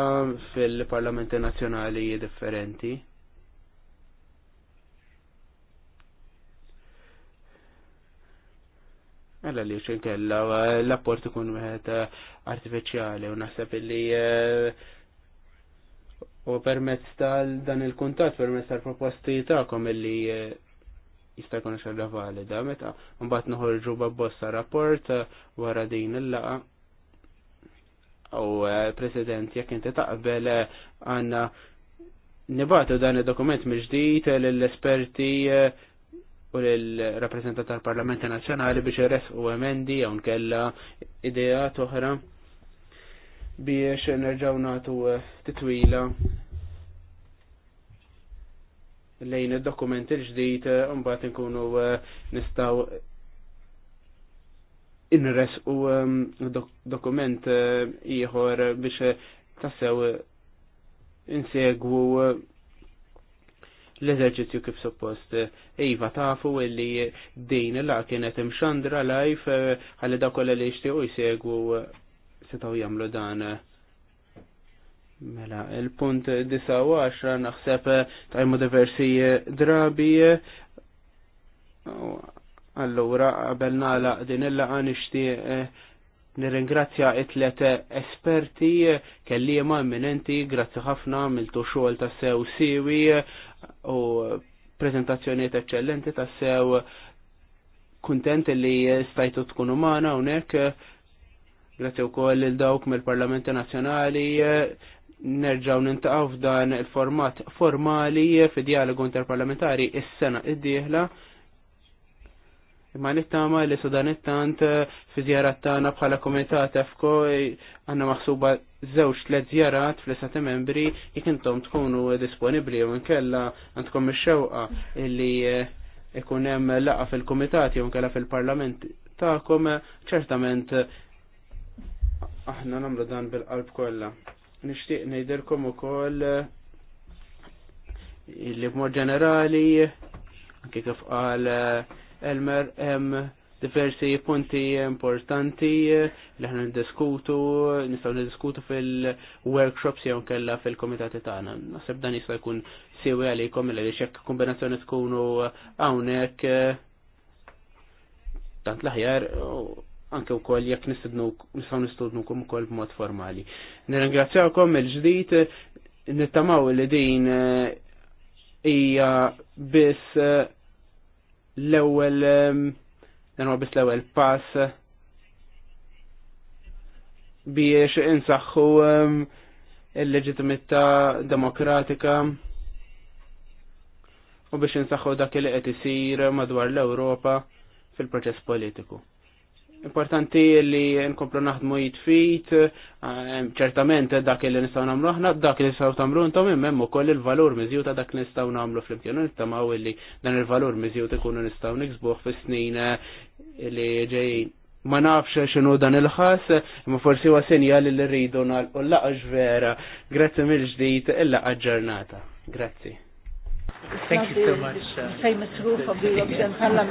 fil-parlamenti nazzjonali differenti. Għalla li kella, l-apport ikun wieħed eh, artificiali u naħseb li eh, u permezz tal dan il-kuntat, permezz tal-proposti ta'kom illi eh, jista' jkun xi valida meta mbagħad noħorġu babbossa rapport wara din il-laqa u eh, President jekk inti taqbel eh, għandna nibatu dan id-dokument mill-ġdid eh, lill-esperti u l-rappresentant tal-Parlamenti Nazzjonali biex res u emendi hawn kella idea toħra biex nerġaw nagħtu titwila lejn id-dokument il-ġdid bat inkunu nistgħu inres u um, dokument uh, ieħor biex uh, tassew insegwu uh, l-eżerċizzju kif suppost. Iva tafu illi din la kienet imxandra lajf għalli da kolla li jishtiqu jisegwu setaw jamlu dan. Mela, il-punt 19 naħseb tajmu diversi drabi Allura, qabel nagħlaq din il-laqa nixtieq eh, nirringrazzja it-tlet eh, esperti eh, kelliema eminenti, grazzi ħafna miltu xogħol ta' sew siwi u prezentazzjonijiet eccellenti ta' sew kuntent li stajtu tkunu umana hawnhekk. Grazzi wkoll il dawk mill-Parlamenti Nazzjonali nerġaw nintaqaw f'dan il-format formali fi dialogu interparlamentari is-sena id-dieħla. Imma nittama li sudanittant eh, fi zjarat tagħna bħala komitat Fko eh, għandna maħsuba żewġ tliet zjarat fl-istati membri jekk intom tkunu disponibbli u nkella għandkom ix-xewqa illi eh, ikun hemm laqa fil-kumitat jew nkella fil-parlament tagħkom ċertament aħna nagħmlu dan bil-qalb kollha. Nixtieq ngħidilkom ukoll li b'mod ġenerali anke kif qal uh, Elmer, hemm diversi punti importanti li ħna diskutu, nistgħu niddiskutu fil-workshops jew kella fil-komitati tagħna. Naħseb dan jista' jkun siwi għalikom li xekk kombinazzjoni tkunu hawnhekk tant l-aħjar anke wkoll jekk nistgħu nistudnukom ukoll b'mod formali. Nirringrazzjawkom il-ġdid nittamaw li din hija biss l-ewwel dan biss l-ewwel pass biex insaħħu il-leġitimità demokratika u biex insaħħu dak li qed isir madwar l-Ewropa fil-proċess politiku. Importanti li nkomplu naħdmu jitfit, eh, ċertament dak li nistaw namlu aħna, dak li nistaw tamlu intom imem u koll il-valur mizju ta' dak nistaw namlu fl-imkien, nistaw li dan il-valur mizju ta' kunu nistaw niksbuħ fis-snin eh, li ġejjin. Ma nafx xinu dan il-ħas, ma forsi huwa sinjal li rridu u laqgħa vera. Grazie mill-ġdid il-laqgħa ġurnata. Grazzi. Thank you so much. Uh, Famous roof of the European Parliament.